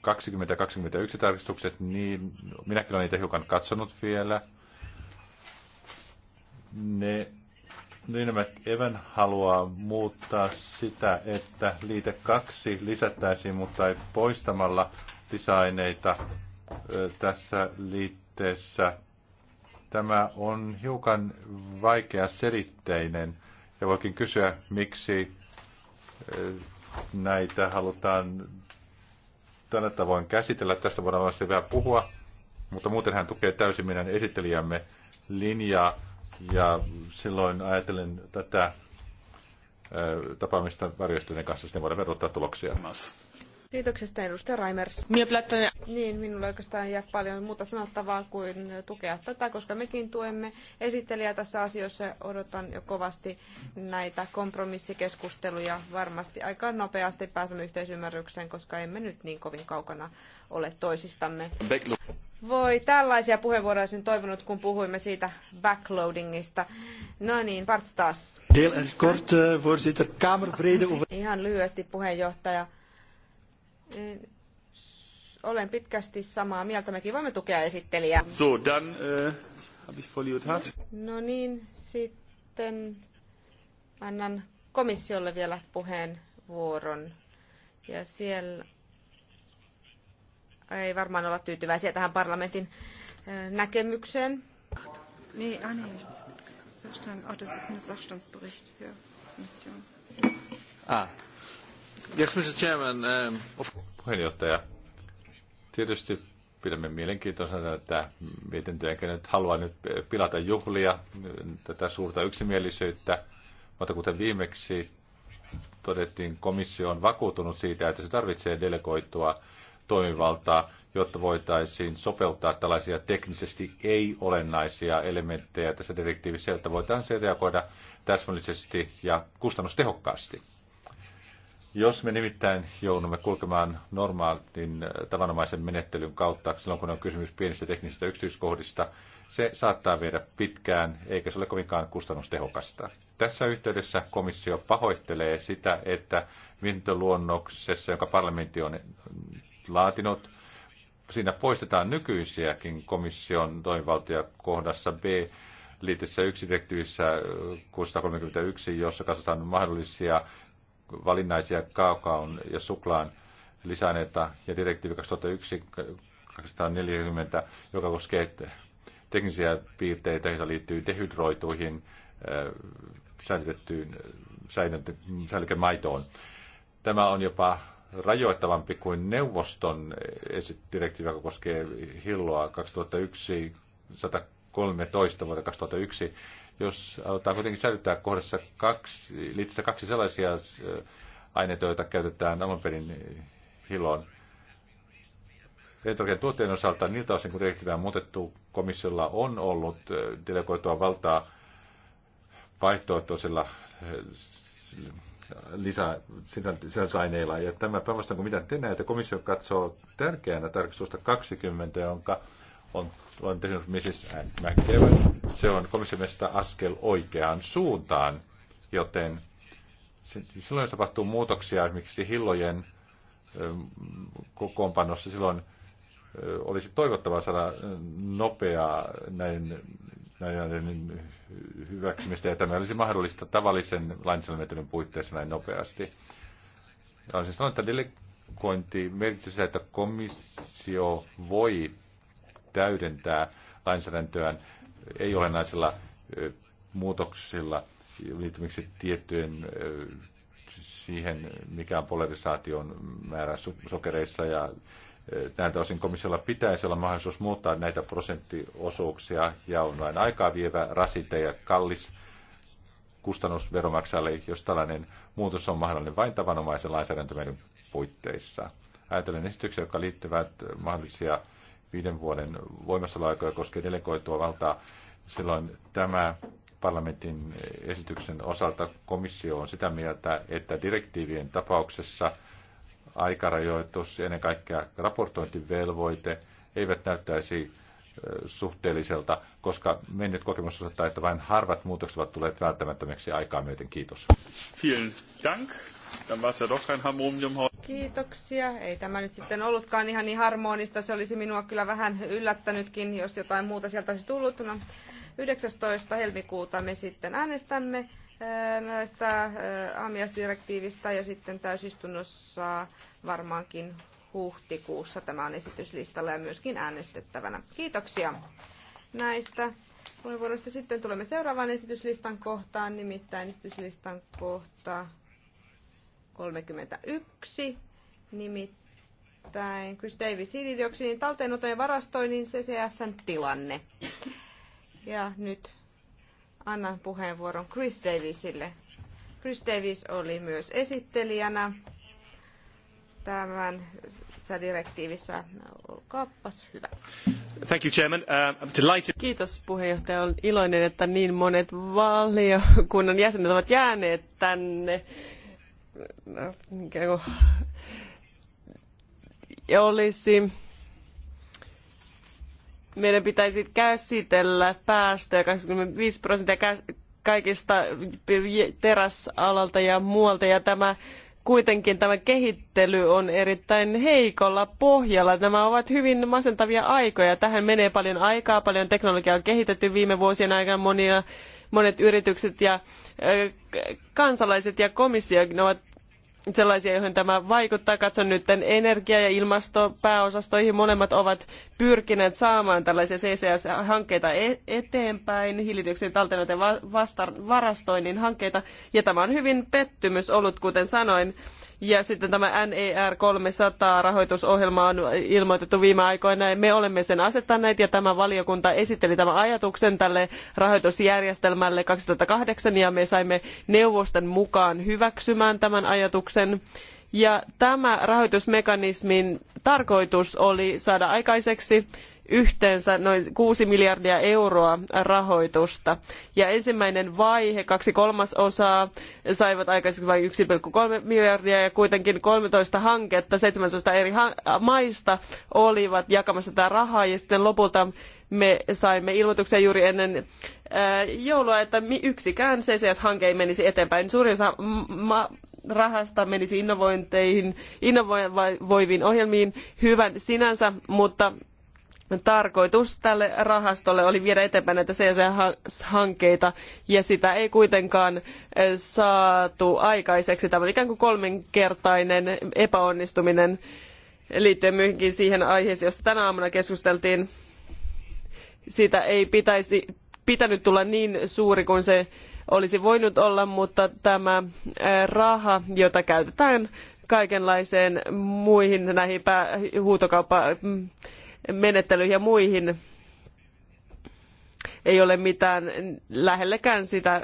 2021 tarkistukset, niin minäkin olen niitä hiukan katsonut vielä. Ne, Linda Evan haluaa muuttaa sitä, että liite 2 lisättäisiin, mutta ei poistamalla lisäaineita tässä liitteessä. Tämä on hiukan vaikea selitteinen ja voikin kysyä, miksi näitä halutaan tällä tavoin käsitellä. Tästä voidaan varmasti vielä puhua, mutta muuten hän tukee täysin meidän esittelijämme linjaa ja silloin ajattelen tätä tapaamista värjestöiden kanssa, sitten voidaan verottaa tuloksia. Mas. Kiitoksesta edustaja Raimers. Niin, minulla oikeastaan jää paljon muuta sanottavaa kuin tukea tätä, koska mekin tuemme esittelijää tässä asiassa. Odotan jo kovasti näitä kompromissikeskusteluja. Varmasti aika nopeasti pääsemme yhteisymmärrykseen, koska emme nyt niin kovin kaukana ole toisistamme. Voi, tällaisia puheenvuoroja olisin toivonut, kun puhuimme siitä backloadingista. No niin, Bart taas. Heel kort, eh, voorzitter. Kamerbrede over... Ihan lyhyesti, puheenjohtaja olen pitkästi samaa mieltä. Mekin voimme tukea esittelijää. So, dann äh, habe ich Frau No niin, sitten annan komissiolle vielä puheenvuoron. Ja siellä ei varmaan olla tyytyväisiä tähän parlamentin näkemykseen. Nee, ah, nee. Sachstand. das ist ein Sachstandsbericht. Ja. Ah, Yes, Mr. Chairman, um, of... Puheenjohtaja, tietysti pidämme mielenkiintoisena että mietintöä, enkä nyt halua nyt pilata juhlia, tätä suurta yksimielisyyttä, mutta kuten viimeksi todettiin, komissio on vakuutunut siitä, että se tarvitsee delegoitua toimivaltaa, jotta voitaisiin sopeuttaa tällaisia teknisesti ei-olennaisia elementtejä tässä direktiivissä, jotta voitaisiin reagoida täsmällisesti ja kustannustehokkaasti. Jos me nimittäin joudumme kulkemaan normaalin äh, tavanomaisen menettelyn kautta, silloin kun on kysymys pienistä teknisistä yksityiskohdista, se saattaa viedä pitkään, eikä se ole kovinkaan kustannustehokasta. Tässä yhteydessä komissio pahoittelee sitä, että mietintöluonnoksessa, jonka parlamentti on laatinut, siinä poistetaan nykyisiäkin komission toimivaltia kohdassa B liitteessä yksi direktiivissä 631, äh, jossa katsotaan mahdollisia valinnaisia kaakaon ja suklaan lisäaineita ja direktiivi 2001-240, joka koskee teknisiä piirteitä, joita liittyy dehydroituihin äh, säilytettyyn säilykemaitoon. Tämä on jopa rajoittavampi kuin neuvoston direktiivi, joka koskee hilloa 2001 113 vuotta 2001 jos halutaan kuitenkin säilyttää kohdassa kaksi, liitteessä kaksi sellaisia äh, aineita, joita käytetään alun perin äh, hiloon. Elintarvikkeiden tuotteen osalta niiltä osin, kun direktiiviä on muutettu, komissiolla on ollut äh, delegoitua valtaa vaihtoehtoisella lisää Ja tämä päinvastoin kuin mitä te näette, komissio katsoo tärkeänä tarkistusta 20, jonka on on tehnyt Mrs. McEwen. Se on komission mielestä askel oikeaan suuntaan, joten silloin tapahtuu muutoksia esimerkiksi hillojen kokoonpanossa, silloin olisi toivottavaa saada nopeaa näiden, näiden hyväksymistä, ja tämä olisi mahdollista tavallisen lainsäädäntömenettelyn puitteissa näin nopeasti. Olisin sanonut, että delegointi merkitsee sitä, että komissio voi täydentää lainsäädäntöään ei-olennaisilla muutoksilla liittymiksi tiettyjen siihen, mikä on polarisaation määrä sokereissa ja näiltä osin komissiolla pitäisi olla mahdollisuus muuttaa näitä prosenttiosuuksia ja on vain aikaa vievä rasite ja kallis kustannus veromaksajalle, jos tällainen muutos on mahdollinen vain tavanomaisen lainsäädäntömenyn puitteissa. Ajatellen esityksiä, jotka liittyvät mahdollisia viiden vuoden voimassaoloaikoja koskee delegoitua valtaa. Silloin tämä parlamentin esityksen osalta komissio on sitä mieltä, että direktiivien tapauksessa aikarajoitus ja ennen kaikkea raportointivelvoite eivät näyttäisi suhteelliselta, koska mennyt kokemus osoittaa, että vain harvat muutokset ovat tulleet välttämättömiksi aikaa myöten. Kiitos. Vielen dank. Kiitoksia. Ei tämä nyt sitten ollutkaan ihan niin harmonista. Se olisi minua kyllä vähän yllättänytkin, jos jotain muuta sieltä olisi tullut. No, 19. helmikuuta me sitten äänestämme näistä aamiaisdirektiivistä ja sitten täysistunnossa varmaankin huhtikuussa tämä on esityslistalla ja myöskin äänestettävänä. Kiitoksia näistä puheenvuoroista. Sitten tulemme seuraavaan esityslistan kohtaan, nimittäin esityslistan kohtaan. 31, nimittäin Chris Davis hiilidioksidin talteenoton ja varastoinnin CCSn tilanne. Ja nyt annan puheenvuoron Chris Davisille. Chris Davis oli myös esittelijänä tämän direktiivissä. Olkaapas hyvä. Thank you, Chairman. Uh, I'm delighted. Kiitos puheenjohtaja. Olen iloinen, että niin monet valiokunnan jäsenet ovat jääneet tänne ikään äh, äh, kuin, ja olisi meidän pitäisi käsitellä päästöjä 25 prosenttia kaikista teräsalalta ja muualta ja tämä kuitenkin tämä kehittely on erittäin heikolla pohjalla. Nämä ovat hyvin masentavia aikoja. Tähän menee paljon aikaa, paljon teknologiaa on kehitetty viime vuosien aikana monia monet yritykset ja kansalaiset ja komissio ovat sellaisia, joihin tämä vaikuttaa. Katson nyt energia- ja ilmastopääosastoihin. Molemmat ovat pyrkineet saamaan tällaisia CCS-hankkeita e- eteenpäin, hiilidioksidin talteenoiden varastoinnin hankkeita. Ja tämä on hyvin pettymys ollut, kuten sanoin. Ja sitten tämä NER 300 rahoitusohjelma on ilmoitettu viime aikoina. Me olemme sen asettaneet ja tämä valiokunta esitteli tämän ajatuksen tälle rahoitusjärjestelmälle 2008 ja me saimme neuvoston mukaan hyväksymään tämän ajatuksen. Ja tämä rahoitusmekanismin tarkoitus oli saada aikaiseksi yhteensä noin kuusi miljardia euroa rahoitusta. Ja ensimmäinen vaihe, kaksi kolmasosaa, saivat aikaiseksi vain yksi kolme miljardia ja kuitenkin 13 hanketta 17 eri maista olivat jakamassa tätä rahaa ja sitten lopulta me saimme ilmoituksia juuri ennen äh, joulua, että yksikään CCS-hanke ei menisi eteenpäin. Suurin osa rahasta menisi innovointeihin, innovoiviin ohjelmiin, hyvän sinänsä, mutta tarkoitus tälle rahastolle oli viedä eteenpäin näitä CC-hankkeita ja sitä ei kuitenkaan eh, saatu aikaiseksi. Tämä oli ikään kuin kolminkertainen epäonnistuminen liittyen myöskin siihen aiheeseen, josta tänä aamuna keskusteltiin. Siitä ei pitäisi, pitänyt tulla niin suuri kuin se olisi voinut olla, mutta tämä eh, raha, jota käytetään kaikenlaiseen muihin näihin pää, huutokauppa mm, menettelyihin ja muihin ei ole mitään lähellekään sitä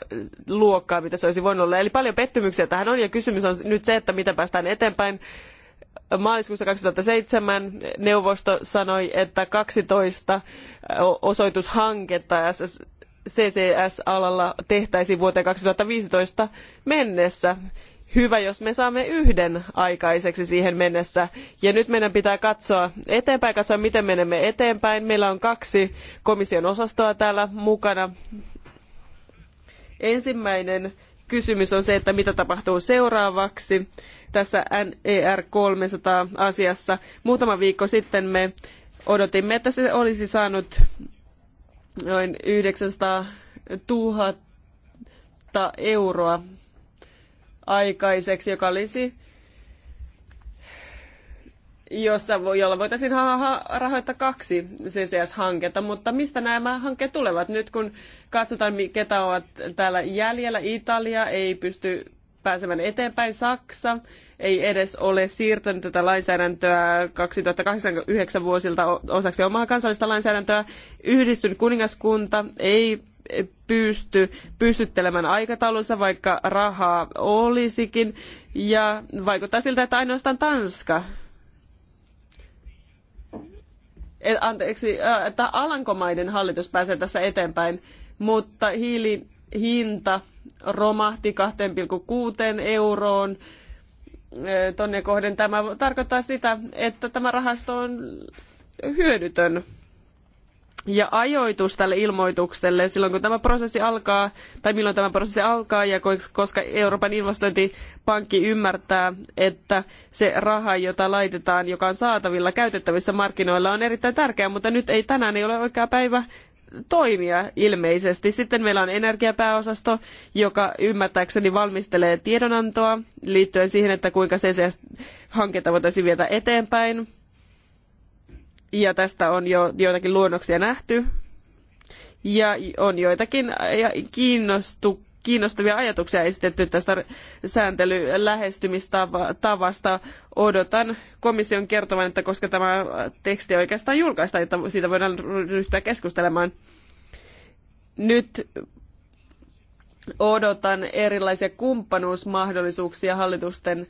luokkaa, mitä se olisi voinut olla. Eli paljon pettymyksiä tähän on ja kysymys on nyt se, että mitä päästään eteenpäin. Maaliskuussa 2007 neuvosto sanoi, että 12 osoitushanketta CCS-alalla tehtäisiin vuoteen 2015 mennessä hyvä, jos me saamme yhden aikaiseksi siihen mennessä. Ja nyt meidän pitää katsoa eteenpäin, katsoa miten menemme eteenpäin. Meillä on kaksi komission osastoa täällä mukana. Ensimmäinen kysymys on se, että mitä tapahtuu seuraavaksi tässä NER 300 asiassa. Muutama viikko sitten me odotimme, että se olisi saanut noin 900 000 euroa aikaiseksi, joka olisi jossa, jolla voitaisiin rahoittaa kaksi CCS-hanketta, mutta mistä nämä hankkeet tulevat? Nyt kun katsotaan, ketä ovat täällä jäljellä, Italia ei pysty pääsemään eteenpäin, Saksa ei edes ole siirtänyt tätä lainsäädäntöä 2008 vuosilta osaksi omaa kansallista lainsäädäntöä, Yhdistynyt kuningaskunta ei pysty pystyttelemään aikataulunsa, vaikka rahaa olisikin. Ja vaikuttaa siltä, että ainoastaan Tanska eh, anteeksi, äh, että Alankomaiden hallitus pääsee tässä eteenpäin, mutta hiilin hinta romahti 2,6 euroon äh, tonne kohden. Tämä tarkoittaa sitä, että tämä rahasto on hyödytön ja ajoitus tälle ilmoitukselle silloin, kun tämä prosessi alkaa, tai milloin tämä prosessi alkaa, ja koska Euroopan investointipankki ymmärtää, että se raha, jota laitetaan, joka on saatavilla käytettävissä markkinoilla, on erittäin tärkeää, mutta nyt ei tänään ei ole oikea päivä toimia ilmeisesti. Sitten meillä on energiapääosasto, joka ymmärtääkseni valmistelee tiedonantoa liittyen siihen, että kuinka CCS-hanketta voitaisiin vietä eteenpäin ja tästä on jo joitakin luonnoksia nähty. Ja on joitakin kiinnostu, kiinnostavia ajatuksia esitetty tästä sääntelylähestymistavasta. Odotan komission kertovan, että koska tämä teksti oikeastaan julkaistaan, että siitä voidaan ryhtyä keskustelemaan. Nyt odotan erilaisia kumppanuusmahdollisuuksia hallitusten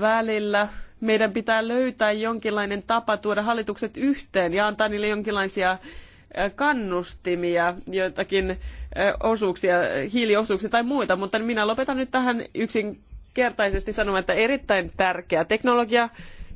välillä. Meidän pitää löytää jonkinlainen tapa tuoda hallitukset yhteen ja antaa niille jonkinlaisia kannustimia, joitakin osuuksia, hiiliosuuksia tai muita, mutta minä lopetan nyt tähän yksinkertaisesti sanomaan, että erittäin tärkeä teknologia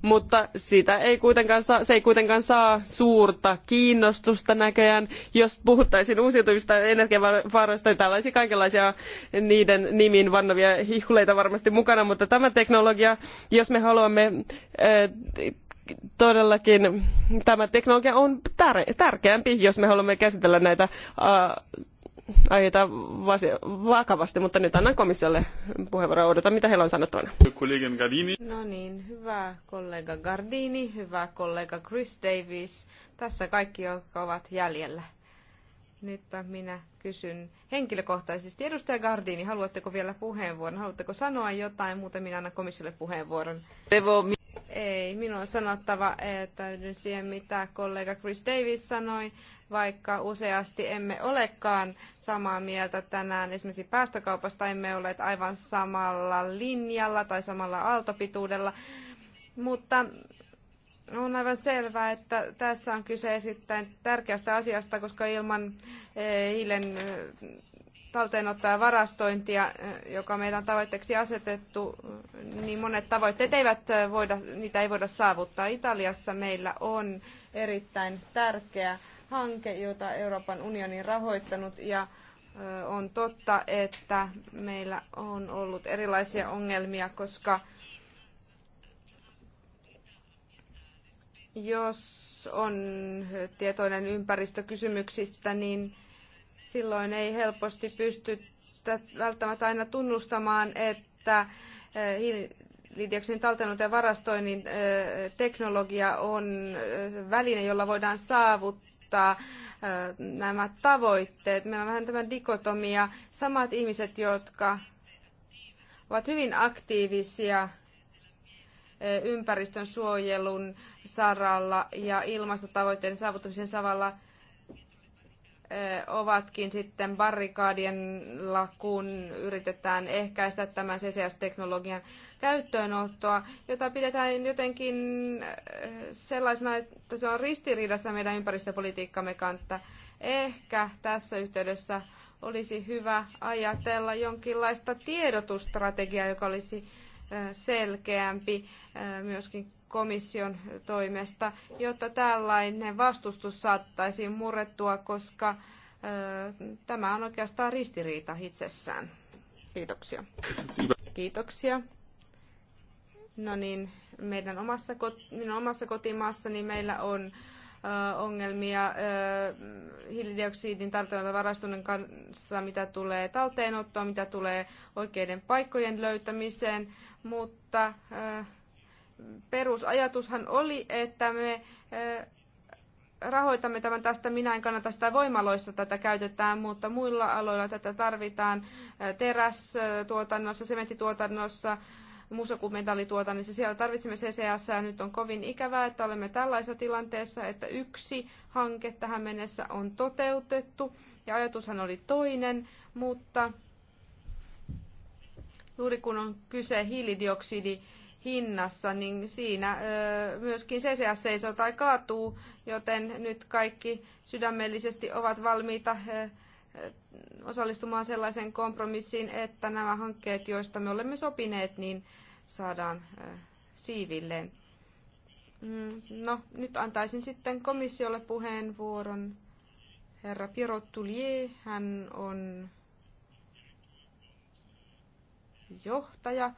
mutta siitä ei kuitenkaan saa, se ei kuitenkaan saa suurta kiinnostusta näköjään. Jos puhuttaisiin uusiutuvista energiavaroista, niin tällaisia kaikenlaisia niiden nimiin vannovia hihuleita varmasti mukana, mutta tämä teknologia, jos me haluamme äh, todellakin tämä teknologia on tär- tärkeämpi, jos me haluamme käsitellä näitä äh, aiheita vakavasti, mutta nyt annan komissiolle puheenvuoroa. Odotan, mitä heillä on sanottavana. No niin, hyvä kollega Gardini, hyvä kollega Chris Davis. Tässä kaikki, jotka ovat jäljellä. Nytpä minä kysyn henkilökohtaisesti. Edustaja Gardini, haluatteko vielä puheenvuoron? Haluatteko sanoa jotain? Muuten minä annan komissiolle puheenvuoron. Ei, minun on sanottava, että yhdyn siihen, mitä kollega Chris Davis sanoi vaikka useasti emme olekaan samaa mieltä tänään. Esimerkiksi päästökaupasta emme ole aivan samalla linjalla tai samalla aaltopituudella, mutta on aivan selvää, että tässä on kyse esittäin tärkeästä asiasta, koska ilman eh, hiilen eh, talteenottoa ja varastointia, eh, joka meidän on tavoitteeksi asetettu, niin monet tavoitteet eivät voida, niitä ei voida saavuttaa. Italiassa meillä on erittäin tärkeä hanke, jota Euroopan unioni on rahoittanut ja on totta, että meillä on ollut erilaisia ongelmia, koska jos on tietoinen ympäristökysymyksistä, niin silloin ei helposti pysty välttämättä aina tunnustamaan, että hiilidioksidin talteenoton ja varastoinnin teknologia on väline, jolla voidaan saavuttaa saavuttaa nämä tavoitteet. Meillä on vähän tämä dikotomia. Samat ihmiset, jotka ovat hyvin aktiivisia ympäristön suojelun saralla ja ilmastotavoitteiden saavuttamisen saralla, ovatkin sitten barrikaadilla, kun yritetään ehkäistä tämän CCS-teknologian käyttöönottoa, jota pidetään jotenkin sellaisena, että se on ristiriidassa meidän ympäristöpolitiikkamme kanssa. Ehkä tässä yhteydessä olisi hyvä ajatella jonkinlaista tiedotusstrategiaa, joka olisi selkeämpi myöskin komission toimesta, jotta tällainen vastustus saattaisiin murrettua, koska tämä on oikeastaan ristiriita itsessään. Kiitoksia. Kiitoksia. No niin, meidän omassa, minun omassa kotimaassani meillä on ongelmia hiilidioksidin tartuntavarastunnon kanssa, mitä tulee talteenottoon, mitä tulee oikeiden paikkojen löytämiseen, mutta perusajatushan oli, että me eh, rahoitamme tämän tästä, minä en kannata sitä voimaloissa tätä käytetään, mutta muilla aloilla tätä tarvitaan eh, terästuotannossa, eh, sementituotannossa, musakumentaalituotannossa. Siellä tarvitsemme CCS. ja Nyt on kovin ikävää, että olemme tällaisessa tilanteessa, että yksi hanke tähän mennessä on toteutettu ja ajatushan oli toinen, mutta juuri kun on kyse hiilidioksidi hinnassa, niin siinä myöskin CCS seisoo tai kaatuu, joten nyt kaikki sydämellisesti ovat valmiita osallistumaan sellaiseen kompromissiin, että nämä hankkeet, joista me olemme sopineet, niin saadaan siivilleen. Mm, no, nyt antaisin sitten komissiolle puheenvuoron. Herra Pierrot Tullier, hän on johtaja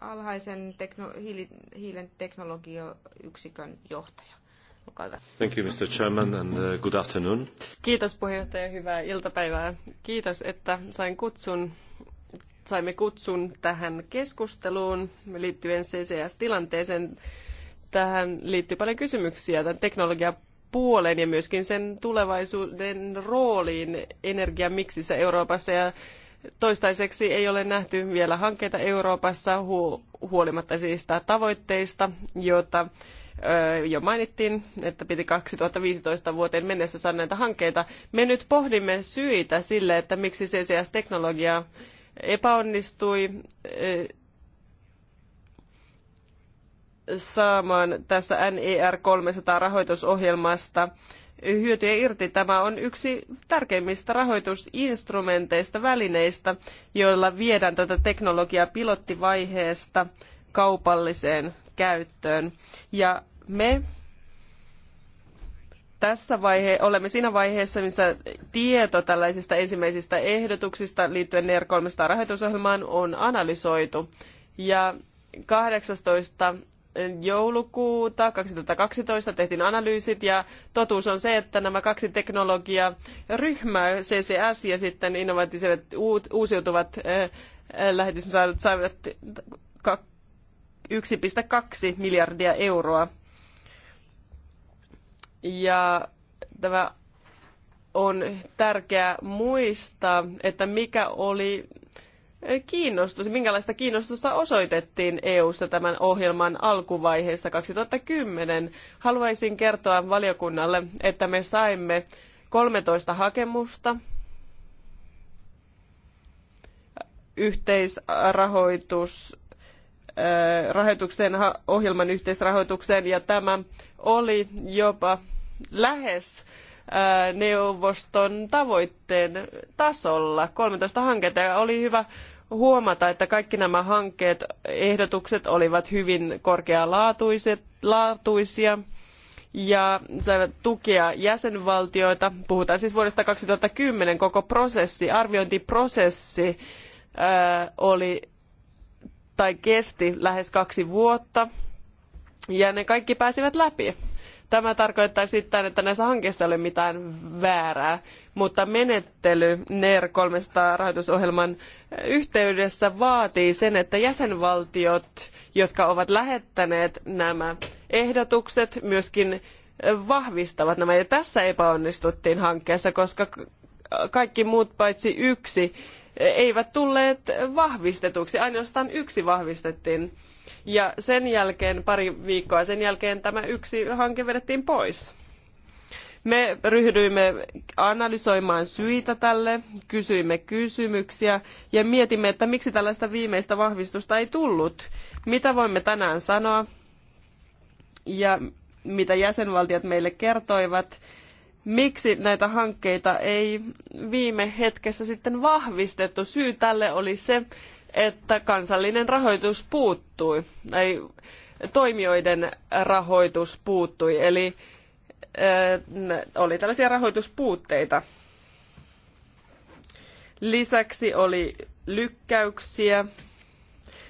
alhaisen tekno, hiili, hiilen teknologioyksikön johtaja. Thank you, Mr. Chairman, and uh, good afternoon. Kiitos puheenjohtaja, hyvää iltapäivää. Kiitos, että sain kutsun saimme kutsun tähän keskusteluun liittyen CCS-tilanteeseen. Tähän liittyy paljon kysymyksiä tämän puoleen ja myöskin sen tulevaisuuden rooliin energiamiksissä Euroopassa ja Toistaiseksi ei ole nähty vielä hankkeita Euroopassa huolimatta siistä tavoitteista, joita jo mainittiin, että piti 2015 vuoteen mennessä saada näitä hankkeita. Me nyt pohdimme syitä sille, että miksi CCS-teknologia epäonnistui saamaan tässä NER 300 rahoitusohjelmasta hyötyjä irti. Tämä on yksi tärkeimmistä rahoitusinstrumenteista, välineistä, joilla viedään tätä teknologiaa pilottivaiheesta kaupalliseen käyttöön. Ja me tässä vaihe, olemme siinä vaiheessa, missä tieto tällaisista ensimmäisistä ehdotuksista liittyen NER 300 rahoitusohjelmaan on analysoitu. Ja 18 joulukuuta 2012 tehtiin analyysit ja totuus on se, että nämä kaksi teknologiaryhmää, CCS ja sitten innovatiiviset uusiutuvat eh, eh, lähetysmäärät saivat 1,2 miljardia euroa. Ja tämä on tärkeää muistaa, että mikä oli kiinnostus, minkälaista kiinnostusta osoitettiin EU-ssa tämän ohjelman alkuvaiheessa 2010. Haluaisin kertoa valiokunnalle, että me saimme 13 hakemusta yhteisrahoitus äh, rahoitukseen, ohjelman yhteisrahoitukseen ja tämä oli jopa lähes neuvoston tavoitteen tasolla. 13 hanketta ja oli hyvä huomata, että kaikki nämä hankkeet, ehdotukset olivat hyvin korkealaatuisia ja saivat tukea jäsenvaltioita. Puhutaan siis vuodesta 2010 koko prosessi, arviointiprosessi ää, oli tai kesti lähes kaksi vuotta ja ne kaikki pääsivät läpi. Tämä tarkoittaa sitä, että näissä hankkeissa ei ole mitään väärää, mutta menettely NER 300 rahoitusohjelman yhteydessä vaatii sen, että jäsenvaltiot, jotka ovat lähettäneet nämä ehdotukset, myöskin vahvistavat nämä. Ja tässä epäonnistuttiin hankkeessa, koska kaikki muut paitsi yksi eivät tulleet vahvistetuksi. Ainoastaan yksi vahvistettiin ja sen jälkeen, pari viikkoa sen jälkeen, tämä yksi hanke vedettiin pois. Me ryhdyimme analysoimaan syitä tälle, kysyimme kysymyksiä ja mietimme, että miksi tällaista viimeistä vahvistusta ei tullut. Mitä voimme tänään sanoa ja mitä jäsenvaltiot meille kertoivat, miksi näitä hankkeita ei viime hetkessä sitten vahvistettu. Syy tälle oli se, että kansallinen rahoitus puuttui, tai toimijoiden rahoitus puuttui, eli äh, oli tällaisia rahoituspuutteita. Lisäksi oli lykkäyksiä.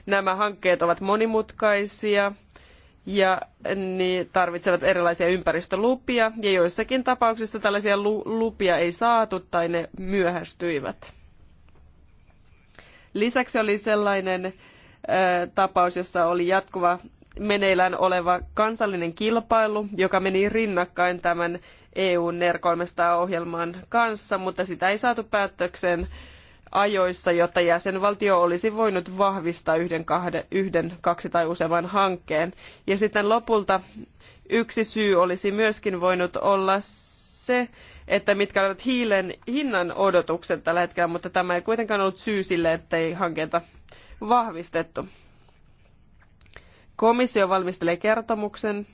Nämä hankkeet ovat monimutkaisia ja niin tarvitsevat erilaisia ympäristölupia ja joissakin tapauksissa tällaisia lupia ei saatu tai ne myöhästyivät. Lisäksi oli sellainen tapaus, jossa oli jatkuva meneillään oleva kansallinen kilpailu, joka meni rinnakkain tämän eu NER 300-ohjelman kanssa, mutta sitä ei saatu päätökseen ajoissa, jotta jäsenvaltio olisi voinut vahvistaa yhden, kahde, yhden kaksi tai useamman hankkeen. Ja sitten lopulta yksi syy olisi myöskin voinut olla se, että mitkä olivat hiilen hinnan odotukset tällä hetkellä, mutta tämä ei kuitenkaan ollut syy sille, ettei hankinta vahvistettu. Komissio valmistelee kertomuksen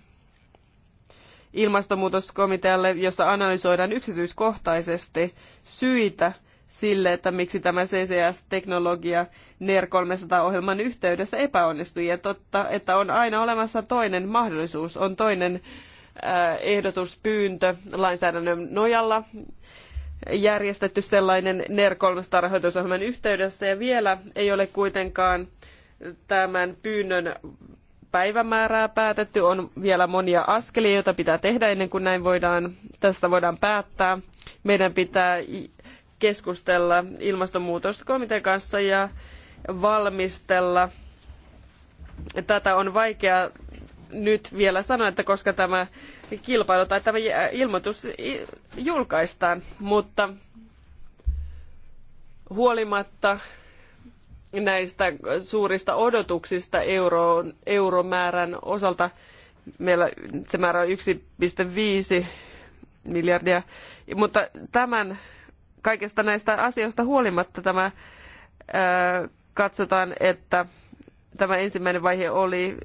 ilmastonmuutoskomitealle, jossa analysoidaan yksityiskohtaisesti syitä sille, että miksi tämä CCS-teknologia NER 300-ohjelman yhteydessä epäonnistui. Ja totta, että on aina olemassa toinen mahdollisuus, on toinen ehdotuspyyntö lainsäädännön nojalla järjestetty sellainen NER 300 rahoitusohjelman yhteydessä ja vielä ei ole kuitenkaan tämän pyynnön päivämäärää päätetty. On vielä monia askelia, joita pitää tehdä ennen kuin näin voidaan, tästä voidaan päättää. Meidän pitää keskustella ilmastonmuutoskomitean kanssa ja valmistella. Tätä on vaikea nyt vielä sanoa, että koska tämä kilpailu tai tämä ilmoitus julkaistaan, mutta huolimatta näistä suurista odotuksista euro, euromäärän osalta, meillä se määrä on 1,5 miljardia, mutta tämän kaikesta näistä asioista huolimatta tämä ää, katsotaan, että tämä ensimmäinen vaihe oli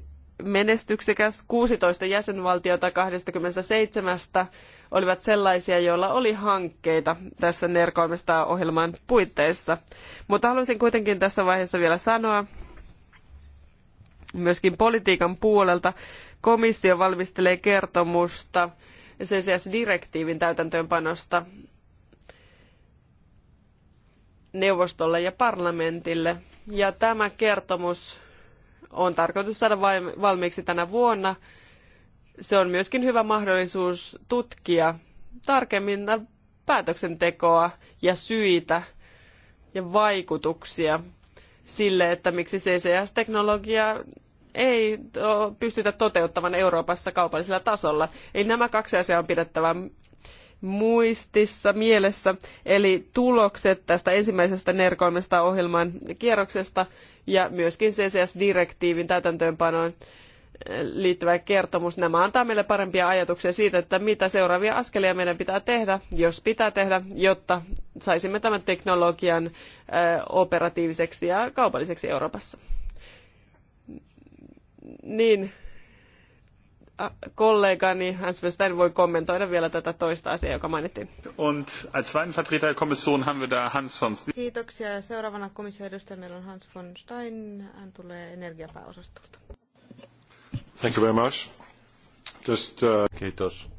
menestyksekäs. 16 jäsenvaltiota 27 olivat sellaisia, joilla oli hankkeita tässä NER 300 ohjelman puitteissa. Mutta haluaisin kuitenkin tässä vaiheessa vielä sanoa, myöskin politiikan puolelta, komissio valmistelee kertomusta CCS-direktiivin täytäntöönpanosta neuvostolle ja parlamentille. Ja tämä kertomus on tarkoitus saada valmiiksi tänä vuonna. Se on myöskin hyvä mahdollisuus tutkia tarkemmin päätöksentekoa ja syitä ja vaikutuksia sille, että miksi CCS-teknologia ei pystytä toteuttamaan Euroopassa kaupallisella tasolla. Eli nämä kaksi asiaa on pidettävä muistissa, mielessä, eli tulokset tästä ensimmäisestä NER 300 ohjelman kierroksesta ja myöskin CCS-direktiivin täytäntöönpanoon eh, liittyvä kertomus. Nämä antaa meille parempia ajatuksia siitä, että mitä seuraavia askelia meidän pitää tehdä, jos pitää tehdä, jotta saisimme tämän teknologian eh, operatiiviseksi ja kaupalliseksi Euroopassa. Niin, kollegani Hans Verstein voi kommentoida vielä tätä toista asiaa, joka mainittiin. Und als zweiten Vertreter der Kommission haben wir da Hans von Stein. Kiitoksia. Seuraavana komission edustaja meillä on Hans von Stein. Hän tulee energiapääosastolta. Thank you very much. Just, uh... Kiitos.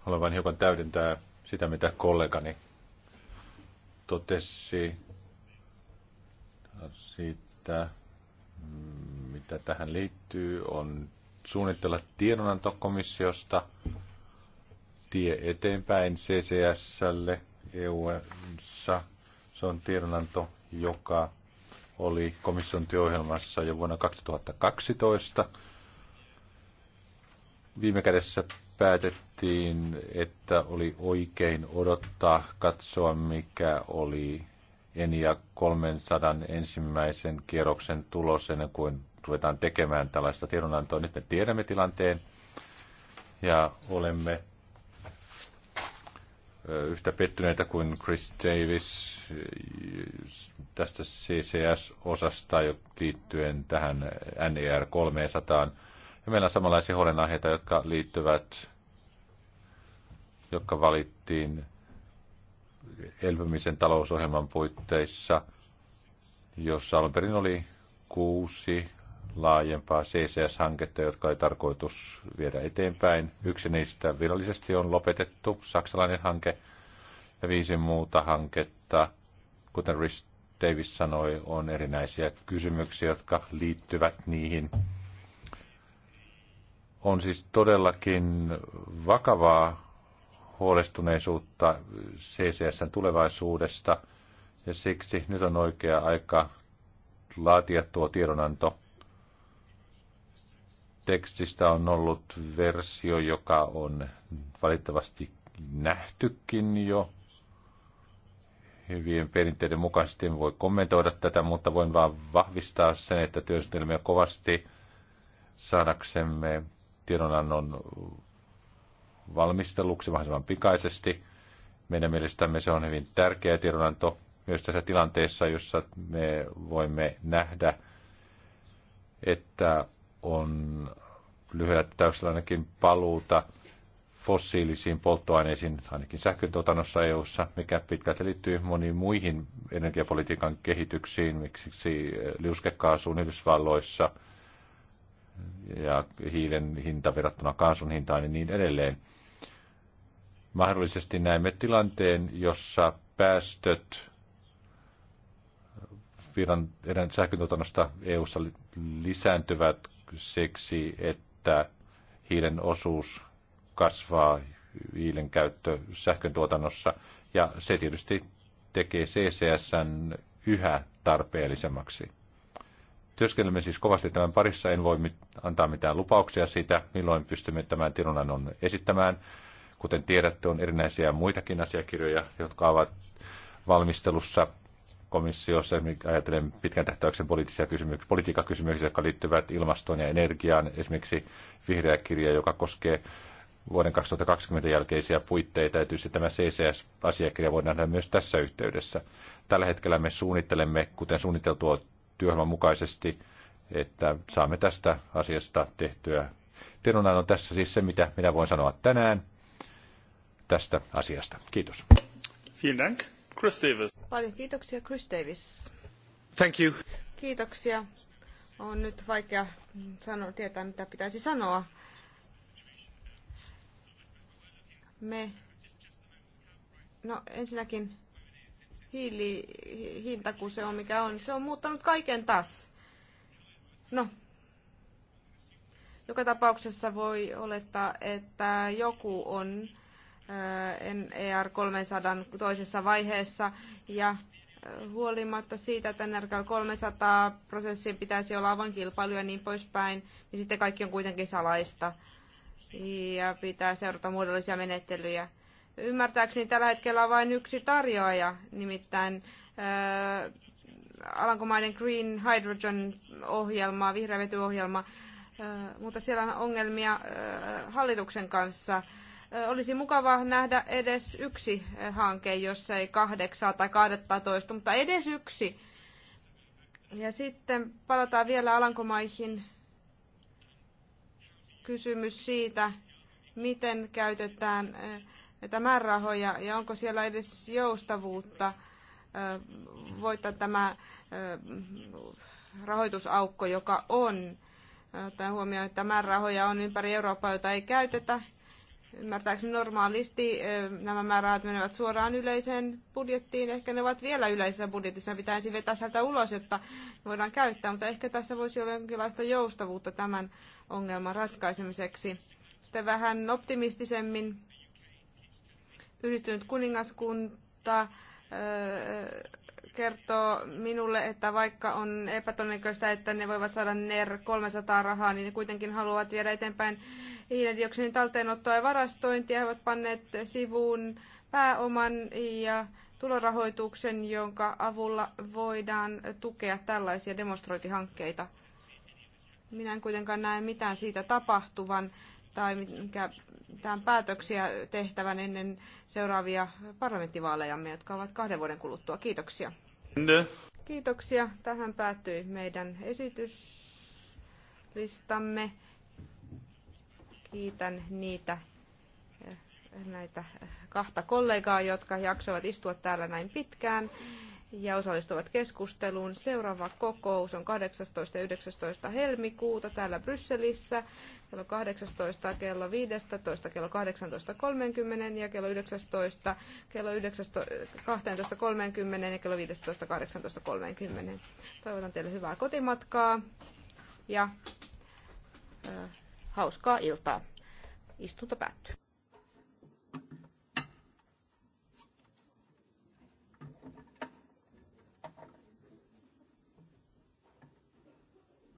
Haluan vain hiukan täydentää sitä, mitä kollegani totesi siitä, mm, mitä tähän liittyy, on suunnitella tiedonantokomissiosta tie eteenpäin CCSlle EUssa. Se on tiedonanto, joka oli komission työohjelmassa jo vuonna 2012. Viime kädessä päätettiin, että oli oikein odottaa, katsoa mikä oli Enia 300 ensimmäisen kierroksen tulos ennen kuin ruvetaan tekemään tällaista tiedonantoa. Nyt me tiedämme tilanteen ja olemme yhtä pettyneitä kuin Chris Davis tästä CCS-osasta liittyen tähän NER 300. Ja meillä on samanlaisia huolenaiheita, jotka liittyvät, jotka valittiin elpymisen talousohjelman puitteissa, jossa alun perin oli kuusi laajempaa CCS-hanketta, jotka oli tarkoitus viedä eteenpäin. Yksi niistä virallisesti on lopetettu, saksalainen hanke, ja viisi muuta hanketta, kuten Rich Davis sanoi, on erinäisiä kysymyksiä, jotka liittyvät niihin. On siis todellakin vakavaa huolestuneisuutta CCSn tulevaisuudesta, ja siksi nyt on oikea aika laatia tuo tiedonanto – tekstistä on ollut versio, joka on valitettavasti nähtykin jo. Hyvien perinteiden mukaisesti en voi kommentoida tätä, mutta voin vain vahvistaa sen, että työskentelemme kovasti saadaksemme tiedonannon valmisteluksi mahdollisimman pikaisesti. Meidän mielestämme se on hyvin tärkeä tiedonanto myös tässä tilanteessa, jossa me voimme nähdä, että on lyhyellä täysillä ainakin paluuta fossiilisiin polttoaineisiin, ainakin sähköntuotannossa EU-ssa, mikä pitkälti liittyy moniin muihin energiapolitiikan kehityksiin, miksi eh, liuskekaasuun Yhdysvalloissa ja hiilen hinta verrattuna kaasun hintaan ja niin edelleen. Mahdollisesti näemme tilanteen, jossa päästöt viran sähköntuotannosta EU-ssa lisääntyvät siksi, että hiilen osuus kasvaa, hiilen käyttö sähkön tuotannossa, ja se tietysti tekee CCSn yhä tarpeellisemmaksi. Työskentelemme siis kovasti tämän parissa, en voi mit- antaa mitään lupauksia siitä, milloin pystymme tämän tiedonannon esittämään. Kuten tiedätte, on erinäisiä muitakin asiakirjoja, jotka ovat valmistelussa komissiossa, esimerkiksi ajatellen pitkän tähtäyksen poliittisia kysymyksiä, politiikkakysymyksiä, jotka liittyvät ilmastoon ja energiaan, esimerkiksi vihreä kirja, joka koskee vuoden 2020 jälkeisiä puitteita, ja tietysti tämä CCS-asiakirja voidaan nähdä myös tässä yhteydessä. Tällä hetkellä me suunnittelemme, kuten suunniteltua työhön mukaisesti, että saamme tästä asiasta tehtyä. on tässä siis se, mitä minä voin sanoa tänään tästä asiasta. Kiitos. Vielen Dank. Chris Davis. Paljon kiitoksia, Chris Davis. Thank you. Kiitoksia. On nyt vaikea sanoa, tietää, mitä pitäisi sanoa. Me... No ensinnäkin hiili, hinta, kun se on mikä on, se on muuttanut kaiken taas. No, joka tapauksessa voi olettaa, että joku on NER 300 toisessa vaiheessa ja huolimatta siitä, että NRKL 300 prosessin pitäisi olla avoin kilpailu ja niin poispäin, niin sitten kaikki on kuitenkin salaista ja pitää seurata muodollisia menettelyjä. Ymmärtääkseni tällä hetkellä on vain yksi tarjoaja, nimittäin ää, Alankomaiden Green Hydrogen-ohjelma, vihreä vetyohjelma, ää, mutta siellä on ongelmia ää, hallituksen kanssa olisi mukava nähdä edes yksi hanke, jos ei kahdeksaa tai 12, mutta edes yksi. Ja sitten palataan vielä Alankomaihin. Kysymys siitä, miten käytetään näitä määrärahoja ja onko siellä edes joustavuutta voittaa tämä rahoitusaukko, joka on. Ottaen huomioon, että määrärahoja on ympäri Eurooppaa, joita ei käytetä. Ymmärtääkseni normaalisti nämä määrät menevät suoraan yleiseen budjettiin. Ehkä ne ovat vielä yleisessä budjetissa. Pitää ensin vetää sieltä ulos, jotta voidaan käyttää. Mutta ehkä tässä voisi olla jonkinlaista joustavuutta tämän ongelman ratkaisemiseksi. Sitten vähän optimistisemmin yhdistynyt kuningaskunta kertoo minulle, että vaikka on epätodennäköistä, että ne voivat saada NER 300 rahaa, niin ne kuitenkin haluavat viedä eteenpäin hiilidioksidin talteenottoa ja varastointia. He ovat panneet sivuun pääoman ja tulorahoituksen, jonka avulla voidaan tukea tällaisia demonstrointihankkeita. Minä en kuitenkaan näe mitään siitä tapahtuvan tai mitään päätöksiä tehtävän ennen seuraavia parlamenttivaalejamme, jotka ovat kahden vuoden kuluttua. Kiitoksia. Kiitoksia. Tähän päättyi meidän esityslistamme. Kiitän niitä näitä kahta kollegaa, jotka jaksoivat istua täällä näin pitkään ja osallistuvat keskusteluun. Seuraava kokous on 18. ja 19. helmikuuta täällä Brysselissä kello 18, kello 15, kello 18.30 ja kello 19, kello 19.30 ja kello 15.18.30. Toivotan teille hyvää kotimatkaa ja Hauskaa iltaa. Istunto päättyy.